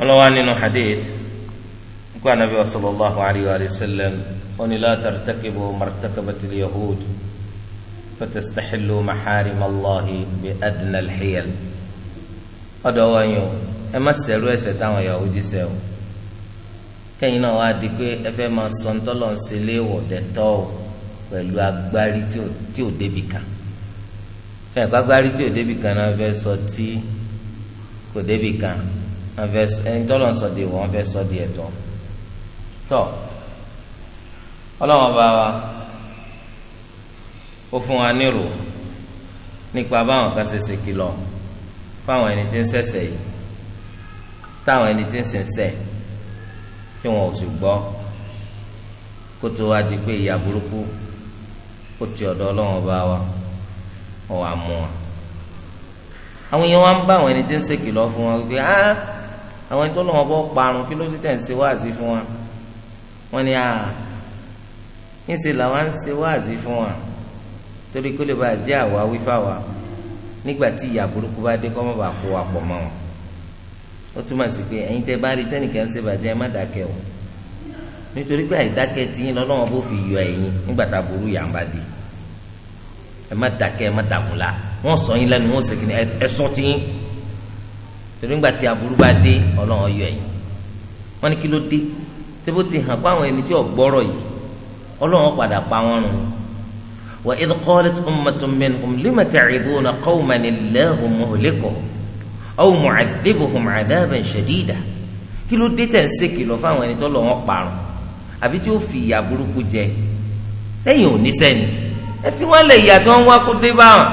ọlọ́wọ́ nínú hadith nkú anabi wa sallallahu alayhi wa sallam oní la tartakibu martakabatil yahud fatastaxilu maxaarim allahi bi adna alxiyal ọdọ wa yín o ẹ má ṣẹrú ẹ̀ṣẹ̀ táwọn yahudi ṣẹ̀ o kẹ́yìn náà wá di pé ẹ fẹ́ máa sọ ntọ́lọ̀ ń ṣe agbárí tí ò débi kan fẹ́ẹ̀ kó tí ò débi kan náà fẹ́ sọ tí kò débi kan ẹni tọ́lọ̀ ń sọ di wọ́n fẹ́ sọ di ẹ̀tọ́ tọ́ ọlọ́wọ́n bá wa ó fún wa nírò nípa báwọn kan ṣe fáwọn ẹni tí ń ṣẹ̀ṣẹ̀ yìí táwọn ẹni tí ń ṣẹ̀ṣẹ̀ tí wọn ò sì gbọ́ kó tó di pé ìyà burúkú ó ti ọ̀dọ̀ ọlọ́wọ́n bá wa ọ̀ wá mú wa àwọn èèyàn wa ń bá àwọn ẹni tí ń ṣe kìlọ̀ fún wọn pé áá àwọn ẹni tó lọ́wọ́ bọ́ parun kí ló dé tẹ̀ ń ṣe wáàzí fún wa wọ́n ní à ń ṣe làwa ń ṣe wáàzí fún wa torí kó lè bá jẹ́ àwa wífà wa nígbà tí ìyà burúkú bá dé kọ́ mọ́ bá kó wa pọ̀ mọ́ wọn ó túmọ̀ sí pé ẹ̀yin tẹ́ bá rí tẹ́nìkan ṣe bàjẹ́ ẹ má dákẹ́ o nítorí pé àìdákẹ́ tí yín lọ́lọ́wọ́ bó fi yọ ẹ̀yin nígbà tá a burú yà ń bá di ẹ má dákẹ́ ẹ má dàmúlà wọ́n sọ yín lẹ́nu wọ́n sọ torí ńgbà tí aburú bá dé ọlọ́run ọyọ ẹ̀yìn wọ́n ní kí ló dé ṣé bó ti hàn pé àwọn ẹni tí ò gbọ́rọ̀ yìí ọlọ́run padà pa wọ́n run wa idh qalat ummatun minhum lima ta'idhuna qawman Allahu muhlikuhum aw mu'adhibuhum 'adhaban shadida kí ló dé tẹ̀ ń fáwọn ẹni tó lọ́ parun àbí tí ó fi ìyà burúkú jẹ sẹ́yìn ò sẹ́ni ẹ fi wọ́n lẹ̀ ìyà tí wọ́n wá kó dé báwọn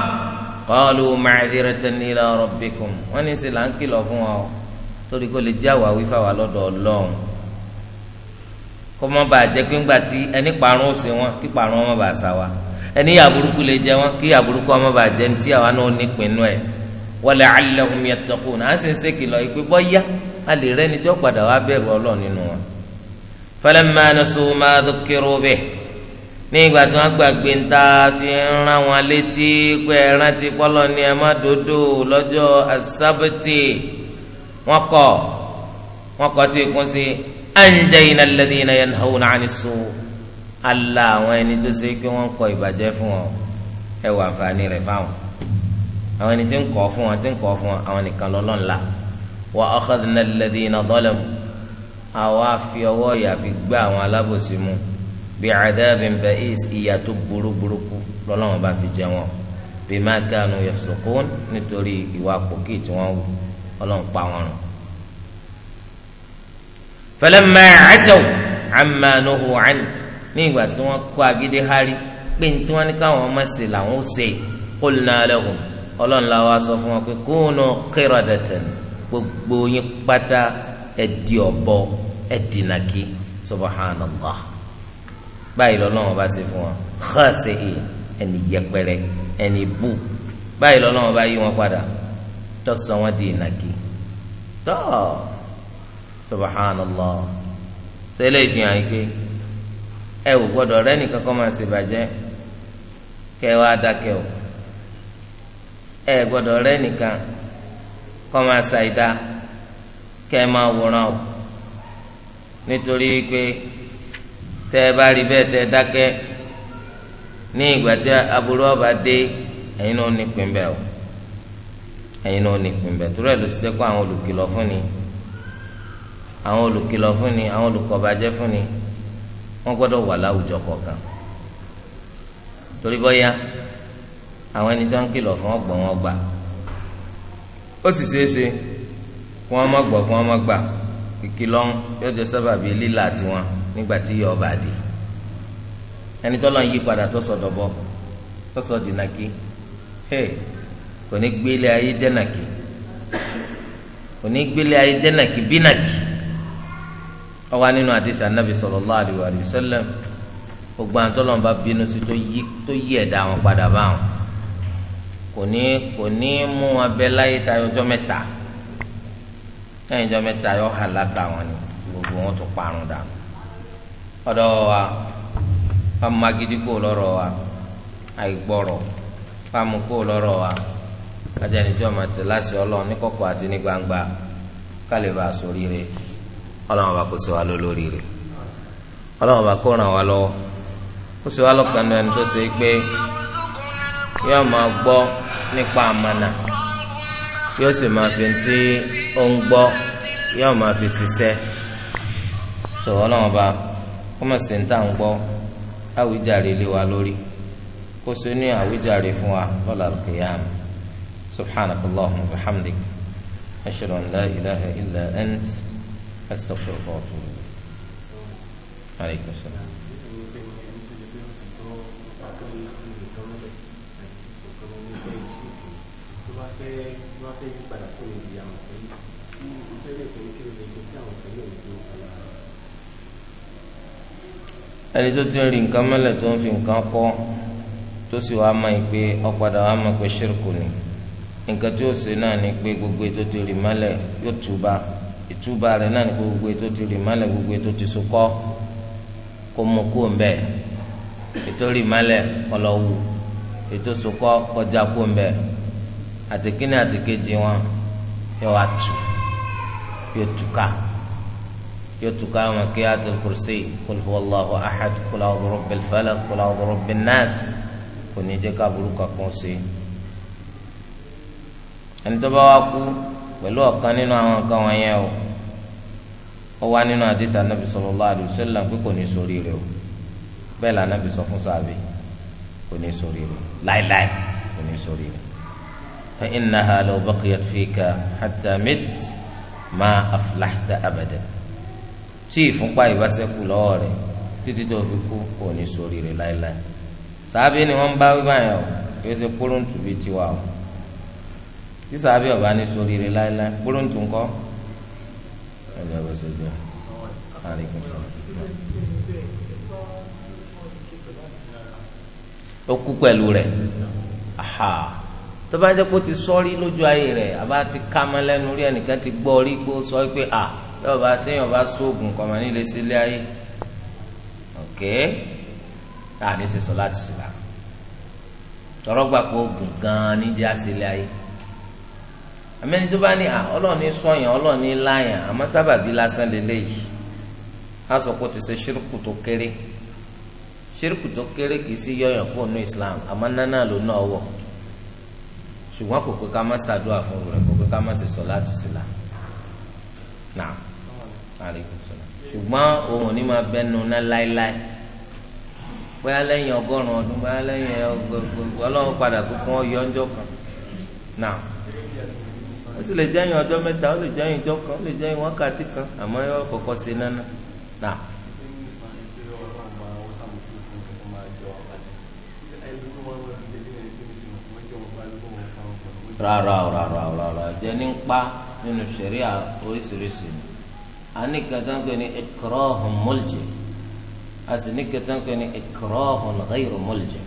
qalu ma'dhiratan ila rabbikum wọ́n ní sè là ń kìlọ̀ fún wa o torí kò lè jẹ́ àwáwí fáwa lọ́dọ̀ ọlọ́run kó má bàa jẹ́ pé ńgbà tí ẹni parun ó ṣe wọn kí parun má bàa sá wa ẹni yà lè jẹ wọn kí yà burúkú bàa jẹ ntí àwa náà ní pinnu ẹ̀ wala'allahum yattaqun à ń sè ń sè kìlọ̀ ìpè bọ́yá a lè rẹ́ni tí ó padà wá bẹ̀rù ní ìgbà tí wọn gbàgbé ń ta fi rán wọn létí pé rántí pọlọ ní ẹ má dòdò lọ́jọ́ asábẹtì wọn kọ wọn kọ tí kún sí anjayna alladhina yanhauna 'anisu ala àwọn ẹni tó ṣe pé wọn kọ ìbàjẹ́ fún wọn ẹ wà àǹfààní rẹ̀ fáwọn àwọn ẹni tí ń kọ fún wọn tí ń kọ fún wọn àwọn nìkan lọlọ́n la wa akhadhna alladhina zalamu àwa fi ọwọ́ ìyà fi gbá àwọn alábòsí mú bí adhabin ba'is ìyà tó burú burúkú lọ́lọ́wọ́n bá fi jẹ wọn bima kanu yafsukun nítorí ìwà pòkì tí wọ́n wù ọlọ́run pa wọn rùn. falamma ataw amma nuhu anhu ní ìgbà tí wọ́n kó agídé hárí pé ní tí wọ́n ní káwọn ọmọ ṣe làwọn ó ṣe qulna ọlọ́run la wa fún wọn pé kunu qiradatan gbogbo yín pátá ẹ̀dì ọ̀bọ ẹ̀dì nàkí subhanallah báyìí lọ́lọ́wọ́n bá ṣe fún wọn xaṣe è ẹni yẹpẹrẹ ẹni bú báyìí lọ́lọ́wọ́n bá yí wọn padà tó sọ wọn di ìnàkí tó subhanallah sẹlẹ̀ ìfihàn yìí pé ẹ ò gbọ́dọ̀ rẹ́ nìkan kọ́ máa ṣe bàjẹ́ kẹ́ wàá dákẹ́ o ẹ gbọ́dọ̀ rẹ́ nìkan kọ́ máa ṣàìdá kẹ́ máa wòran o nítorí pé tẹ ẹ bá rí bẹ́ẹ̀ tẹ ẹ dákẹ́ ní ìgbà tí aburú ọba dé ẹ̀yin náà ní pin bẹ́ẹ̀ o ẹ̀yin náà ní pin bẹ́ẹ̀ torí ẹ̀ ló ti jẹ́ kó àwọn olùkìlọ̀ fún ni àwọn olùkìlọ̀ fún ni àwọn olùkọ̀bàjẹ́ fún ni wọ́n gbọ́dọ̀ wà láwùjọ kọ̀ọ̀kan torí bọ́yá àwọn ẹni tó ń kìlọ̀ fún ọgbọ̀n wọn gbà ó sì ṣeé kí wọ́n má gbọ́ kí wọ́n má gbà kìkìlọ̀ yóò jẹ́ sábàbí lílà tiwọn nígbà tí yọ ọba àdè ẹni tó lọ́n yí padà tó sọ dọ̀bọ tó sọ dìnàkì kò ní gbélé ayé jẹ́nàkì kò ní gbélé ayé jẹ́nàkì bínàkì ó wà nínú àdìsí anábì sallallahu alaihi wa sallam gbogbo àwọn tó lọ́n bá bínú sí tó yí ẹ̀dá wọn padà báwọn kò ní kò ní mú wọn bẹ láyé tayọ ọjọ́ mẹ́ta lẹ́yìn ọjọ́ mẹ́ta yọ hàlá ta wọn ni gbogbo wọn tó parun dànù. Ọdọ wa famagidi kó lọ́rọ̀ wa àìgbọ́rọ̀ kó wa ajani tí wọn máa tẹ ní àti ní gbangba kálí bá a sọ rẹ̀ Ọlọ́run bá kó ṣe wa lólórí rẹ̀ Ọlọ́run bá kó ràn wá lọ́wọ́ kó ṣe wa lọ́kàn náà tó ṣe pé yóò máa nípa yóò sì fi ti ó ń yóò máa fi kọ́mọ̀ sí ń tà ń gbọ́ àwíjàre lé wa lórí kó so ní àwíjàre fún wa lọ́la kìyàm subhanaka allahumma wa bihamdik ashhadu an la ilaha illa ant astaghfiruka wa atubu salaam. Thank you. ẹni tó ti rí nǹkan mọ́lẹ̀ tó ń fi nǹkan kọ́ tó sì wá máa ń pé ọ̀padà wá máa pé ṣírkù ni nǹkan tí ó ṣe náà ni pé gbogbo ètò ti rí mọ́lẹ̀ yóò túba ìtúba rẹ̀ náà ni pé gbogbo ètò ti rí mọ́lẹ̀ gbogbo ètò ti so kọ́ kó mú kó ń ètò rí mọ́lẹ̀ kọlọ́wù ètò so kọ́ kọjá kó ń àtìkíní àtìkejì wọn yóò wá tù yóò tù يتقام كيات الكرسي قل هو الله أحد قل أعوذ رب الفلق قل أعوذ رب الناس قل نجيكا بروكا كونسي أنت تباواكو ولو أقنينو أما كوانيو وانينو أديت النبي صلى الله عليه وسلم في كوني سوريريو بلا نبي صلى الله عليه وسلم كوني سوريريو لا لاي كوني سوريريو فإنها لو بقيت فيك حتى مت ما أفلحت أبداً tí ìfúnpá ìbáṣẹ́kù lọ́wọ́ rẹ̀ títí tó fi kú kò ní sórí rẹ̀ láéláé sàábì ni wọ́n bá wí báyìí o kì í ṣe kúrúǹtù bíi tiwa o tí sàábì ọ̀bá ní sórí rẹ̀ láéláé kúrúǹtù ńkọ́ ó kú pẹ̀lú rẹ̀ aha tó bá jẹ́ pé ó ti sọ́rí lójú ayé rẹ̀ àbá ti ká mọ́ lẹ́nu rí ẹnìkan ti gbọ́ rí pé ó sọ pé ah lọ́ọ̀bá téèyàn bá sóògùn kọ̀mọ́ nílé sílé ayé òkè láàánú ṣe sọ láti ṣe láàánú tọrọgbà pé oògùn gan-an níjẹ́ àṣìlẹ̀ ayé amẹ́ni tó bá ní à ọlọ́ọ̀ni sọ̀yàn ọlọ́ọ̀ni láyàn àmọ́ sábàbí lásán lélẹ́yìí á sọ pé ó ti ṣe ṣírùkù tó kéré ṣírùkù tó kéré kì í sí yọ̀yàn kó nu Islam àmọ́ nánà ló náà wọ̀ ṣùgbọ́n kò pé ká má ṣàdúrà fún rẹ̀ kò pé ká má ṣe sọ láti ṣe láàánú. ṣùgbọ́n òun ò ní máa bẹnu láéláé bóyá lẹ́yìn ọgọ́rùn-ún ọdún bóyá lẹ́yìn ọlọ́run padà ọyọ ọjọ́ kan náà ó sì lè ọjọ́ mẹ́ta ó lè ọjọ́ kan ó lè wákàtí kan àmọ́ kọ́kọ́ sí nánà náà. rárá rárá rárá jẹ́ ní ń pa nínú a ní gàdánkò ní ikrahun mulji a sì ní gàdánkò ní ikrahun ghayru mulji